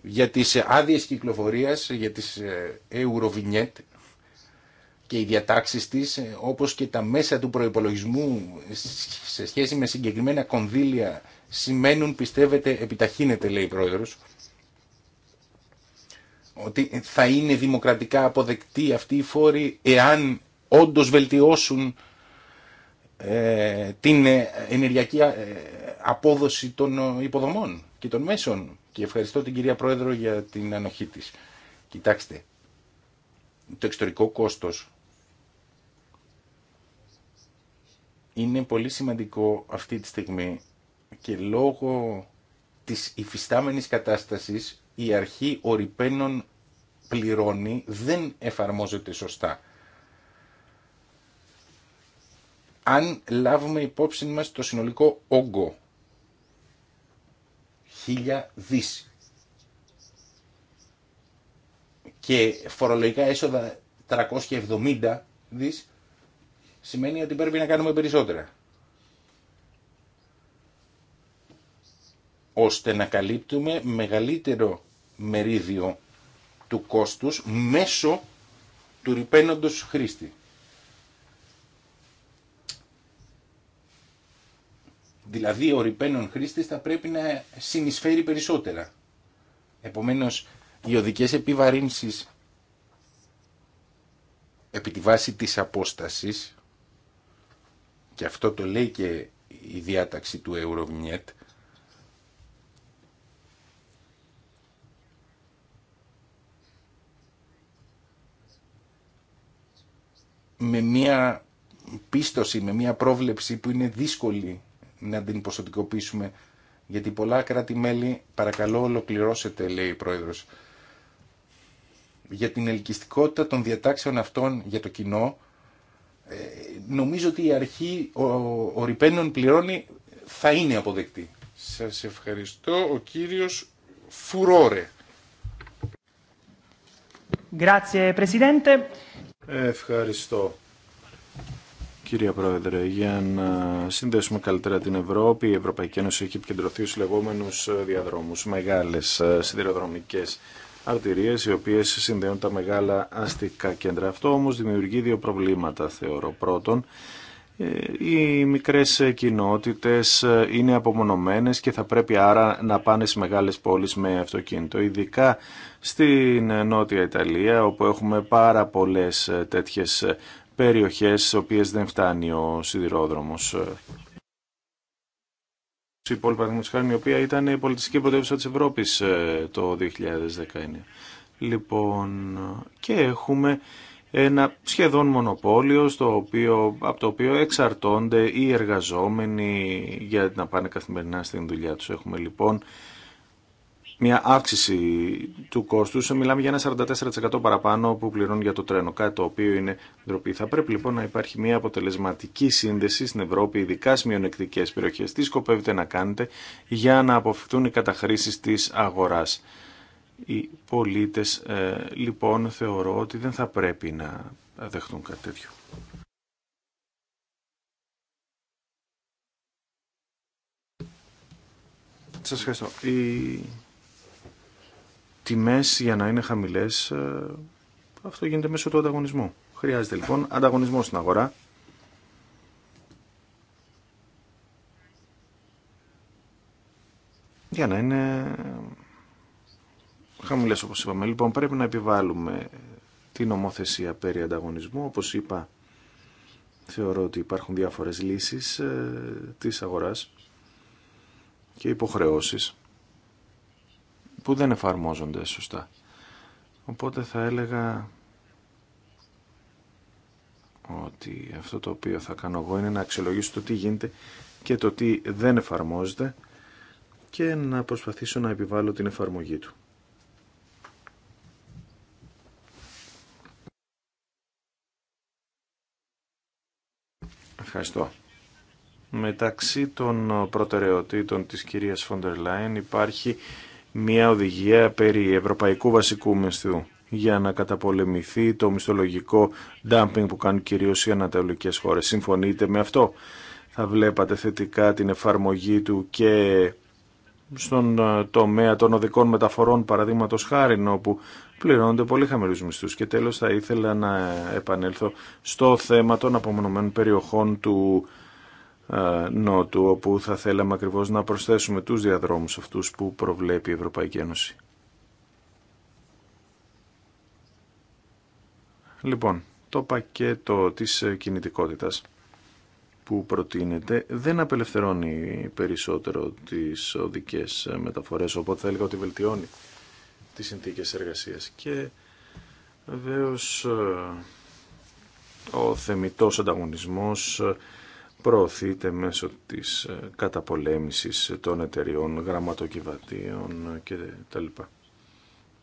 για τις άδειε κυκλοφορίας, για τις ε, Eurovignette και οι διατάξεις της, ε, όπως και τα μέσα του προϋπολογισμού ε, σε σχέση με συγκεκριμένα κονδύλια σημαίνουν, πιστεύετε, επιταχύνεται, λέει η Πρόεδρος, ότι θα είναι δημοκρατικά αποδεκτοί αυτή οι φόροι εάν όντως βελτιώσουν την ενεργειακή απόδοση των υποδομών και των μέσων. Και ευχαριστώ την κυρία Πρόεδρο για την ανοχή της. Κοιτάξτε, το εξωτερικό κόστος είναι πολύ σημαντικό αυτή τη στιγμή και λόγω της υφιστάμενης κατάστασης η αρχή οριπένων πληρώνει δεν εφαρμόζεται σωστά. Αν λάβουμε υπόψη μας το συνολικό όγκο χίλια δις. Και φορολογικά έσοδα 370 δις σημαίνει ότι πρέπει να κάνουμε περισσότερα. ώστε να καλύπτουμε μεγαλύτερο μερίδιο του κόστους μέσω του ρηπαίνοντος χρήστη. Δηλαδή ο ρηπαίνων χρήστη θα πρέπει να συνεισφέρει περισσότερα. Επομένως οι οδικές επιβαρύνσεις επί τη βάση της απόστασης και αυτό το λέει και η διάταξη του Eurovignette με μία πίστοση, με μία πρόβλεψη που είναι δύσκολη να την ποσοτικοποιήσουμε γιατί πολλά κράτη-μέλη, παρακαλώ ολοκληρώσετε λέει η Πρόεδρος, για την ελκυστικότητα των διατάξεων αυτών για το κοινό, ε, νομίζω ότι η αρχή ο, ο πληρώνει θα είναι αποδεκτή. Σας ευχαριστώ. Ο κύριος Φουρόρε. Grazie, Presidente. Ευχαριστώ. Κύριε Πρόεδρε, για να συνδέσουμε καλύτερα την Ευρώπη, η Ευρωπαϊκή Ένωση έχει επικεντρωθεί στους λεγόμενους ε, διαδρόμους, μεγάλες ε, σιδηροδρομικές αρτηρίες, οι οποίες συνδέουν τα μεγάλα αστικά κέντρα. Αυτό όμως δημιουργεί δύο προβλήματα, θεωρώ. Πρώτον, ε, οι μικρές κοινότητες είναι απομονωμένες και θα πρέπει άρα να πάνε στις μεγάλες πόλεις με αυτοκίνητο. Ειδικά στην Νότια Ιταλία όπου έχουμε πάρα πολλέ τέτοιες περιοχές στις οποίες δεν φτάνει ο σιδηρόδρομος. Ε, η πόλη Παραδείγματος η οποία ήταν η πολιτιστική πρωτεύουσα της Ευρώπης ε, το 2019. Λοιπόν, και έχουμε ένα σχεδόν μονοπόλιο στο οποίο, από το οποίο εξαρτώνται οι εργαζόμενοι για να πάνε καθημερινά στην δουλειά τους. Έχουμε λοιπόν μια αύξηση του κόστου. Μιλάμε για ένα 44% παραπάνω που πληρώνουν για το τρένο. Κάτι το οποίο είναι ντροπή. Θα πρέπει λοιπόν να υπάρχει μια αποτελεσματική σύνδεση στην Ευρώπη, ειδικά στι μειονεκτικέ περιοχέ. Τι σκοπεύετε να κάνετε για να αποφευθούν οι καταχρήσει τη αγορά. Οι πολίτε ε, λοιπόν θεωρώ ότι δεν θα πρέπει να δεχτούν κάτι τέτοιο. Σας ευχαριστώ τιμές για να είναι χαμηλές, ε, αυτό γίνεται μέσω του ανταγωνισμού. Χρειάζεται λοιπόν ανταγωνισμό στην αγορά. Για να είναι χαμηλές όπως είπαμε. Λοιπόν πρέπει να επιβάλλουμε την ομοθεσία περί ανταγωνισμού. Όπως είπα θεωρώ ότι υπάρχουν διάφορες λύσεις ε, της αγοράς και υποχρεώσεις που δεν εφαρμόζονται σωστά. Οπότε θα έλεγα ότι αυτό το οποίο θα κάνω εγώ είναι να αξιολογήσω το τι γίνεται και το τι δεν εφαρμόζεται και να προσπαθήσω να επιβάλλω την εφαρμογή του. Ευχαριστώ. Μεταξύ των προτεραιοτήτων της κυρίας Φοντερ Λάιν υπάρχει μια οδηγία περί Ευρωπαϊκού Βασικού Μισθού για να καταπολεμηθεί το μισθολογικό dumping που κάνουν κυρίως οι ανατολικές χώρες. Συμφωνείτε με αυτό. Θα βλέπατε θετικά την εφαρμογή του και στον ε, τομέα των οδικών μεταφορών παραδείγματο χάρη όπου πληρώνονται πολύ χαμηλού μισθού. και τέλος θα ήθελα να επανέλθω στο θέμα των απομονωμένων περιοχών του Νότου, όπου θα θέλαμε ακριβώς να προσθέσουμε τους διαδρόμους αυτούς που προβλέπει η Ευρωπαϊκή Ένωση. Λοιπόν, το πακέτο της κινητικότητας που προτείνεται δεν απελευθερώνει περισσότερο τις οδικές μεταφορές, οπότε θα έλεγα ότι βελτιώνει τις συνθήκες εργασίας. Και βεβαίω ε, ο θεμητός ανταγωνισμός προωθείται μέσω της ε, καταπολέμησης των εταιριών, γραμματοκιβατίων και τα λοιπά.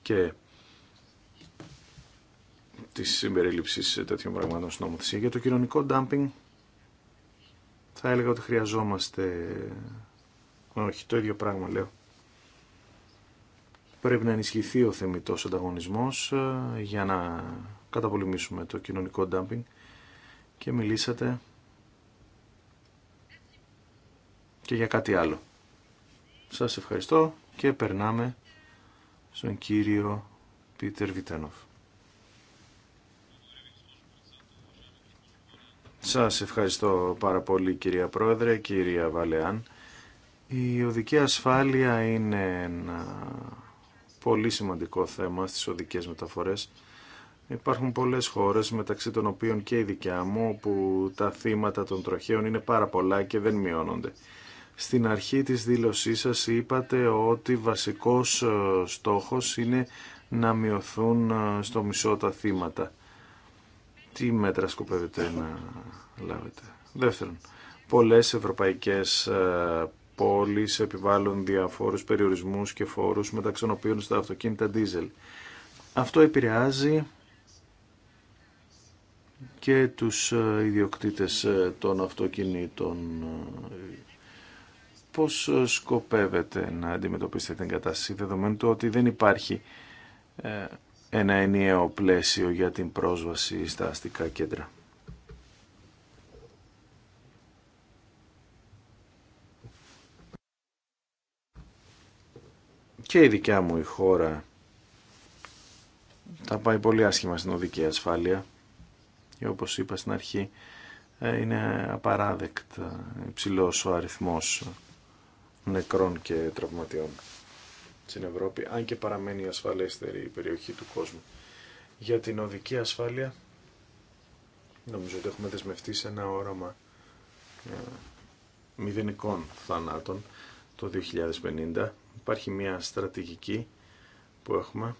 Και της συμπερίληψης τέτοιων πραγμάτων στην νομοθεσία. Για το κοινωνικό ντάμπινγκ θα έλεγα ότι χρειαζόμαστε... Ε, όχι, το ίδιο πράγμα λέω. Πρέπει να ενισχυθεί ο θεμητός ανταγωνισμός ε, για να καταπολεμήσουμε το κοινωνικό ντάμπινγκ και μιλήσατε και για κάτι άλλο. Σας ευχαριστώ και περνάμε στον κύριο Πίτερ Βιτένοφ. Σας ευχαριστώ πάρα πολύ κυρία Πρόεδρε, κυρία Βαλεάν. Η οδική ασφάλεια είναι ένα πολύ σημαντικό θέμα στις οδικές μεταφορές. Υπάρχουν πολλές χώρες, μεταξύ των οποίων και η δικιά μου, όπου τα θύματα των τροχαίων είναι πάρα πολλά και δεν μειώνονται. Στην αρχή της δήλωσής σας είπατε ότι βασικός ε, στόχος είναι να μειωθούν ε, στο μισό τα θύματα. Τι μέτρα σκοπεύετε να λάβετε. Δεύτερον, πολλές ευρωπαϊκές ε, πόλεις επιβάλλουν διαφόρους περιορισμούς και φόρους μεταξύ των οποίων στα αυτοκίνητα diesel. Αυτό επηρεάζει και τους ιδιοκτήτες των αυτοκινήτων πώς ε, σκοπεύετε να αντιμετωπίσετε την κατάσταση δεδομένου ότι δεν υπάρχει ε, ένα ενιαίο πλαίσιο για την πρόσβαση στα αστικά κέντρα. Και η δικιά μου η χώρα τα πάει πολύ άσχημα στην οδική ασφάλεια και όπως είπα στην αρχή ε, είναι απαράδεκτα υψηλός ο αριθμός νεκρών και τραυματιών στην Ευρώπη, αν και παραμένει η ασφαλέστερη περιοχή του κόσμου. Για την οδική ασφάλεια, νομίζω ότι έχουμε δεσμευτεί σε ένα όραμα ε, μηδενικών θανάτων το 2050. Υπάρχει μια στρατηγική που έχουμε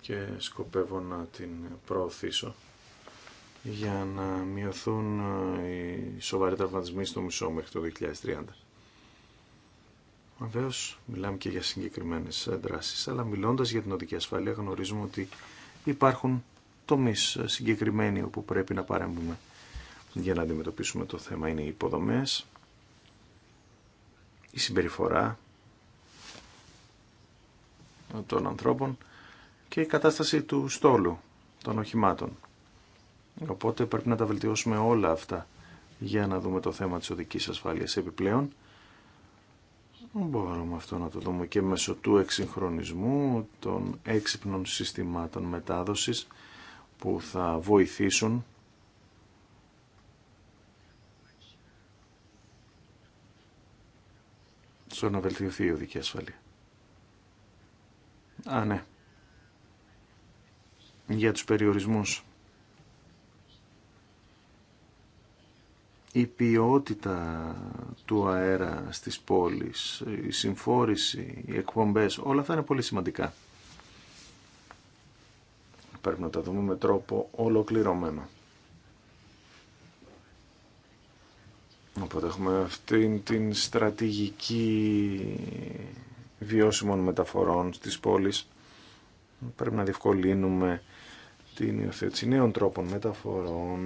και σκοπεύω να την προωθήσω για να μειωθούν ε, οι σοβαροί τραυματισμοί στο μισό μέχρι το 2030. Βεβαίω, μιλάμε και για συγκεκριμένε δράσει, αλλά μιλώντα για την οδική ασφάλεια, γνωρίζουμε ότι υπάρχουν τομεί συγκεκριμένοι όπου πρέπει να παρέμβουμε για να αντιμετωπίσουμε το θέμα. Είναι οι υποδομέ, η συμπεριφορά των ανθρώπων και η κατάσταση του στόλου των οχημάτων. Οπότε πρέπει να τα βελτιώσουμε όλα αυτά για να δούμε το θέμα της οδικής ασφάλειας επιπλέον. Μπορούμε αυτό να το δούμε και μέσω του εξυγχρονισμού των έξυπνων συστημάτων μετάδοσης που θα βοηθήσουν στο να βελτιωθεί η οδική ασφαλεία. Α, ναι. Για τους περιορισμούς η ποιότητα του αέρα στις πόλεις, η συμφόρηση, οι εκπομπές, όλα αυτά είναι πολύ σημαντικά. Πρέπει να τα δούμε με τρόπο ολοκληρωμένο. Οπότε έχουμε αυτήν την στρατηγική βιώσιμων μεταφορών στις πόλεις. Πρέπει να διευκολύνουμε την υιοθέτηση νέων τρόπων μεταφορών,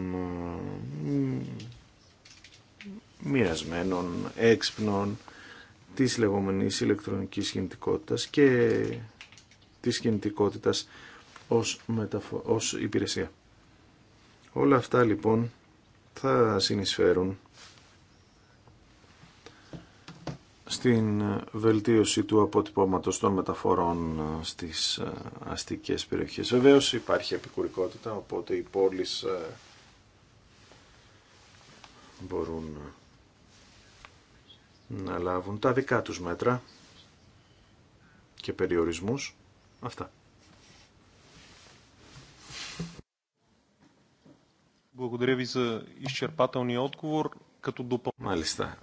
μοιρασμένων, έξυπνων, της λεγόμενης ηλεκτρονικής κινητικότητας και της κινητικότητας ως, ως υπηρεσία. Όλα αυτά λοιπόν θα συνεισφέρουν στην βελτίωση του αποτυπώματος των μεταφορών ε, στις ε, αστικές περιοχές. Βεβαίως υπάρχει επικουρικότητα, οπότε οι πόλεις ε, μπορούν να λάβουν τα δικά τους μέτρα και περιορισμούς. Αυτά. Μάλιστα.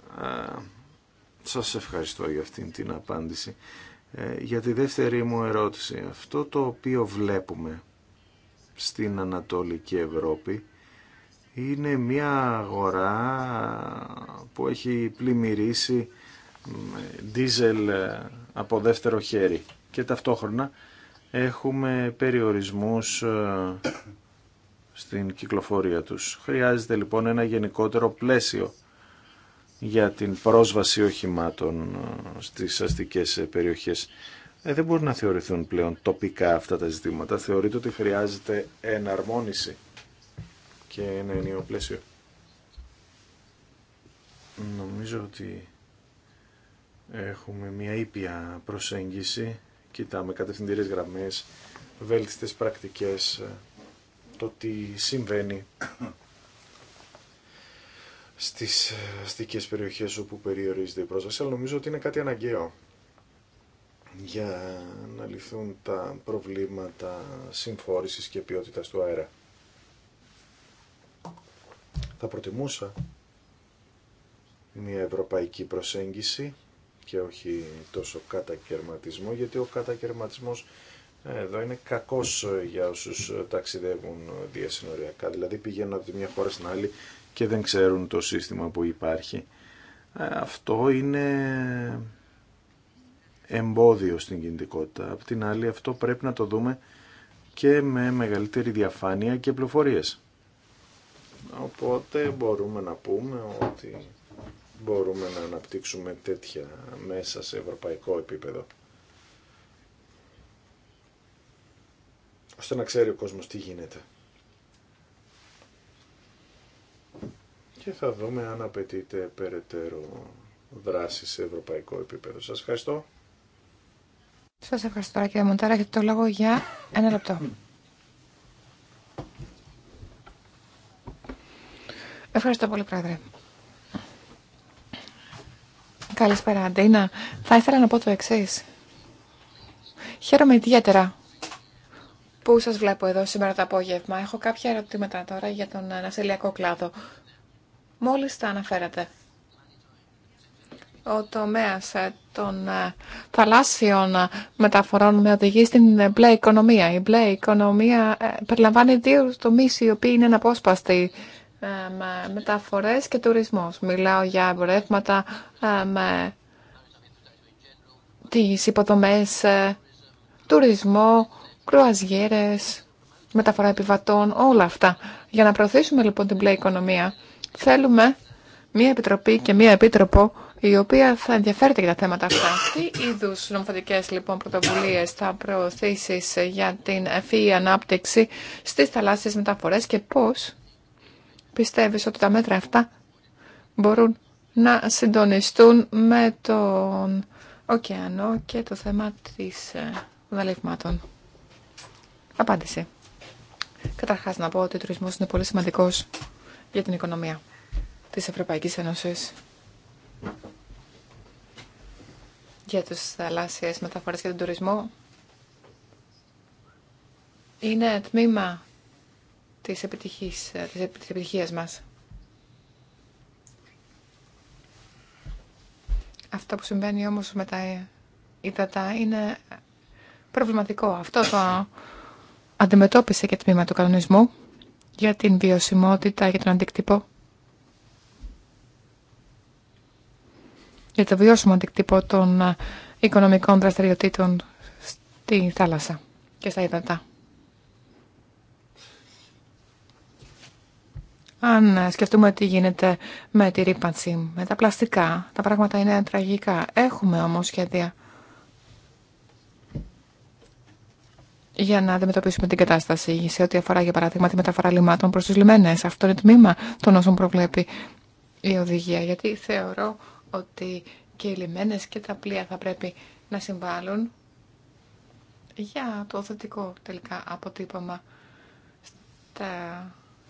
Σας ευχαριστώ για αυτήν την απάντηση. Ε, για τη δεύτερη μου ερώτηση. Αυτό το οποίο βλέπουμε στην Ανατολική Ευρώπη είναι μια αγορά που έχει πλημμυρίσει δίζελ ε, από δεύτερο χέρι και ταυτόχρονα έχουμε περιορισμούς ε, στην κυκλοφορία τους. Χρειάζεται λοιπόν ένα γενικότερο πλαίσιο για την πρόσβαση οχημάτων ε, στις αστικές περιοχές. δεν μπορούν να θεωρηθούν πλέον τοπικά αυτά τα ζητήματα. Θεωρείται ότι χρειάζεται εναρμόνιση και ένα ενιαίο πλαίσιο. Νομίζω ότι έχουμε μια ήπια προσέγγιση. Κοιτάμε κατευθυντήρες γραμμές, βέλτιστες πρακτικές, το τι συμβαίνει στις αστικές περιοχές όπου περιορίζεται η πρόσβαση, αλλά νομίζω ότι είναι κάτι αναγκαίο για να λυθούν τα προβλήματα συμφόρησης και ποιότητας του αέρα. Θα προτιμούσα μια ευρωπαϊκή προσέγγιση και όχι τόσο κατακαιρματισμό, γιατί ο κατακαιρματισμός ε, εδώ είναι κακός ε, για όσους ε, ταξιδεύουν διασυνοριακά. Δηλαδή πηγαίνουν από τη μια χώρα στην άλλη και δεν ξέρουν το σύστημα που υπάρχει. Αυτό είναι εμπόδιο στην κινητικότητα. Απ' την άλλη αυτό πρέπει να το δούμε και με μεγαλύτερη διαφάνεια και πληροφορίες. Οπότε μπορούμε να πούμε ότι μπορούμε να αναπτύξουμε τέτοια μέσα σε ευρωπαϊκό επίπεδο. Ώστε να ξέρει ο κόσμος τι γίνεται. Και θα δούμε αν απαιτείται περαιτέρω δράση σε ευρωπαϊκό επίπεδο. Σας ευχαριστώ. Σας ευχαριστώ κύριε Μοντάρα. Έχετε το λόγο για ένα λεπτό. Ευχαριστώ πολύ, Πρόεδρε. Καλησπέρα, Αντίνα. Θα ήθελα να πω το εξή. Χαίρομαι ιδιαίτερα που σας βλέπω εδώ σήμερα το απόγευμα. Έχω κάποια ερωτήματα τώρα για τον ναυτιλιακό κλάδο. Μόλις τα αναφέρατε. Ο τομέας των ε, θαλάσσιων ε, μεταφορών με οδηγεί στην μπλε οικονομία. Η μπλε οικονομία ε, περιλαμβάνει δύο τομείς οι οποίοι είναι αναπόσπαστοι ε, μεταφορές και τουρισμός. Μιλάω για εμπορεύματα με τις υποδομές, ε, τουρισμό, κρουαζιέρες, μεταφορά επιβατών, όλα αυτά. Για να προωθήσουμε λοιπόν την πλέη οικονομία, θέλουμε μία επιτροπή και μία επίτροπο η οποία θα ενδιαφέρεται για τα θέματα αυτά. Τι είδου νομοθετικέ λοιπόν πρωτοβουλίε θα προωθήσει για την ευφύη ανάπτυξη στι θαλάσσιε μεταφορέ και πώ πιστεύεις ότι τα μέτρα αυτά μπορούν να συντονιστούν με τον ωκεανό και το θέμα της δαλευμάτων. Ε, Απάντηση. Καταρχάς να πω ότι ο τουρισμός είναι πολύ σημαντικός για την οικονομία της Ευρωπαϊκής Ένωσης. Για τους θαλάσσιες μεταφορές και τον τουρισμό είναι τμήμα της, επιτυχής, ε, της επιτυχίας μας. Αυτό που συμβαίνει όμως με τα υδατά ε, είναι προβληματικό. Αυτό το αντιμετώπισε και τμήμα του κανονισμού για την βιωσιμότητα, για τον αντικτυπο. Για το βιώσιμο αντικτυπό των ε, οικονομικών δραστηριοτήτων στη θάλασσα και στα υδατά. Αν σκεφτούμε τι γίνεται με τη ρήπανση, με τα πλαστικά, τα πράγματα είναι τραγικά. Έχουμε όμως σχέδια για να αντιμετωπίσουμε την κατάσταση σε ό,τι αφορά, για παράδειγμα, τη μεταφορά λιμάτων προς τους λιμένες. Αυτό είναι τμήμα των όσων προβλέπει η οδηγία, γιατί θεωρώ ότι και οι λιμένες και τα πλοία θα πρέπει να συμβάλλουν για το θετικό τελικά αποτύπωμα στα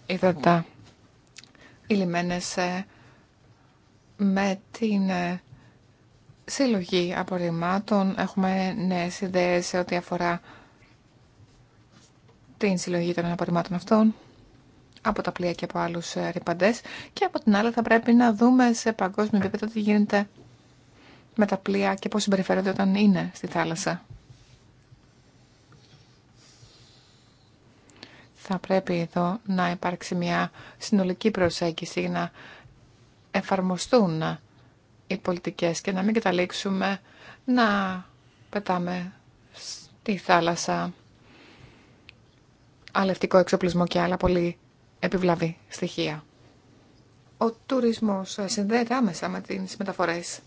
υδατά οι λιμένες ε, με την ε, συλλογή απορριμμάτων. Έχουμε νέες ιδέες σε ό,τι αφορά την συλλογή των απορριμμάτων αυτών από τα πλοία και από άλλους ε, ρηπαντές και από την άλλη θα πρέπει να δούμε σε παγκόσμιο επίπεδο τι γίνεται με τα πλοία και πώς συμπεριφέρονται όταν είναι στη θάλασσα. θα πρέπει εδώ να υπάρξει μια συνολική προσέγγιση να εφαρμοστούν οι πολιτικές και να μην καταλήξουμε να πετάμε στη θάλασσα αλευτικό εξοπλισμό και άλλα πολύ επιβλαβή στοιχεία. Ο τουρισμός συνδέεται άμεσα με τις μεταφορές.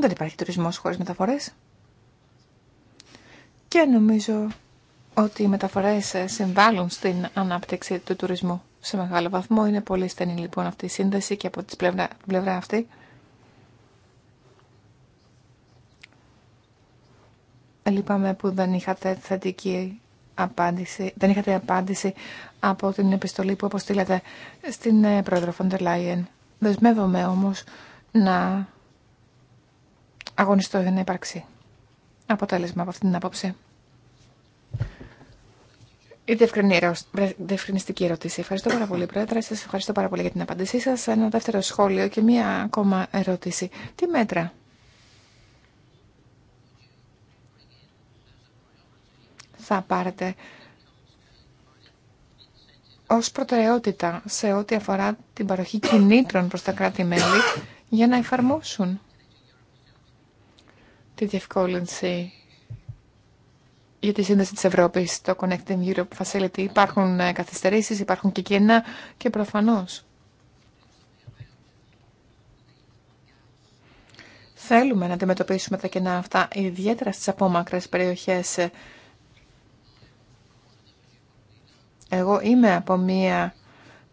Δεν υπάρχει τουρισμός χωρίς μεταφορές. Και νομίζω ότι οι μεταφορέ συμβάλλουν στην ανάπτυξη του τουρισμού σε μεγάλο βαθμό. Είναι πολύ στενή λοιπόν αυτή η σύνδεση και από την πλευρά, πλευρά αυτή. Λυπάμαι που δεν είχατε θετική απάντηση, δεν είχατε απάντηση από την επιστολή που αποστήλατε στην ε, πρόεδρο Φοντερ Λάιεν. Δεσμεύομαι όμως να αγωνιστώ για να υπάρξει αποτέλεσμα από αυτή την άποψη. Η διευκρινιστική ερώτηση. Ευχαριστώ πάρα πολύ, Πρόεδρε. Σα ευχαριστώ πάρα πολύ για την απάντησή σα. Ένα δεύτερο σχόλιο και μία ακόμα ερώτηση. Τι μέτρα θα πάρετε ως προτεραιότητα σε ό,τι αφορά την παροχή κινήτρων προς τα κράτη-μέλη για να εφαρμόσουν τη διευκόλυνση για τη σύνδεση της Ευρώπης στο Connecting Europe Facility. Υπάρχουν ε, καθυστερήσεις, υπάρχουν και κενά και προφανώς. Θέλουμε να αντιμετωπίσουμε τα κενά αυτά, ιδιαίτερα στις απόμακρες περιοχές. Εγώ είμαι από μία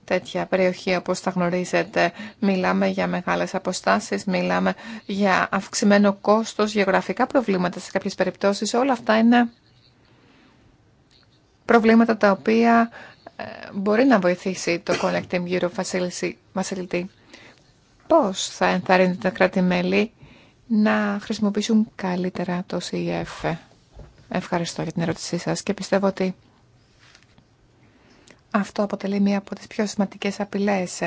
τέτοια περιοχή όπως τα γνωρίζετε. Μιλάμε για μεγάλες αποστάσεις, μιλάμε για αυξημένο κόστος, γεωγραφικά προβλήματα σε κάποιες περιπτώσεις. Όλα αυτά είναι προβλήματα τα οποία ε, μπορεί να βοηθήσει το Connecting Europe Facility. Πώς θα ενθαρρύνει τα κράτη-μέλη να χρησιμοποιήσουν καλύτερα το CEF. Ευχαριστώ για την ερώτησή σας και πιστεύω ότι αυτό αποτελεί μία από τις πιο σημαντικές απειλές.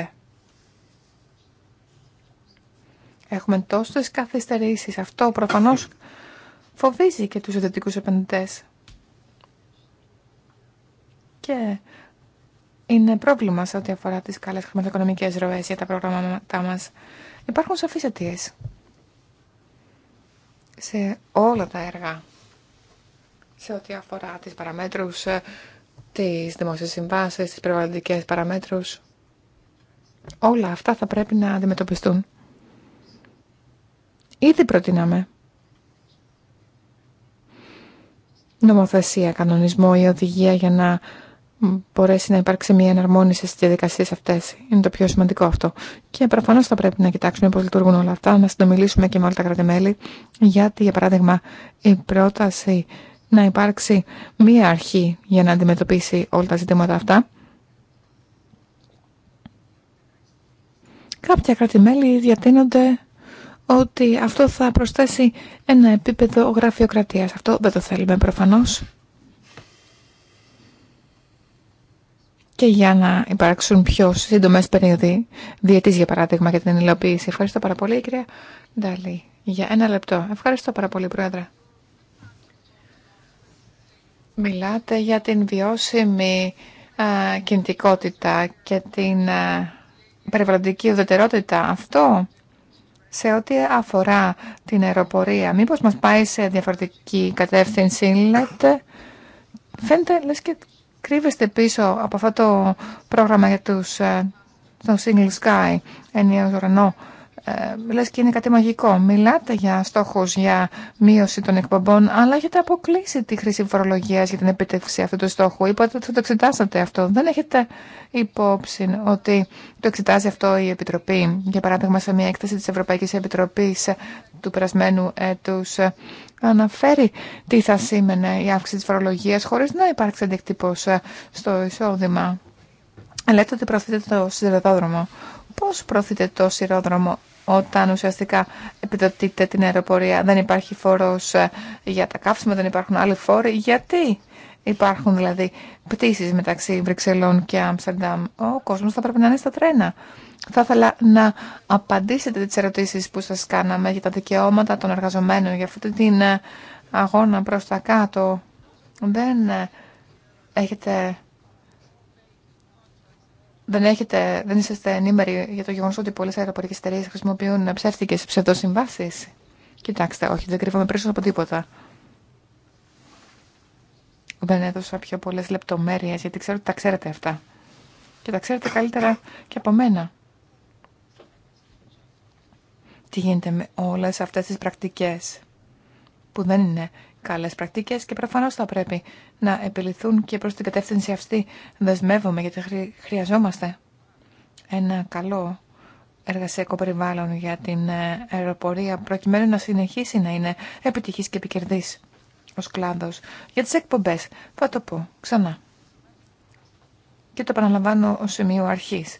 Έχουμε τόσες καθυστερήσεις. Αυτό προφανώς φοβίζει και τους ιδιωτικούς επενδυτές και είναι πρόβλημα σε ό,τι αφορά τις καλές χρηματοοικονομικές ροές για τα προγράμματά μας. Υπάρχουν σοφείς αιτίε σε όλα τα έργα σε ό,τι αφορά τις παραμέτρους, ε, τις δημόσιες συμβάσεις, τις περιβαλλοντικές παραμέτρους. Όλα αυτά θα πρέπει να αντιμετωπιστούν. Ήδη προτείναμε νομοθεσία, κανονισμό ή οδηγία για να μπορέσει να υπάρξει μια εναρμόνιση στις διαδικασίες αυτές. Είναι το πιο σημαντικό αυτό. Και προφανώς θα πρέπει να κοιτάξουμε πώς λειτουργούν όλα αυτά, να συντομιλήσουμε και με όλα τα κρατημέλη, γιατί για παράδειγμα η πρόταση να υπάρξει μία αρχή για να αντιμετωπίσει όλα τα ζητήματα αυτά. Κάποια κρατημέλη διατείνονται ότι αυτό θα προσθέσει ένα επίπεδο γραφειοκρατίας. Αυτό δεν το θέλουμε προφανώς. και για να υπάρξουν πιο σύντομε περίοδοι διετή, για παράδειγμα, για την υλοποίηση. Ευχαριστώ πάρα πολύ, κυρία Νταλή. Για ένα λεπτό. Ευχαριστώ πάρα πολύ, Πρόεδρε. Μιλάτε για την βιώσιμη α, κινητικότητα και την α, περιβαλλοντική ουδετερότητα. Αυτό σε ό,τι αφορά την αεροπορία. Μήπως μας πάει σε διαφορετική κατεύθυνση, λέτε. Φαίνεται λες και κρύβεστε πίσω από αυτό το πρόγραμμα για τους, ε, τον Single Sky, ενιαίο ουρανό, ε, λες και είναι κάτι μαγικό. Μιλάτε για στόχους για μείωση των εκπομπών, αλλά έχετε αποκλείσει τη χρήση φορολογία για την επιτεύξη αυτού του στόχου. Είπατε ότι θα το εξετάσατε αυτό. Δεν έχετε υπόψη ότι το εξετάζει αυτό η Επιτροπή. Για παράδειγμα, σε μια έκθεση της Ευρωπαϊκής Επιτροπής του περασμένου έτους ε, αναφέρει τι θα σήμαινε η αύξηση της φορολογίας χωρίς να υπάρξει αντικτύπωση ε, στο εισόδημα. Λέτε ότι προωθείτε το σιδεροδρόμο. Πώς προωθείτε το σιδεροδρόμο όταν ουσιαστικά επιδοτείτε την αεροπορία, δεν υπάρχει φόρος ε, για τα καύσιμα, δεν υπάρχουν άλλοι φόροι. Γιατί υπάρχουν δηλαδή πτήσεις μεταξύ Βρυξελών και Άμστερνταμ. Ο κόσμος θα πρέπει να είναι στα τρένα. Θα ήθελα να απαντήσετε τις ερωτήσεις που σας κάναμε για τα δικαιώματα των εργαζομένων, για αυτή την ε, αγώνα προς τα κάτω. Δεν ε, έχετε... Δεν, έχετε, δεν είσαστε ενήμεροι για το γεγονό ότι πολλέ αεροπορικέ εταιρείε χρησιμοποιούν ψεύτικε ψευδοσυμβάσει. Κοιτάξτε, όχι, δεν κρύβομαι πίσω από τίποτα. Δεν έδωσα πιο πολλέ λεπτομέρειε γιατί ξέρω ότι τα ξέρετε αυτά. Και τα ξέρετε καλύτερα και από μένα τι γίνεται με όλες αυτές τις πρακτικές που δεν είναι καλές πρακτικές και προφανώς θα πρέπει να επιληθούν και προς την κατεύθυνση αυτή δεσμεύομαι γιατί χρειαζόμαστε ένα καλό εργασιακό περιβάλλον για την ε, αεροπορία προκειμένου να συνεχίσει να είναι επιτυχής και επικερδής ως κλάδος. Για τις εκπομπές θα το πω ξανά και το επαναλαμβάνω ως σημείο αρχής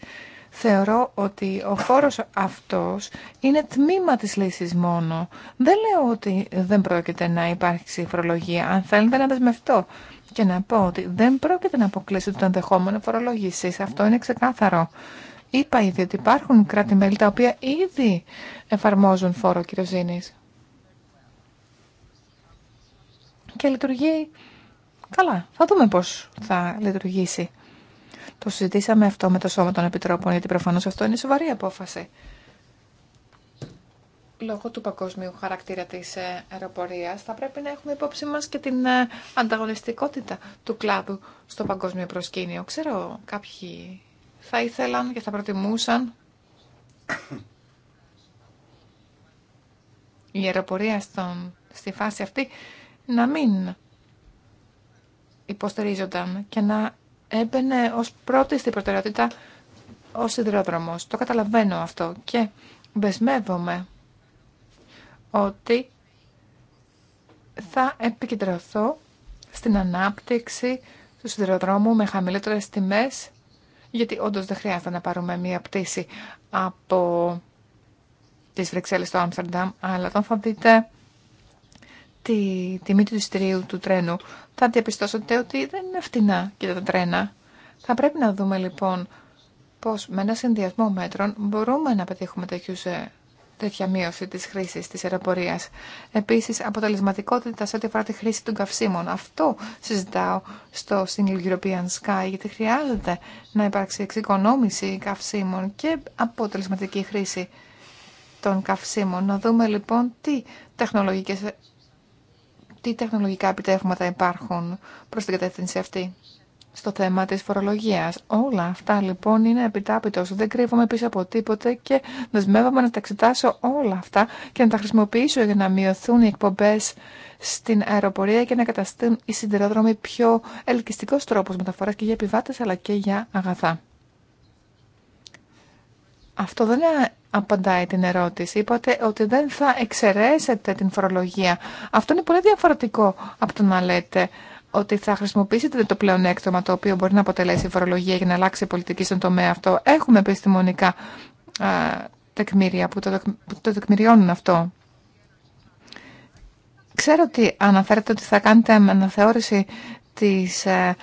θεωρώ ότι ο φόρος αυτός είναι τμήμα της λύσης μόνο. Δεν λέω ότι δεν πρόκειται να υπάρξει φορολογία. Αν θέλετε να δεσμευτώ και να πω ότι δεν πρόκειται να αποκλείσει το ενδεχομενο φορολογησει φορολογήση. Αυτό είναι ξεκάθαρο. Είπα ήδη ότι υπάρχουν κράτη-μέλη τα οποία ήδη εφαρμόζουν φόρο Ζήνης. Και λειτουργεί καλά. Θα δούμε πώς θα λειτουργήσει το συζητήσαμε αυτό με το Σώμα των Επιτρόπων, γιατί προφανώς αυτό είναι σοβαρή απόφαση. Λόγω του παγκόσμιου χαρακτήρα της ε, αεροπορίας θα πρέπει να έχουμε υπόψη μας και την ε, ανταγωνιστικότητα του κλάδου στο παγκόσμιο προσκήνιο. Ξέρω κάποιοι θα ήθελαν και θα προτιμούσαν η αεροπορία στον, στη φάση αυτή να μην υποστηρίζονταν και να έμπαινε ως πρώτη στην προτεραιότητα ο σιδηρόδρομος. Το καταλαβαίνω αυτό και δεσμεύομαι ότι θα επικεντρωθώ στην ανάπτυξη του σιδηροδρόμου με χαμηλότερε τιμές, γιατί όντω δεν χρειάζεται να πάρουμε μία πτήση από τις Βρυξέλλες στο Άμστερνταμ, αλλά τον θα δείτε τη τιμή του εισιτηρίου του τρένου, θα διαπιστώσετε ότι δεν είναι φτηνά και τα τρένα. Θα πρέπει να δούμε λοιπόν πώς με ένα συνδυασμό μέτρων μπορούμε να πετύχουμε τέτοιους, ε, τέτοια μείωση της χρήσης της αεροπορία. Επίσης, αποτελεσματικότητα σε ό,τι αφορά τη χρήση των καυσίμων. Αυτό συζητάω στο Single European Sky, γιατί χρειάζεται να υπάρξει εξοικονόμηση καυσίμων και αποτελεσματική χρήση των καυσίμων. Να δούμε λοιπόν τι τεχνολογικές τι τεχνολογικά επιτεύγματα υπάρχουν προς την κατεύθυνση αυτή στο θέμα της φορολογίας. Όλα αυτά λοιπόν είναι επιτάπητος, δεν κρύβομαι πίσω από τίποτε και δεσμεύομαι να τα εξετάσω όλα αυτά και να τα χρησιμοποιήσω για να μειωθούν οι εκπομπές στην αεροπορία και να καταστούν οι σιδηρόδρομοι πιο ελκυστικός τρόπος μεταφοράς και για επιβάτες αλλά και για αγαθά. Αυτό δεν απαντάει την ερώτηση. Είπατε ότι δεν θα εξαιρέσετε την φορολογία. Αυτό είναι πολύ διαφορετικό από το να λέτε ότι θα χρησιμοποιήσετε το πλεονέκτημα το οποίο μπορεί να αποτελέσει φορολογία για να αλλάξει η πολιτική στον τομέα αυτό. Έχουμε επιστημονικά α, τεκμήρια που το, που το τεκμηριώνουν αυτό. Ξέρω ότι αναφέρετε ότι θα κάνετε αναθεώρηση της ε,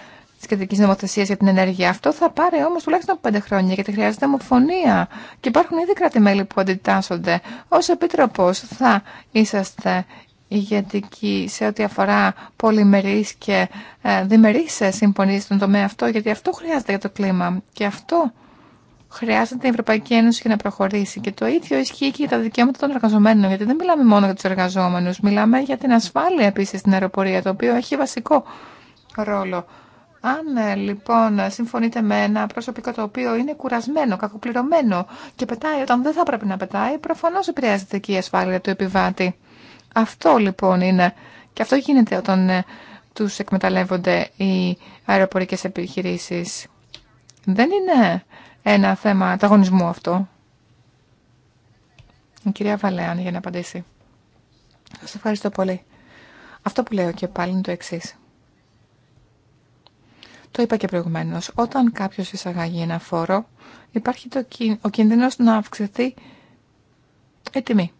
τη κεντρική νομοθεσία για την ενέργεια. Αυτό θα πάρει όμω τουλάχιστον πέντε χρόνια, γιατί χρειάζεται ομοφωνία. Και υπάρχουν ήδη κράτη-μέλη που αντιτάσσονται. Ω Επίτροπο, θα είσαστε ηγετικοί σε ό,τι αφορά πολυμερείς και ε, διμερείς στον τομέα αυτό, γιατί αυτό χρειάζεται για το κλίμα. Και αυτό χρειάζεται η Ευρωπαϊκή Ένωση για να προχωρήσει. Και το ίδιο ισχύει και για τα δικαιώματα των εργαζομένων, γιατί δεν μιλάμε μόνο για του εργαζόμενου. μιλάμε για την ασφάλεια επίση στην αεροπορία, το οποίο έχει βασικό ρόλο αν ε, λοιπόν συμφωνείτε με ένα προσωπικό το οποίο είναι κουρασμένο, κακοπληρωμένο και πετάει όταν δεν θα πρέπει να πετάει, προφανώ επηρεάζεται και η ασφάλεια του επιβάτη. Αυτό λοιπόν είναι. Και αυτό γίνεται όταν ε, του εκμεταλλεύονται οι αεροπορικέ επιχειρήσει. Δεν είναι ένα θέμα ανταγωνισμού αυτό. Η κυρία Βαλέαν για να απαντήσει. Σας ευχαριστώ πολύ. Αυτό που λέω και πάλι είναι το εξής. Το είπα και προηγουμένω. Όταν κάποιο εισαγάγει ένα φόρο, υπάρχει το, ο κίνδυνο να αυξηθεί η τιμή.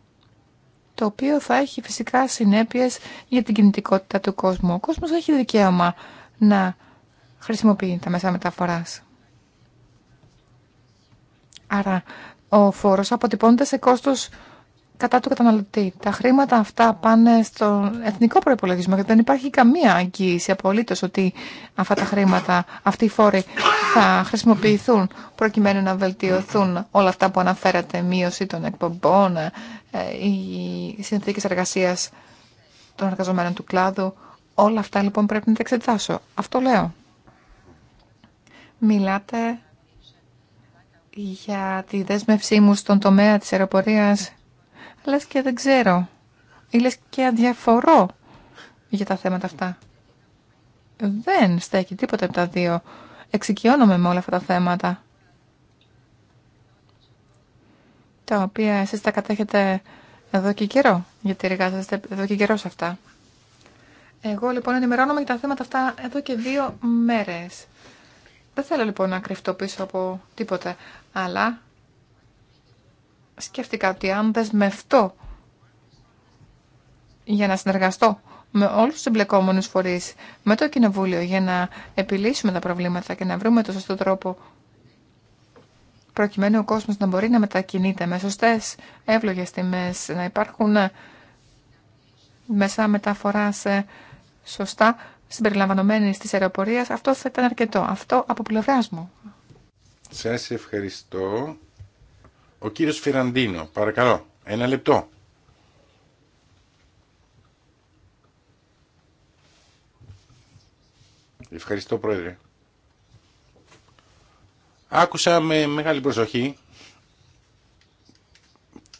Το οποίο θα έχει φυσικά συνέπειε για την κινητικότητα του κόσμου. Ο κόσμο έχει δικαίωμα να χρησιμοποιεί τα μέσα μεταφορά. Άρα, ο φόρος αποτυπώνεται σε κόστος κατά του καταναλωτή. Τα χρήματα αυτά πάνε στον εθνικό προπολογισμό γιατί δεν υπάρχει καμία αγγίηση απολύτως ότι αυτά τα χρήματα, αυτοί οι φόροι θα χρησιμοποιηθούν προκειμένου να βελτιωθούν όλα αυτά που αναφέρατε, μείωση των εκπομπών, ε, οι συνθήκε εργασία των εργαζομένων του κλάδου. Όλα αυτά λοιπόν πρέπει να τα εξετάσω. Αυτό λέω. Μιλάτε για τη δέσμευσή μου στον τομέα της αεροπορίας λες και δεν ξέρω ή λες και αδιαφορώ για τα θέματα αυτά. Δεν στέκει τίποτα από τα δύο. Εξοικειώνομαι με όλα αυτά τα θέματα. Τα οποία εσείς τα κατέχετε εδώ και καιρό, γιατί εργάζεστε εδώ και καιρό σε αυτά. Εγώ λοιπόν ενημερώνομαι για τα θέματα αυτά εδώ και δύο μέρες. Δεν θέλω λοιπόν να κρυφτώ πίσω από τίποτε, αλλά σκέφτηκα ότι αν δεσμευτώ για να συνεργαστώ με όλους τους εμπλεκόμενους φορείς, με το Κοινοβούλιο, για να επιλύσουμε τα προβλήματα και να βρούμε το σωστό τρόπο προκειμένου ο κόσμος να μπορεί να μετακινείται με σωστές εύλογες τιμές, να υπάρχουν μέσα μεταφοράς ε, σωστά συμπεριλαμβανομένη της αεροπορίας, αυτό θα ήταν αρκετό. Αυτό από πλευράς μου. Σας ευχαριστώ. Ο κύριος Φιραντίνο, παρακαλώ, ένα λεπτό. Ευχαριστώ πρόεδρε. Άκουσα με μεγάλη προσοχή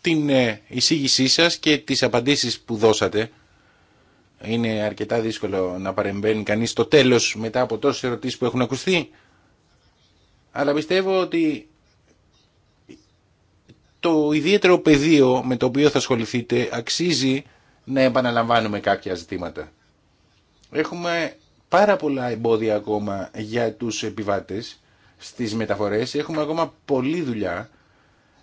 την ε, εισήγησή σας και τις απαντήσεις που δώσατε. Είναι αρκετά δύσκολο να παρεμβαίνει κανείς στο τέλος μετά από τόσες ερωτήσεις που έχουν ακουστεί. Αλλά πιστεύω ότι το ιδιαίτερο πεδίο με το οποίο θα ασχοληθείτε αξίζει να επαναλαμβάνουμε κάποια ζητήματα. Έχουμε πάρα πολλά εμπόδια ακόμα για τους επιβάτες στις μεταφορές. Έχουμε ακόμα πολλή δουλειά.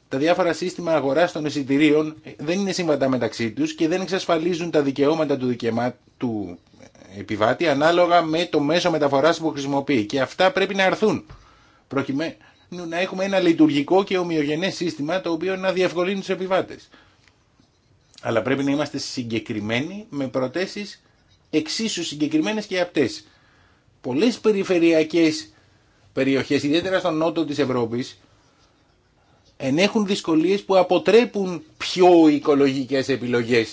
Τα διάφορα σύστημα αγοράς των εισιτηρίων δεν είναι σύμβατα μεταξύ τους και δεν εξασφαλίζουν τα δικαιώματα του, επιβάτη ανάλογα με το μέσο μεταφοράς που χρησιμοποιεί. Και αυτά πρέπει να αρθούν προκειμένου να έχουμε ένα λειτουργικό και ομοιογενές σύστημα το οποίο να διευκολύνει του επιβάτε. Αλλά πρέπει να είμαστε συγκεκριμένοι με προτέσεις εξίσου συγκεκριμένες και απτές. Πολλέ περιφερειακές περιοχές, ιδιαίτερα στον νότο της Ευρώπης, ενέχουν δυσκολίες που αποτρέπουν πιο οικολογικές επιλογέ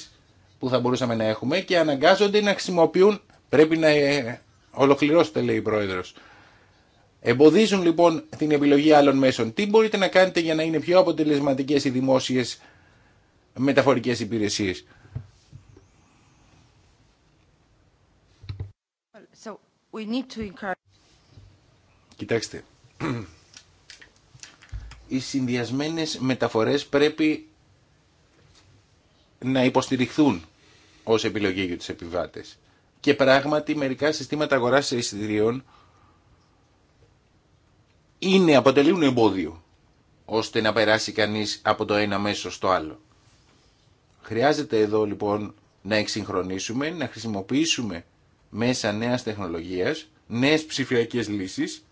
που θα μπορούσαμε να έχουμε και αναγκάζονται να χρησιμοποιούν, πρέπει να ε, ε, ολοκληρώσετε λέει η Πρόεδρος, Εμποδίζουν λοιπόν την επιλογή άλλων μέσων. Τι μπορείτε να κάνετε για να είναι πιο αποτελεσματικέ οι δημόσιε μεταφορικές υπηρεσίες. Κοιτάξτε, οι συνδυασμένες μεταφορές πρέπει να υποστηριχθούν ως επιλογή για τους επιβάτες. Και πράγματι μερικά συστήματα αγοράς εισιτηρίων είναι, αποτελούν εμπόδιο ώστε να περάσει κανείς από το ένα μέσο στο άλλο. Χρειάζεται εδώ λοιπόν να εξυγχρονίσουμε, να χρησιμοποιήσουμε μέσα νέας τεχνολογίας, νέες ψηφιακές λύσεις,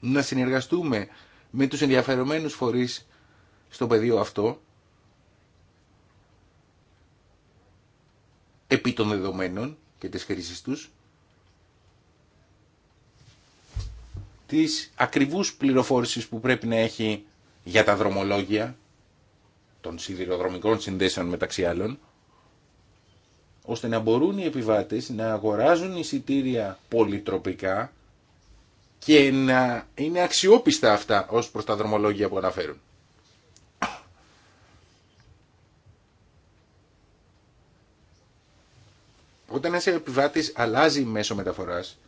να συνεργαστούμε με τους ενδιαφερομένους φορείς στο πεδίο αυτό, επί των δεδομένων και της χρήσης τους, της ακριβούς πληροφόρησης που πρέπει να έχει για τα δρομολόγια των σιδηροδρομικών συνδέσεων μεταξύ άλλων, ώστε να μπορούν οι επιβάτες να αγοράζουν εισιτήρια πολυτροπικά και να είναι αξιόπιστα αυτά ως προς τα δρομολόγια που αναφέρουν. Όταν ένας επιβάτης αλλάζει μέσο μεταφοράς,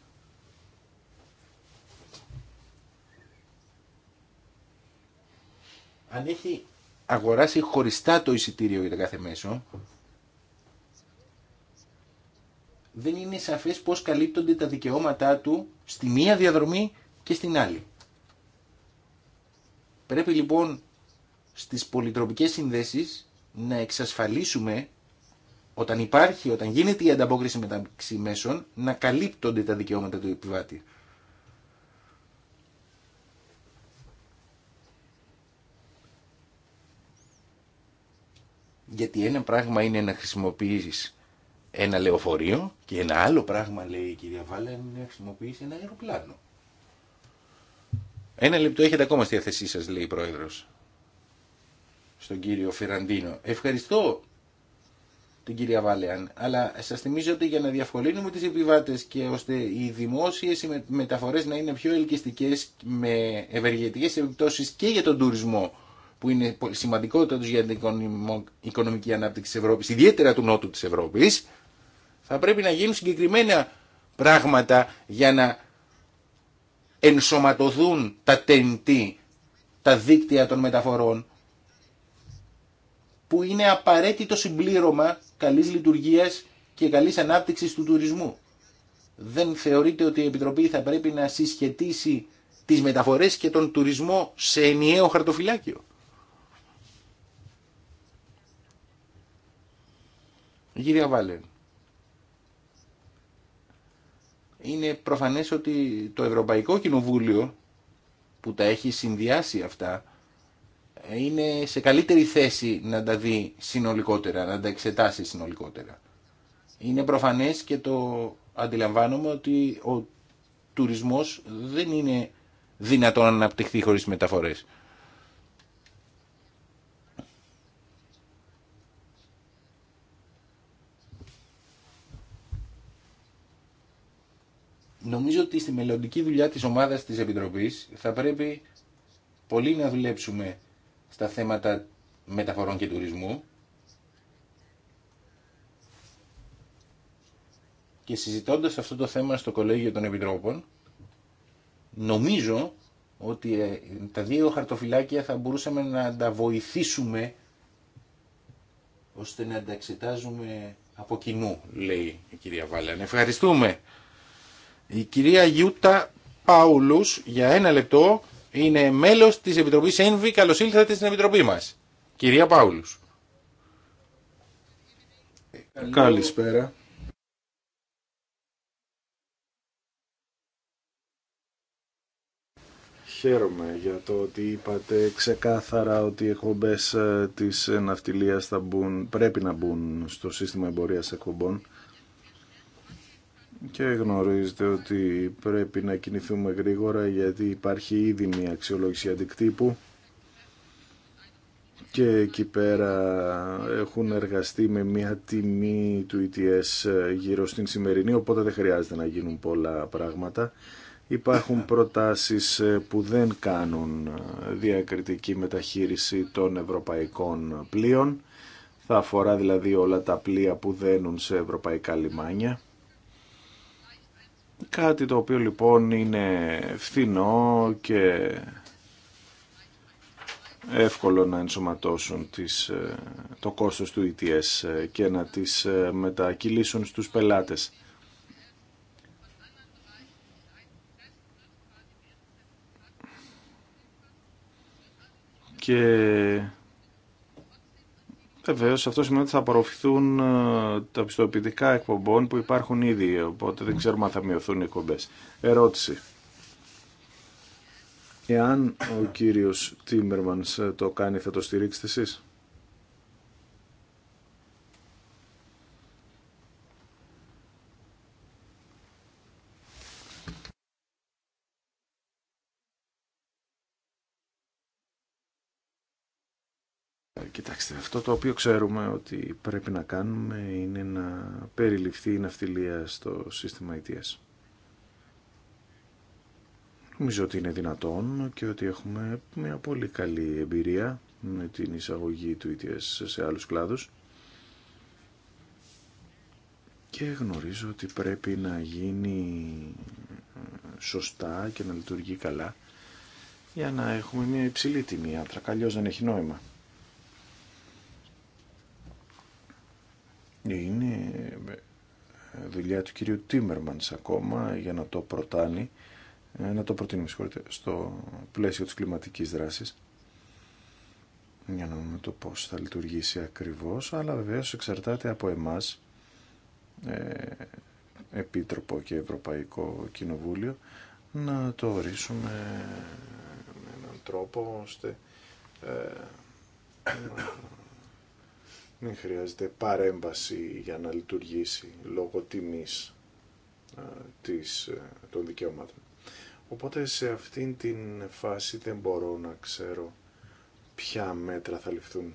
αν έχει αγοράσει χωριστά το εισιτήριο για το κάθε μέσο, δεν είναι σαφές πώς καλύπτονται τα δικαιώματά του στη μία διαδρομή και στην άλλη. Πρέπει λοιπόν στις πολυτροπικές συνδέσεις να εξασφαλίσουμε όταν υπάρχει, όταν γίνεται η ανταπόκριση μεταξύ μέσων, να καλύπτονται τα δικαιώματα του επιβάτη. Γιατί ένα πράγμα είναι να χρησιμοποιήσει ένα λεωφορείο και ένα άλλο πράγμα, λέει η κυρία Βάλα, είναι να χρησιμοποιείς ένα αεροπλάνο. Ένα λεπτό έχετε ακόμα στη διαθεσή σας, λέει η πρόεδρος, στον κύριο Φιραντίνο. Ευχαριστώ την κυρία Βάλεαν, αλλά σας θυμίζω ότι για να διευκολύνουμε τις επιβάτες και ώστε οι δημόσιες μεταφορές να είναι πιο ελκυστικές με ευεργετικές επιπτώσεις και για τον τουρισμό που είναι σημαντικότατος για την οικονομική ανάπτυξη της Ευρώπης, ιδιαίτερα του Νότου της Ευρώπης, θα πρέπει να γίνουν συγκεκριμένα πράγματα για να ενσωματωθούν τα τεντή, τα δίκτυα των μεταφορών, που είναι απαραίτητο συμπλήρωμα καλής λειτουργίας και καλής ανάπτυξης του τουρισμού. Δεν θεωρείται ότι η Επιτροπή θα πρέπει να συσχετίσει τις μεταφορές και τον τουρισμό σε ενιαίο χαρτοφυλάκιο. Γύρια κυρία Είναι προφανές ότι το Ευρωπαϊκό Κοινοβούλιο που τα έχει συνδυάσει αυτά είναι σε καλύτερη θέση να τα δει συνολικότερα, να τα εξετάσει συνολικότερα. Είναι προφανές και το αντιλαμβάνομαι ότι ο τουρισμός δεν είναι δυνατόν να αναπτυχθεί χωρίς μεταφορές. Νομίζω ότι στη μελλοντική δουλειά της ομάδας της Επιτροπής θα πρέπει πολύ να δουλέψουμε στα θέματα μεταφορών και τουρισμού και συζητώντας αυτό το θέμα στο Κολέγιο των Επιτρόπων νομίζω ότι ε, τα δύο χαρτοφυλάκια θα μπορούσαμε να τα βοηθήσουμε ώστε να τα εξετάζουμε από κοινού, λέει η κυρία Βάλλαν. Ευχαριστούμε. Η κυρία Γιούτα Πάουλους, για ένα λεπτό, είναι μέλος της Επιτροπής ΕΝΒΗ. Καλώ ήλθατε στην Επιτροπή μας. Κυρία Πάουλους. Καλησπέρα. Χαίρομαι για το ότι είπατε ξεκάθαρα ότι οι εκπομπές ε, της ναυτιλίας θα μπουν, πρέπει να μπουν στο σύστημα εμπορίας εκπομπών και γνωρίζετε ότι πρέπει να κινηθούμε γρήγορα γιατί υπάρχει ήδη μια αξιολόγηση αντικτύπου και εκεί πέρα έχουν εργαστεί με μια τιμή του ETS γύρω στην σημερινή οπότε δεν χρειάζεται να γίνουν πολλά πράγματα. Υπάρχουν προτάσεις που δεν κάνουν διακριτική μεταχείριση των ευρωπαϊκών πλοίων. Θα αφορά δηλαδή όλα τα πλοία που δένουν σε ευρωπαϊκά λιμάνια Κάτι το οποίο λοιπόν είναι φθηνό και εύκολο να ενσωματώσουν τις, ε, το κόστος του ETS ε, και να τις ε, μετακυλήσουν στους πελάτες. Και Βεβαίω, αυτό σημαίνει ότι θα απορροφηθούν ε, τα πιστοποιητικά εκπομπών που υπάρχουν ήδη, οπότε δεν ξέρουμε αν θα μειωθούν οι εκπομπέ. Ερώτηση. Εάν ο κύριος Τίμερμανς ε, το κάνει θα το στηρίξετε εσείς. αυτό το οποίο ξέρουμε ότι πρέπει να κάνουμε είναι να περιληφθεί η ναυτιλία στο σύστημα ETS. Νομίζω ότι είναι δυνατόν και ότι έχουμε μια πολύ καλή εμπειρία με την εισαγωγή του ETS σε άλλους κλάδους και γνωρίζω ότι πρέπει να γίνει σωστά και να λειτουργεί καλά για να έχουμε μια υψηλή τιμή άνθρακα, αλλιώς δεν έχει νόημα. είναι δουλειά του κυρίου Τίμερμαν ακόμα για να το προτάνει, ε, να το προτείνουμε στο πλαίσιο της κλιματικής δράσης για να δούμε το πώς θα λειτουργήσει ακριβώς, αλλά βεβαίως εξαρτάται από εμάς, ε, Επίτροπο και Ευρωπαϊκό Κοινοβούλιο, να το ορίσουμε με έναν τρόπο ώστε ε, μην χρειάζεται παρέμβαση για να λειτουργήσει λόγω τιμής της, ε, των δικαιωμάτων. Οπότε σε αυτήν την φάση δεν μπορώ να ξέρω ποια μέτρα θα ληφθούν.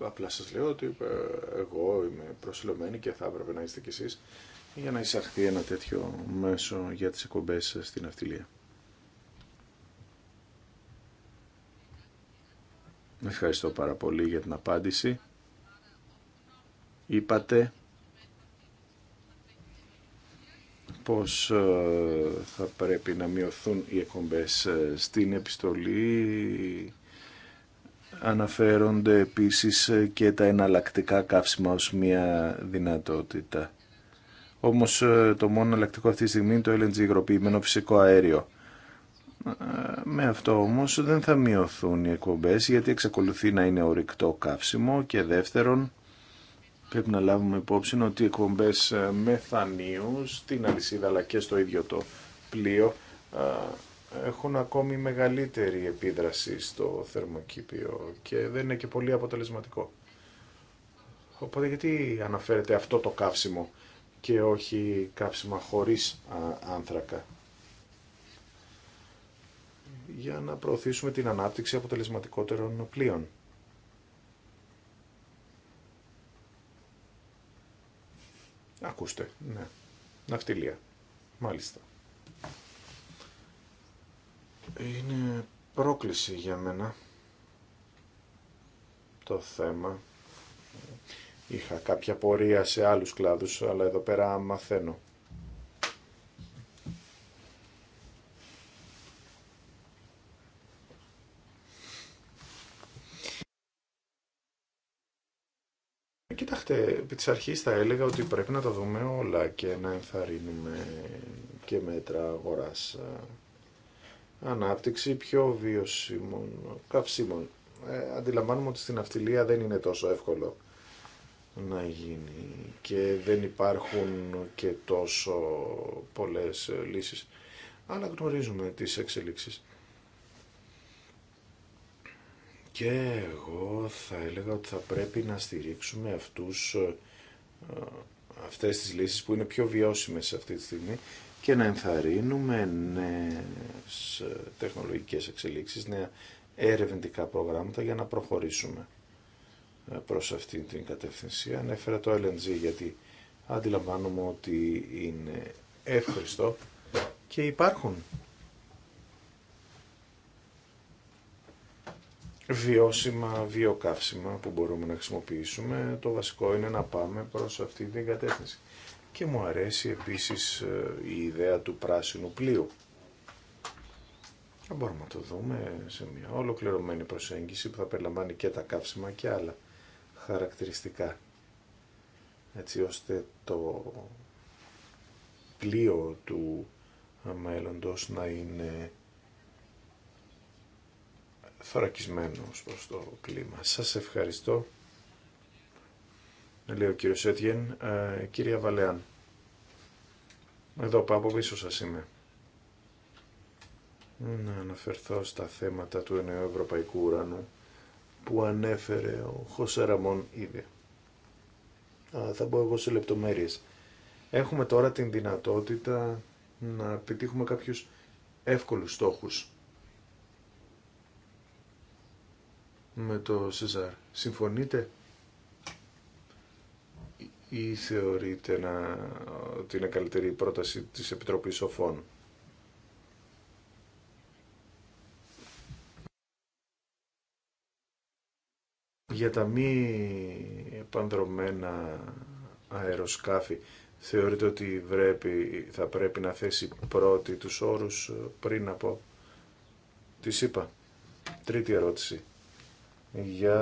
Απλά σας λέω ότι ε, εγώ είμαι προσυλλομένη και θα έπρεπε να είστε κι εσείς για να εισαχθεί ένα τέτοιο μέσο για τις εκπομπές στην αυτιλία. Ευχαριστώ πάρα πολύ για την απάντηση. Είπατε πως ε, θα πρέπει να μειωθούν οι εκπομπές ε, στην επιστολή. Αναφέρονται επίσης ε, και τα εναλλακτικά καύσιμα ως μια δυνατότητα. Όμως το μόνο εναλλακτικό αυτή τη στιγμή είναι το LNG υγροποιημένο φυσικό αέριο. Με αυτό όμως δεν θα μειωθούν οι εκπομπές γιατί εξακολουθεί να είναι ορυκτό καύσιμο και δεύτερον πρέπει να λάβουμε υπόψη ότι οι εκπομπές ε, μεθανίου στην αλυσίδα αλλά και στο ίδιο το πλοίο ε, έχουν ακόμη μεγαλύτερη επίδραση στο θερμοκήπιο και δεν είναι και πολύ αποτελεσματικό. Οπότε γιατί αναφέρεται αυτό το καύσιμο και όχι καύσιμα χωρίς άνθρακα για να προωθήσουμε την ανάπτυξη αποτελεσματικότερων πλοίων. Ακούστε, ναι. Ναυτιλία. Μάλιστα. Είναι πρόκληση για μένα το θέμα. Είχα κάποια πορεία σε άλλους κλάδους, αλλά εδώ πέρα μαθαίνω. της αρχής θα έλεγα ότι πρέπει να τα δούμε όλα και να ενθαρρύνουμε και μέτρα αγοράς ε, ανάπτυξη πιο βιωσιμών καυσίμων. Ε, αντιλαμβάνομαι ότι στην αυτιλία δεν είναι τόσο εύκολο να γίνει και δεν υπάρχουν και τόσο πολλές ε, λύσεις. Αλλά γνωρίζουμε τις εξελίξεις. Και εγώ θα έλεγα ότι θα πρέπει να στηρίξουμε αυτούς, ε, αυτές τις λύσεις που είναι πιο βιώσιμες αυτή τη στιγμή και να ενθαρρύνουμε νέες ε, τεχνολογικές εξελίξεις, νέα ερευνητικά προγράμματα για να προχωρήσουμε ε, προς αυτή την κατεύθυνση. Ανέφερα το LNG γιατί αντιλαμβάνομαι ότι είναι εύχριστο και υπάρχουν βιώσιμα βιοκαύσιμα που μπορούμε να χρησιμοποιήσουμε. Το βασικό είναι να πάμε προς αυτή την κατεύθυνση. Και μου αρέσει επίσης ε, η ιδέα του πράσινου πλοίου. Θα μπορούμε να το δούμε σε μια ολοκληρωμένη προσέγγιση που θα περιλαμβάνει και τα καύσιμα και άλλα χαρακτηριστικά. Έτσι ώστε το πλοίο του μέλλοντος να είναι θωρακισμένος προς το κλίμα. Σας ευχαριστώ. Λέει ο κύριος Έτιεν. Ε, κυρία Βαλεάν. Εδώ πάω πίσω σας είμαι. Να αναφερθώ στα θέματα του νέου ευρωπαϊκού ουρανού που ανέφερε ο Χωσέραμον ήδη. Α, θα μπω εγώ σε λεπτομέρειες. Έχουμε τώρα την δυνατότητα να επιτύχουμε κάποιους εύκολους στόχους με το ΣΕΖΑΡ. Συμφωνείτε ή θεωρείτε να, ότι είναι καλύτερη η πρόταση της Επιτροπής Σοφών. Για τα μη επανδρομένα αεροσκάφη, θεωρείτε ότι βρέπει, θα πρέπει να θέσει πρώτη τους όρους πριν από τη ΣΥΠΑ. Τρίτη ερώτηση για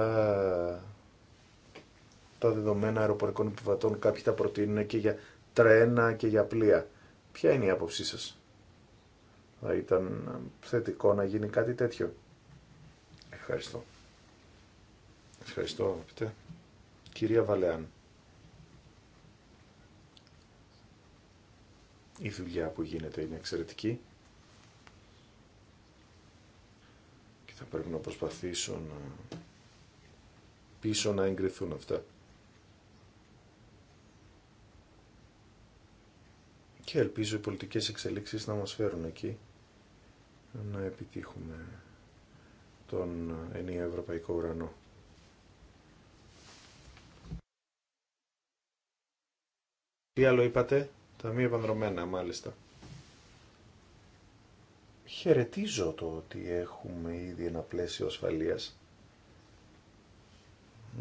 τα δεδομένα αεροπορικών επιβατών. Κάποιοι τα προτείνουν και για τρένα και για πλοία. Ποια είναι η άποψή σας. Θα ήταν θετικό να γίνει κάτι τέτοιο. Ευχαριστώ. Ευχαριστώ Κυρία Βαλεάν. Η δουλειά που γίνεται είναι εξαιρετική. πρέπει να προσπαθήσω πίσω να εγκριθούν αυτά. Και ελπίζω οι πολιτικές εξελίξεις να μας φέρουν εκεί να επιτύχουμε τον ενιαίο ευρωπαϊκό ουρανό. Τι άλλο είπατε, τα μη επανδρομένα μάλιστα χαιρετίζω το ότι έχουμε ήδη ένα πλαίσιο ασφαλείας.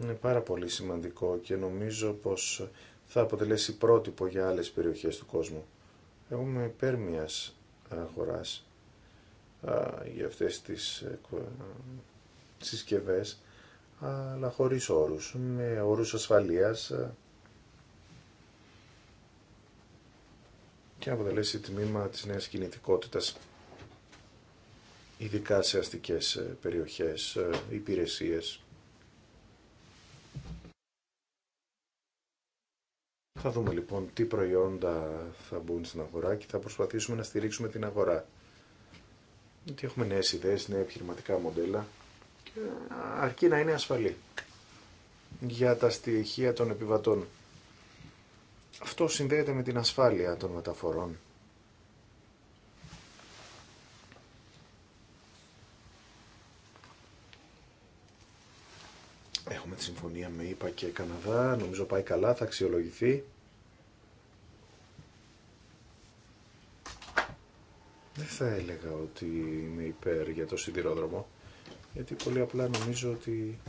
Είναι πάρα πολύ σημαντικό και νομίζω πως θα αποτελέσει πρότυπο για άλλες περιοχές του κόσμου. Έχουμε είμαι υπέρ μιας αγοράς για αυτές τις ε, ε, συσκευές, αλλά χωρίς όρους, με όρους ασφαλείας ε, και αποτελέσει τμήμα της νέας κινητικότητας ειδικά σε αστικές ε, περιοχές, ε, υπηρεσίες. Θα δούμε λοιπόν τι προϊόντα θα μπουν στην αγορά και θα προσπαθήσουμε να στηρίξουμε την αγορά. Γιατί έχουμε νέες ιδέες, νέα επιχειρηματικά μοντέλα αρκεί να είναι ασφαλή για τα στοιχεία των επιβατών. Αυτό συνδέεται με την ασφάλεια των μεταφορών Έχουμε τη συμφωνία με ΙΠΑ και Καναδά. Νομίζω πάει καλά, θα αξιολογηθεί. Δεν θα έλεγα ότι είμαι υπέρ για το σιδηρόδρομο, γιατί πολύ απλά νομίζω ότι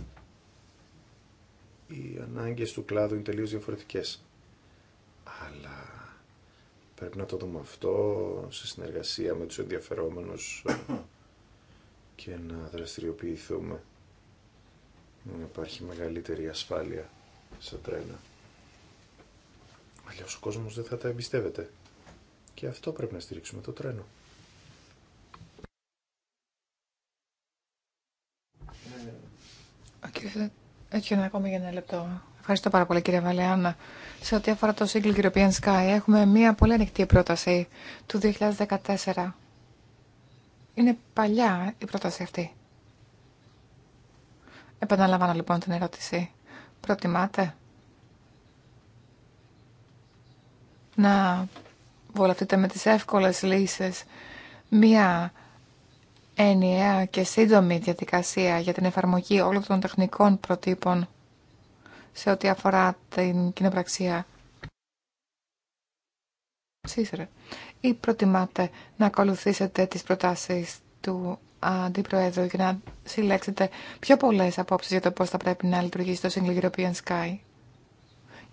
οι ανάγκες του κλάδου είναι τελείως διαφορετικές. Αλλά πρέπει να το δούμε αυτό σε συνεργασία με τους ενδιαφερόμενους <coughs> και να δραστηριοποιηθούμε να υπάρχει μεγαλύτερη ασφάλεια σε τρένα. Αλλιώς ο κόσμος δεν θα τα εμπιστεύεται. Και αυτό πρέπει να στηρίξουμε το τρένο. Ε, έτσι ακόμη για ένα λεπτό. Ευχαριστώ πάρα πολύ κύριε Βαλεάνα. Σε ό,τι αφορά το Single European Sky έχουμε μια πολύ ανοιχτή πρόταση του 2014. Είναι παλιά η πρόταση αυτή. Επαναλαμβάνω λοιπόν την ερώτηση. Προτιμάτε να βολευτείτε με τις εύκολες λύσεις μία ενιαία και σύντομη διαδικασία για την εφαρμογή όλων των τεχνικών προτύπων σε ό,τι αφορά την κοινοπραξία. Ή προτιμάτε να ακολουθήσετε τις προτάσεις του Αντιπροέδρου για να συλλέξετε πιο πολλέ απόψει για το πώ θα πρέπει να λειτουργήσει το Single European Sky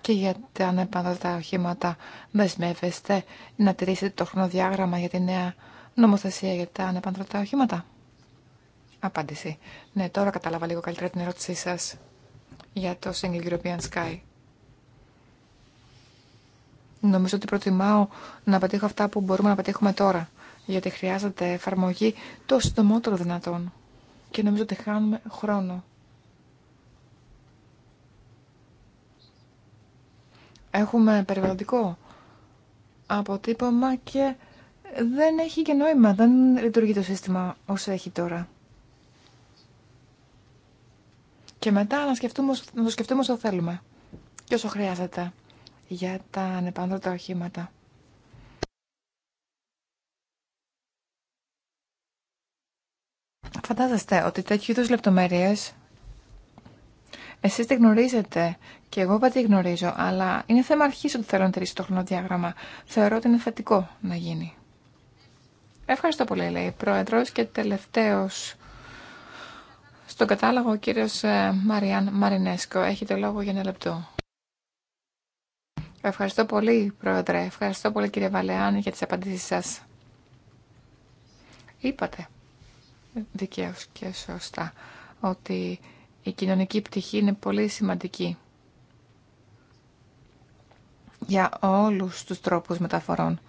και για τα ανεπάντατα οχήματα δεσμεύεστε να τηρήσετε το χρονοδιάγραμμα για τη νέα νομοθεσία για τα ανεπάντατα οχήματα. Απάντηση. Ναι, τώρα κατάλαβα λίγο καλύτερα την ερώτησή σα για το Single European Sky. Νομίζω ότι προτιμάω να πετύχω αυτά που μπορούμε να πετύχουμε τώρα γιατί χρειάζεται εφαρμογή το συντομότερο δυνατόν. Και νομίζω ότι χάνουμε χρόνο. Έχουμε περιβαλλοντικό αποτύπωμα και δεν έχει και νόημα, δεν λειτουργεί το σύστημα όσο έχει τώρα. Και μετά να, να το σκεφτούμε όσο θέλουμε και όσο χρειάζεται για τα ανεπάνδρωτα οχήματα. Φαντάζεστε ότι τέτοιου είδου λεπτομέρειε εσεί τη γνωρίζετε και εγώ δεν τη γνωρίζω, αλλά είναι θέμα αρχή ότι θέλω να τηρήσω το χρονοδιάγραμμα. Θεωρώ ότι είναι θετικό να γίνει. Ευχαριστώ πολύ, λέει πρόεδρο και τελευταίο. Στον κατάλογο ο κύριο ε, Μαριάν Μαρινέσκο έχει το λόγο για ένα λεπτό. Ευχαριστώ πολύ, Πρόεδρε. Ευχαριστώ πολύ, κύριε Βαλεάν, για τι απαντήσει σα. Είπατε δικαίως και σωστά ότι η κοινωνική πτυχή είναι πολύ σημαντική για όλους τους τρόπους μεταφορών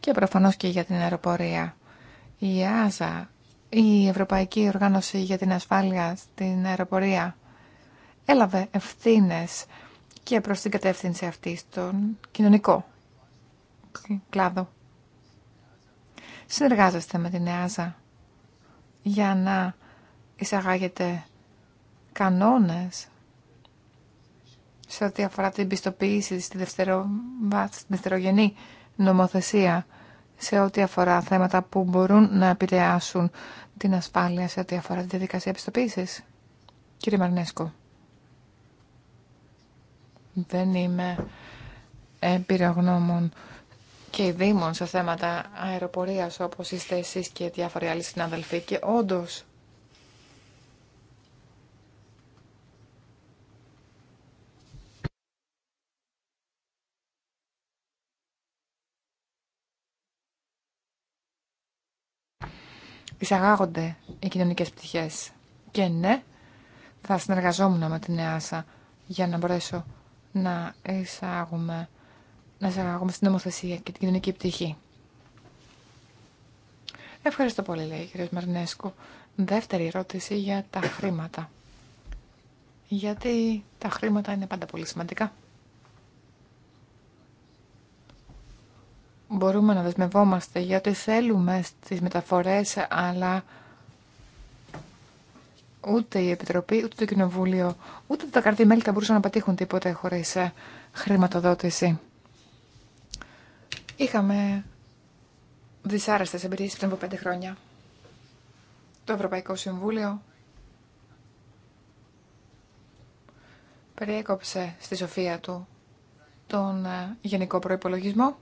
και προφανώς και για την αεροπορία. Η ΆΖΑ, η Ευρωπαϊκή Οργάνωση για την Ασφάλεια στην Αεροπορία, έλαβε ευθύνες και προς την κατεύθυνση αυτή στον κοινωνικό κλάδο. Συνεργάζεστε με την ΕΑΖΑ για να εισαγάγεται κανόνες σε ό,τι αφορά την πιστοποίηση στη δευτερο... δευτερογενή νομοθεσία σε ό,τι αφορά θέματα που μπορούν να επηρεάσουν την ασφάλεια σε ό,τι αφορά τη διαδικασία πιστοποίησης. Κύριε Μαρνέσκο, δεν είμαι εμπειρογνώμων και δήμων σε θέματα αεροπορίας όπως είστε εσείς και διάφοροι άλλοι συναδελφοί και όντως εισαγάγονται οι κοινωνικές πτυχές και ναι θα συνεργαζόμουν με την ΕΑΣΑ για να μπορέσω να εισάγουμε να αγαγούμε στην νομοθεσία και την κοινωνική πτυχή. Ευχαριστώ πολύ, λέει ο κ. Μαρνέσκου. Δεύτερη ερώτηση για τα χρήματα. Γιατί τα χρήματα είναι πάντα πολύ σημαντικά. Μπορούμε να δεσμευόμαστε για ό,τι θέλουμε στις μεταφορές, αλλά ούτε η Επιτροπή, ούτε το Κοινοβούλιο, ούτε τα καρδιμέλη θα μπορούσαν να πετύχουν τίποτα χωρίς ε, χρηματοδότηση. Είχαμε δυσάρεστες εμπειρίες πριν από πέντε χρόνια. Το Ευρωπαϊκό Συμβούλιο περιέκοψε στη σοφία του τον ε, γενικό προϋπολογισμό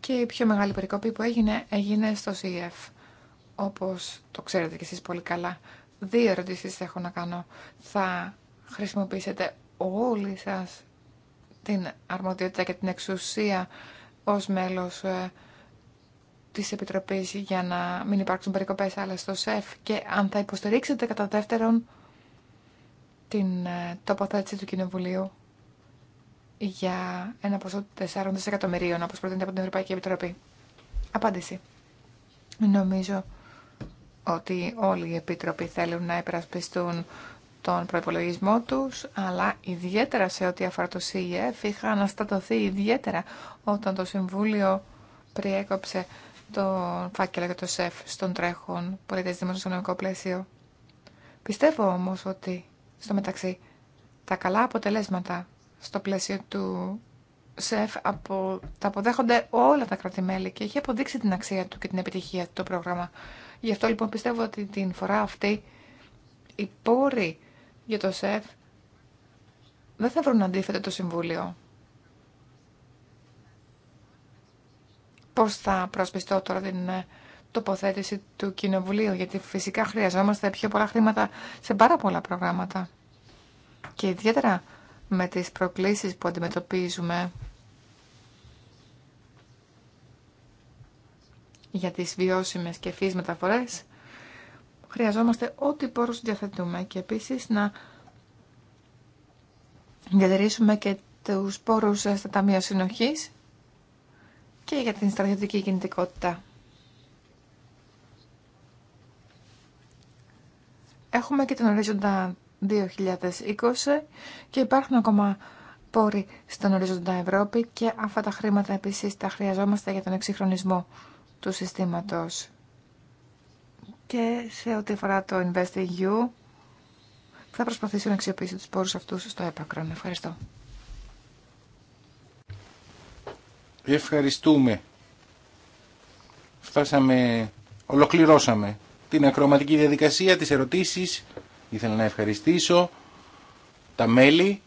και η πιο μεγάλη περικοπή που έγινε, έγινε στο ΣΥΕΦ. όπως το ξέρετε κι εσείς πολύ καλά. Δύο ερωτήσεις έχω να κάνω. Θα χρησιμοποιήσετε όλοι σας την αρμοδιότητα και την εξουσία ως μέλος ε, της Επιτροπής για να μην υπάρξουν περικοπές άλλα στο ΣΕΦ και αν θα υποστηρίξετε κατά δεύτερον την ε, τοποθέτηση του Κοινοβουλίου για ένα ποσό 4 δισεκατομμυρίων όπως προτείνεται από την Ευρωπαϊκή Επιτροπή. Απάντηση. Νομίζω ότι όλοι οι επίτροποι θέλουν να υπερασπιστούν τον προπολογισμό τους, αλλά ιδιαίτερα σε ό,τι αφορά το CEF είχα αναστατωθεί ιδιαίτερα όταν το Συμβούλιο περιέκοψε τον φάκελο για το ΣΕΦ e στον τρέχον πολιτές δημοσιονομικό πλαίσιο. Πιστεύω όμως ότι στο μεταξύ τα καλά αποτελέσματα στο πλαίσιο του ΣΕΦ e απο... τα αποδέχονται όλα τα κράτη-μέλη και έχει αποδείξει την αξία του και την επιτυχία του το πρόγραμμα. Γι' αυτό λοιπόν πιστεύω ότι την φορά αυτή οι πόροι για το ΣΕΦ δεν θα βρουν αντίθετο το Συμβούλιο. Πώς θα προσπιστώ τώρα την ε, τοποθέτηση του Κοινοβουλίου, γιατί φυσικά χρειαζόμαστε πιο πολλά χρήματα σε πάρα πολλά προγράμματα. Και ιδιαίτερα με τις προκλήσεις που αντιμετωπίζουμε για τις βιώσιμες και φύσεις μεταφορές, χρειαζόμαστε ό,τι πόρους διαθετούμε και επίσης να διατηρήσουμε και τους πόρους στα Ταμεία Συνοχής και για την στρατιωτική κινητικότητα. Έχουμε και τον ορίζοντα 2020 και υπάρχουν ακόμα πόροι στον ορίζοντα Ευρώπη και αυτά τα χρήματα επίσης τα χρειαζόμαστε για τον εξυγχρονισμό του συστήματος και σε ό,τι αφορά το InvestEU θα προσπαθήσω να αξιοποιήσω τους πόρους αυτούς στο έπακρο. Ευχαριστώ. Ευχαριστούμε. Φτάσαμε, ολοκληρώσαμε την ακροματική διαδικασία, τις ερωτήσεις. Ήθελα να ευχαριστήσω τα μέλη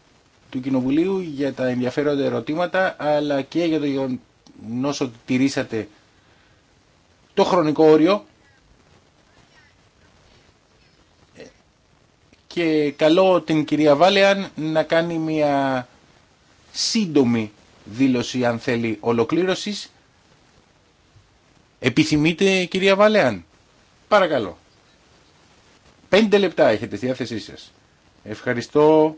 του Κοινοβουλίου για τα ενδιαφέροντα ερωτήματα, αλλά και για το γεγονό ότι τηρήσατε το χρονικό όριο και καλώ την κυρία Βάλεαν να κάνει μια σύντομη δήλωση αν θέλει ολοκλήρωσης. Επιθυμείτε κυρία Βάλεαν. Παρακαλώ. Πέντε λεπτά έχετε στη διάθεσή σας. Ευχαριστώ.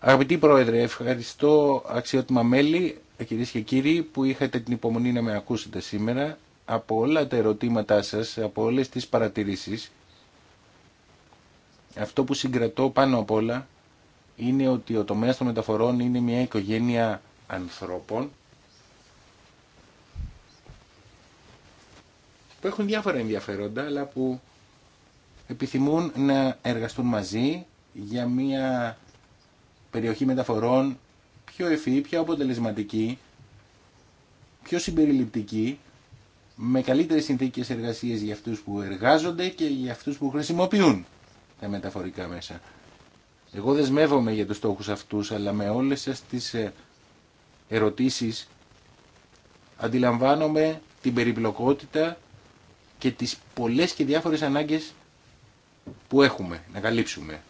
Αγαπητή Πρόεδρε, ευχαριστώ αξιότιμα μέλη, κυρίε και κύριοι, που είχατε την υπομονή να με ακούσετε σήμερα. Από όλα τα ερωτήματά σας, από όλες τις παρατηρήσεις, αυτό που συγκρατώ πάνω απ' όλα είναι ότι ο τομέας των μεταφορών είναι μια οικογένεια ανθρώπων που έχουν διάφορα ενδιαφέροντα αλλά που επιθυμούν να εργαστούν μαζί για μια περιοχή μεταφορών πιο ευφυή, πιο αποτελεσματική, πιο συμπεριληπτική, με καλύτερες συνθήκες εργασίας για αυτούς που εργάζονται και για αυτούς που χρησιμοποιούν τα μεταφορικά μέσα. Εγώ δεσμεύομαι για τους στόχους αυτούς, αλλά με όλες σας τις ε, ερωτήσεις αντιλαμβάνομαι την περιπλοκότητα και τις πολλές και διάφορες ανάγκες που έχουμε να καλύψουμε.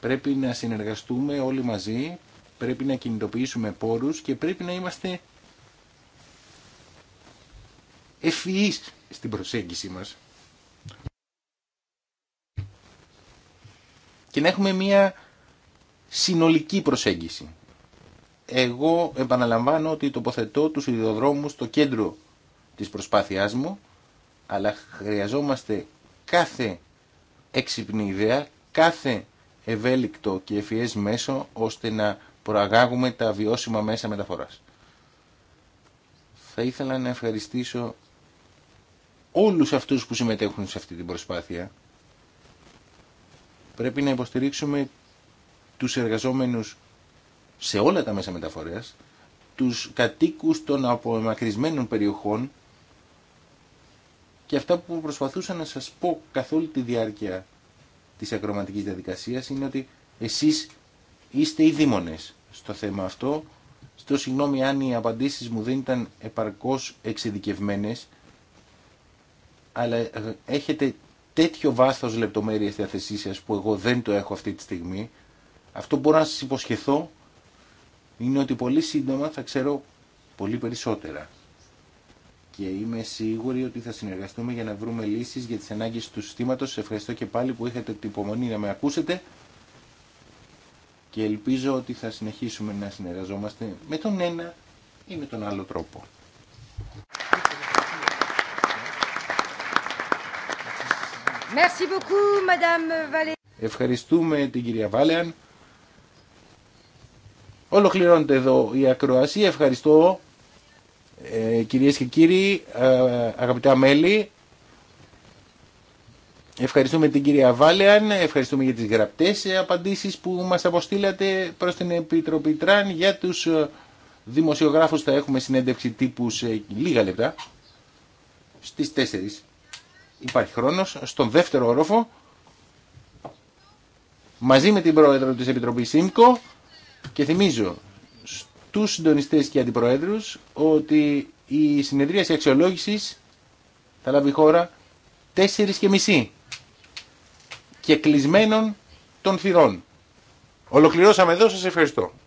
Πρέπει να συνεργαστούμε όλοι μαζί, πρέπει να κινητοποιήσουμε πόρους και πρέπει να είμαστε ευφυείς στην προσέγγιση μας. και να έχουμε μια συνολική προσέγγιση. Εγώ επαναλαμβάνω ότι τοποθετώ τους ιδιοδρόμους στο κέντρο της προσπάθειάς μου, αλλά χρειαζόμαστε κάθε έξυπνη ιδέα, κάθε ευέλικτο και ευφυές μέσο, ώστε να προαγάγουμε τα βιώσιμα μέσα μεταφοράς. Θα ήθελα να ευχαριστήσω όλους αυτούς που συμμετέχουν σε αυτή την προσπάθεια, Πρέπει να υποστηρίξουμε τους εργαζόμενους σε όλα τα μέσα μεταφορίας τους κατοίκους των απομακρυσμένων περιοχών και αυτά που προσπαθούσα να σας πω καθ' όλη τη διάρκεια της ακροματικής διαδικασίας είναι ότι εσείς είστε οι δήμονες στο θέμα αυτό. Στο συγγνώμη αν οι απαντήσεις μου δεν ήταν επαρκώς εξειδικευμένες, αλλά έχετε τέτοιο βάθο λεπτομέρειες διαθεσή που εγώ δεν το έχω αυτή τη στιγμή. Αυτό μπορώ να σα υποσχεθώ είναι ότι πολύ σύντομα θα ξέρω πολύ περισσότερα. Και είμαι σίγουροι ότι θα συνεργαστούμε για να βρούμε λύσεις για τις ανάγκες του συστήματος. ευχαριστώ και πάλι που είχατε την υπομονή να με ακούσετε και ελπίζω ότι θα συνεχίσουμε να συνεργαζόμαστε με τον ένα ή με τον άλλο τρόπο. Ευχαριστούμε την κυρία Βάλεαν. Ολοκληρώνεται εδώ η ακροασία. Ευχαριστώ ε, κυρίες και κύριοι, ε, αγαπητά μέλη. Ευχαριστούμε την κυρία Βάλεαν, ευχαριστούμε για τις γραπτές απαντήσεις που μας αποστήλατε προς την Επιτροπή Τραν. Για τους ε, δημοσιογράφους θα έχουμε συνέντευξη τύπου σε λίγα λεπτά, στις 4 υπάρχει χρόνος, στον δεύτερο όροφο, μαζί με την πρόεδρο της Επιτροπής ΣΥΜΚΟ και θυμίζω στους συντονιστές και αντιπροέδρους ότι η συνεδρίαση αξιολόγησης θα λάβει χώρα 4 και μισή και κλεισμένων των θυρών. Ολοκληρώσαμε εδώ, σας ευχαριστώ.